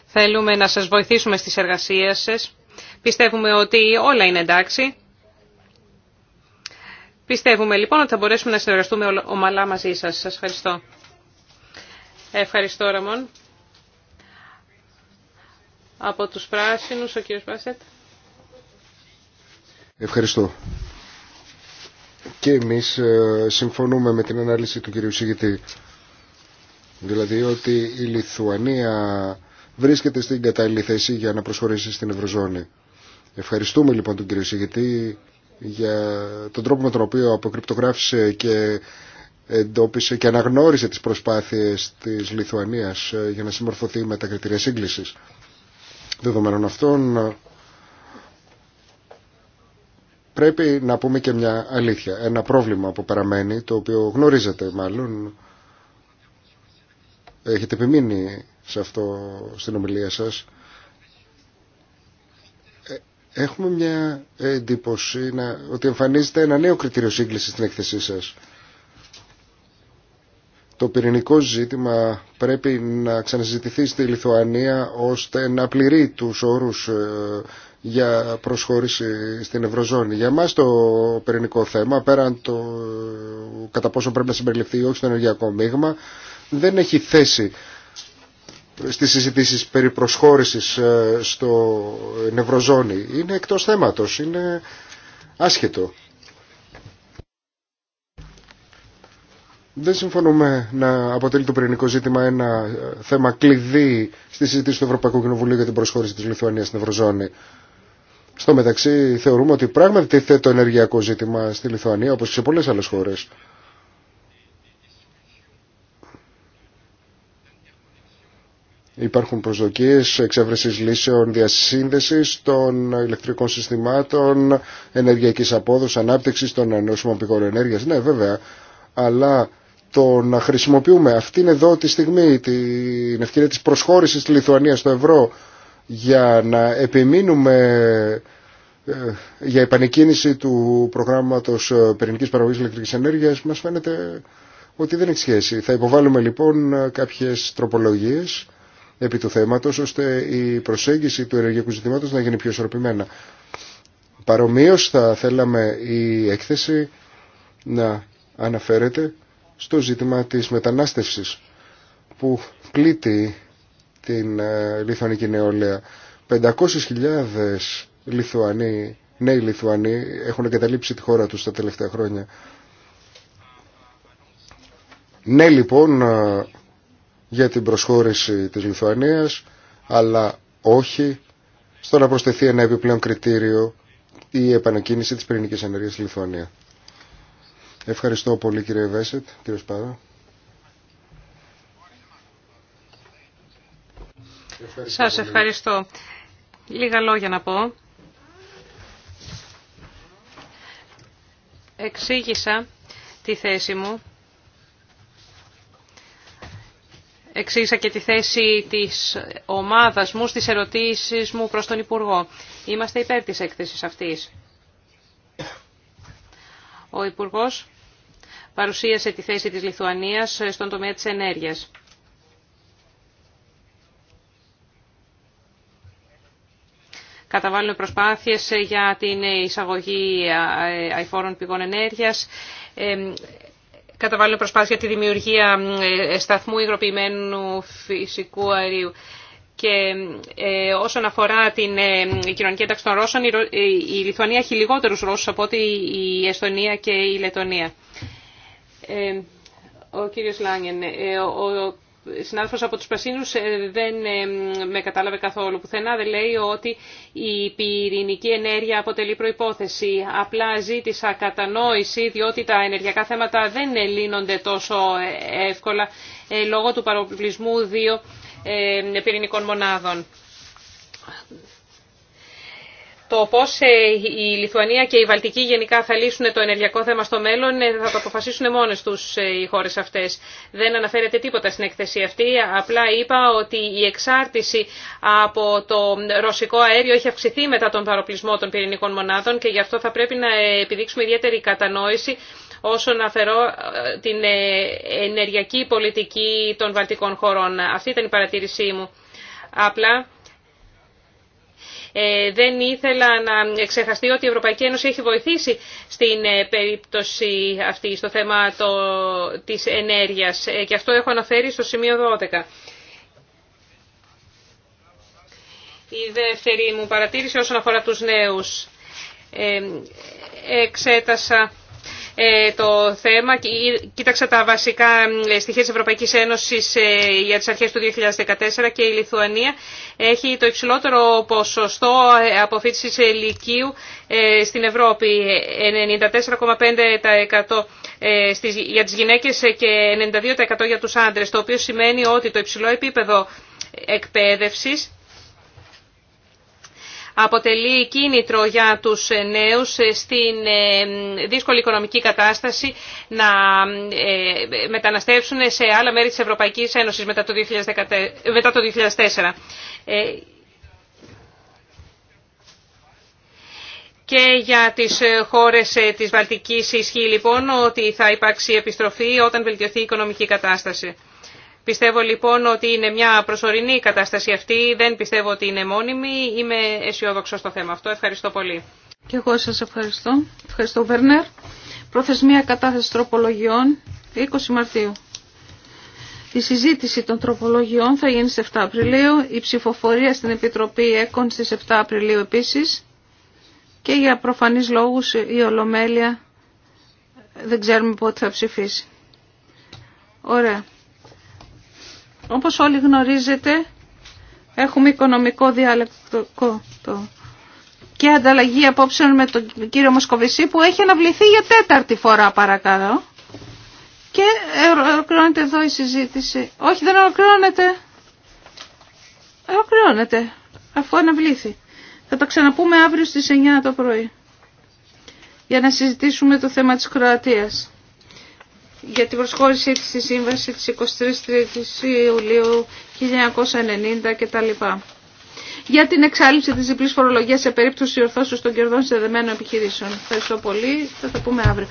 [SPEAKER 3] θέλουμε να σας βοηθήσουμε στις εργασίες σας. Πιστεύουμε ότι όλα είναι εντάξει. Πιστεύουμε λοιπόν ότι θα μπορέσουμε να συνεργαστούμε ομαλά μαζί σας. Σας ευχαριστώ. Ευχαριστώ Ραμόν. Από τους πράσινους ο κύριος Πάσετ.
[SPEAKER 1] Ευχαριστώ. Και εμείς ε, συμφωνούμε με την ανάλυση του κυρίου Σιγητή. Δηλαδή ότι η Λιθουανία βρίσκεται στην κατάλληλη θέση για να προσχωρήσει στην Ευρωζώνη. Ευχαριστούμε λοιπόν τον κύριο Σιγητή για τον τρόπο με τον οποίο αποκρυπτογράφησε και εντόπισε και αναγνώρισε τις προσπάθειες της Λιθουανίας ε, για να συμμορφωθεί με τα κριτήρια σύγκλησης. Δεδομένων αυτών ε, πρέπει να πούμε και μια αλήθεια, ένα πρόβλημα που παραμένει, το οποίο γνωρίζετε μάλλον, Έχετε επιμείνει σε αυτό στην ομιλία σας. Ε, έχουμε μια εντύπωση ότι εμφανίζεται ένα νέο κριτήριο σύγκληση στην έκθεσή σας. Το πυρηνικό ζήτημα πρέπει να ξαναζητηθεί στη Λιθουανία ώστε να πληρεί τους όρους ε, για προσχώρηση στην Ευρωζώνη. Για μας το πυρηνικό θέμα, πέραν το ε, κατά πόσο πρέπει να συμπεριληφθεί όχι στο ενεργειακό μείγμα, δεν έχει θέση στις συζητήσεις περί προσχώρησης ε, στο νευροζώνη. Είναι εκτός θέματος, είναι άσχετο. Δεν συμφωνούμε να αποτελεί το πυρηνικό ζήτημα ένα ε, θέμα κλειδί στη συζήτηση του Ευρωπαϊκού Κοινοβουλίου για την προσχώρηση της Λιθουανίας στην Ευρωζώνη. Στο μεταξύ θεωρούμε ότι πράγματι θέτει το ενεργειακό ζήτημα στη Λιθουανία όπως και σε πολλές άλλες χώρες. Υπάρχουν προσδοκίες εξέβρεσης λύσεων διασύνδεσης των ηλεκτρικών συστημάτων, ενεργειακή απόδοση, ανάπτυξης των ανανεώσιμων πηγών ενέργειας. Ναι, βέβαια, αλλά το να χρησιμοποιούμε αυτήν εδώ τη στιγμή την ευκαιρία της προσχώρησης της Λιθουανίας στο ευρώ για να επιμείνουμε ε, για επανεκκίνηση του προγράμματος ε, πυρηνικής παραγωγής ηλεκτρικής ενέργειας μας φαίνεται ότι δεν έχει σχέση. Θα υποβάλουμε λοιπόν κάποιες τροπολογίες επί του θέματος ώστε η προσέγγιση του ενεργειακού ζητήματος να γίνει πιο ισορροπημένα. Παρομοίως θα θέλαμε η έκθεση να αναφέρεται στο ζήτημα της μετανάστευσης που πλήττει την ε, λιθουανική νεολαία. 500.000 Λιθουανοί, νέοι Λιθουανοί έχουν εγκαταλείψει τη χώρα τους τα τελευταία χρόνια. Ναι λοιπόν ε, για την προσχώρηση της Λιθουανίας, αλλά όχι στο να προσθεθεί ένα επιπλέον κριτήριο η επανακίνηση της πυρηνικής ενέργειας στη Λιθουανία. Ευχαριστώ πολύ κύριε Βέσετ, κύριε Σπάρα. Σας ευχαριστώ.
[SPEAKER 3] Λίγα λόγια να πω. Εξήγησα τη θέση μου εξήγησα και τη θέση της ομάδας μου στις ερωτήσεις μου προς τον Υπουργό. Είμαστε υπέρ της έκθεσης αυτής. Ο Υπουργός παρουσίασε τη θέση της Λιθουανίας στον τομέα της ενέργειας. Καταβάλουμε προσπάθειες για την εισαγωγή αηφόρων πηγών ενέργειας, καταβάλουν προσπάθειες για τη δημιουργία ε, σταθμού υγροποιημένου φυσικού αερίου. Και ε, όσον αφορά την ε, κοινωνική ένταξη των Ρώσων, η Λιθουανία έχει λιγότερους Ρώσους από ότι η Εστονία και η Λετωνία. Ο κύριος ο, ο συνάδελφος από τους Πασίνους ε, δεν ε, με κατάλαβε καθόλου. Πουθενά δεν λέει ότι η πυρηνική ενέργεια αποτελεί προπόθεση. Απλά ζήτησα κατανόηση διότι τα ενεργειακά θέματα δεν λύνονται τόσο ε, εύκολα λόγω του παροπλισμού δύο πυρηνικών μονάδων. Το πώ ε, η Λιθουανία και η Βαλτική γενικά θα λύσουν το ενεργειακό θέμα στο μέλλον ε, θα το αποφασίσουν μόνες τους ε, οι χώρες αυτές. Δεν αναφέρεται τίποτα στην εκθεσή αυτή, απλά είπα ότι η εξάρτηση από το ρωσικό αέριο έχει αυξηθεί μετά τον παροπλισμό των πυρηνικών μονάδων και γι' αυτό θα πρέπει να επιδείξουμε ιδιαίτερη κατανόηση όσον αφαιρώ την ενεργειακή πολιτική των βαλτικών χωρών. Αυτή ήταν η παρατήρησή μου. Απλά ε, δεν ήθελα να ξεχαστεί ότι η Ευρωπαϊκή Ένωση έχει βοηθήσει στην ε, περίπτωση αυτή, στο θέμα το, της ενέργειας. Ε, και αυτό έχω αναφέρει στο σημείο 12. Η δεύτερη μου παρατήρηση όσον αφορά τους νέους. εξέτασα ε, το θέμα. Κοίταξα τα βασικά στοιχεία της Ευρωπαϊκής Ένωσης ε, για τις αρχές του 2014 και η Λιθουανία έχει το υψηλότερο ποσοστό ε, αποφύτησης ηλικίου στην Ευρώπη, 94,5% για τις γυναίκες και 92% για τους άντρες, το οποίο σημαίνει ότι το υψηλό επίπεδο εκπαίδευσης αποτελεί κίνητρο για τους ε, νέους ε, στην ε, δύσκολη οικονομική κατάσταση να μεταναστεύσουν σε άλλα μέρη της Ευρωπαϊκής Ένωσης μετά το 2004. Και για τις χώρες της Βαλτικής ισχύει λοιπόν ότι θα υπάρξει επιστροφή όταν βελτιωθεί η οικονομική κατάσταση. Πιστεύω λοιπόν ότι είναι μια προσωρινή κατάσταση αυτή, δεν πιστεύω ότι είναι μόνιμη, είμαι αισιόδοξο στο θέμα αυτό. Ευχαριστώ πολύ.
[SPEAKER 2] Και εγώ σας ευχαριστώ. Ευχαριστώ Βέρνερ. Προθεσμία κατάθεση τροπολογιών 20 Μαρτίου. Η συζήτηση των τροπολογιών θα γίνει στις 7 Απριλίου, η ψηφοφορία στην Επιτροπή ΕΚΟΝ στις 7 Απριλίου επίσης και για προφανείς λόγους η Ολομέλεια δεν ξέρουμε πότε θα ψηφίσει. Ωραία. Όπως όλοι γνωρίζετε, έχουμε οικονομικό διάλεκτο και ανταλλαγή απόψεων με τον κύριο Μοσκοβισή που έχει αναβληθεί για τέταρτη φορά παρακαλώ. Και ε, ολοκληρώνεται εδώ η συζήτηση. Όχι δεν ολοκληρώνεται. Ολοκληρώνεται αφού αναβλήθη. Θα το ξαναπούμε αύριο στις 9 το πρωί για να συζητήσουμε το θέμα της Κροατίας για την προσχώρησή της Σύμβασης Σύμβαση της 23 Ιουλίου 1990 κτλ. Για την εξάλληψη της διπλής φορολογίας σε περίπτωση ορθώσεως των κερδών σε επιχειρήσεων. Ευχαριστώ πολύ. Θα τα πούμε αύριο.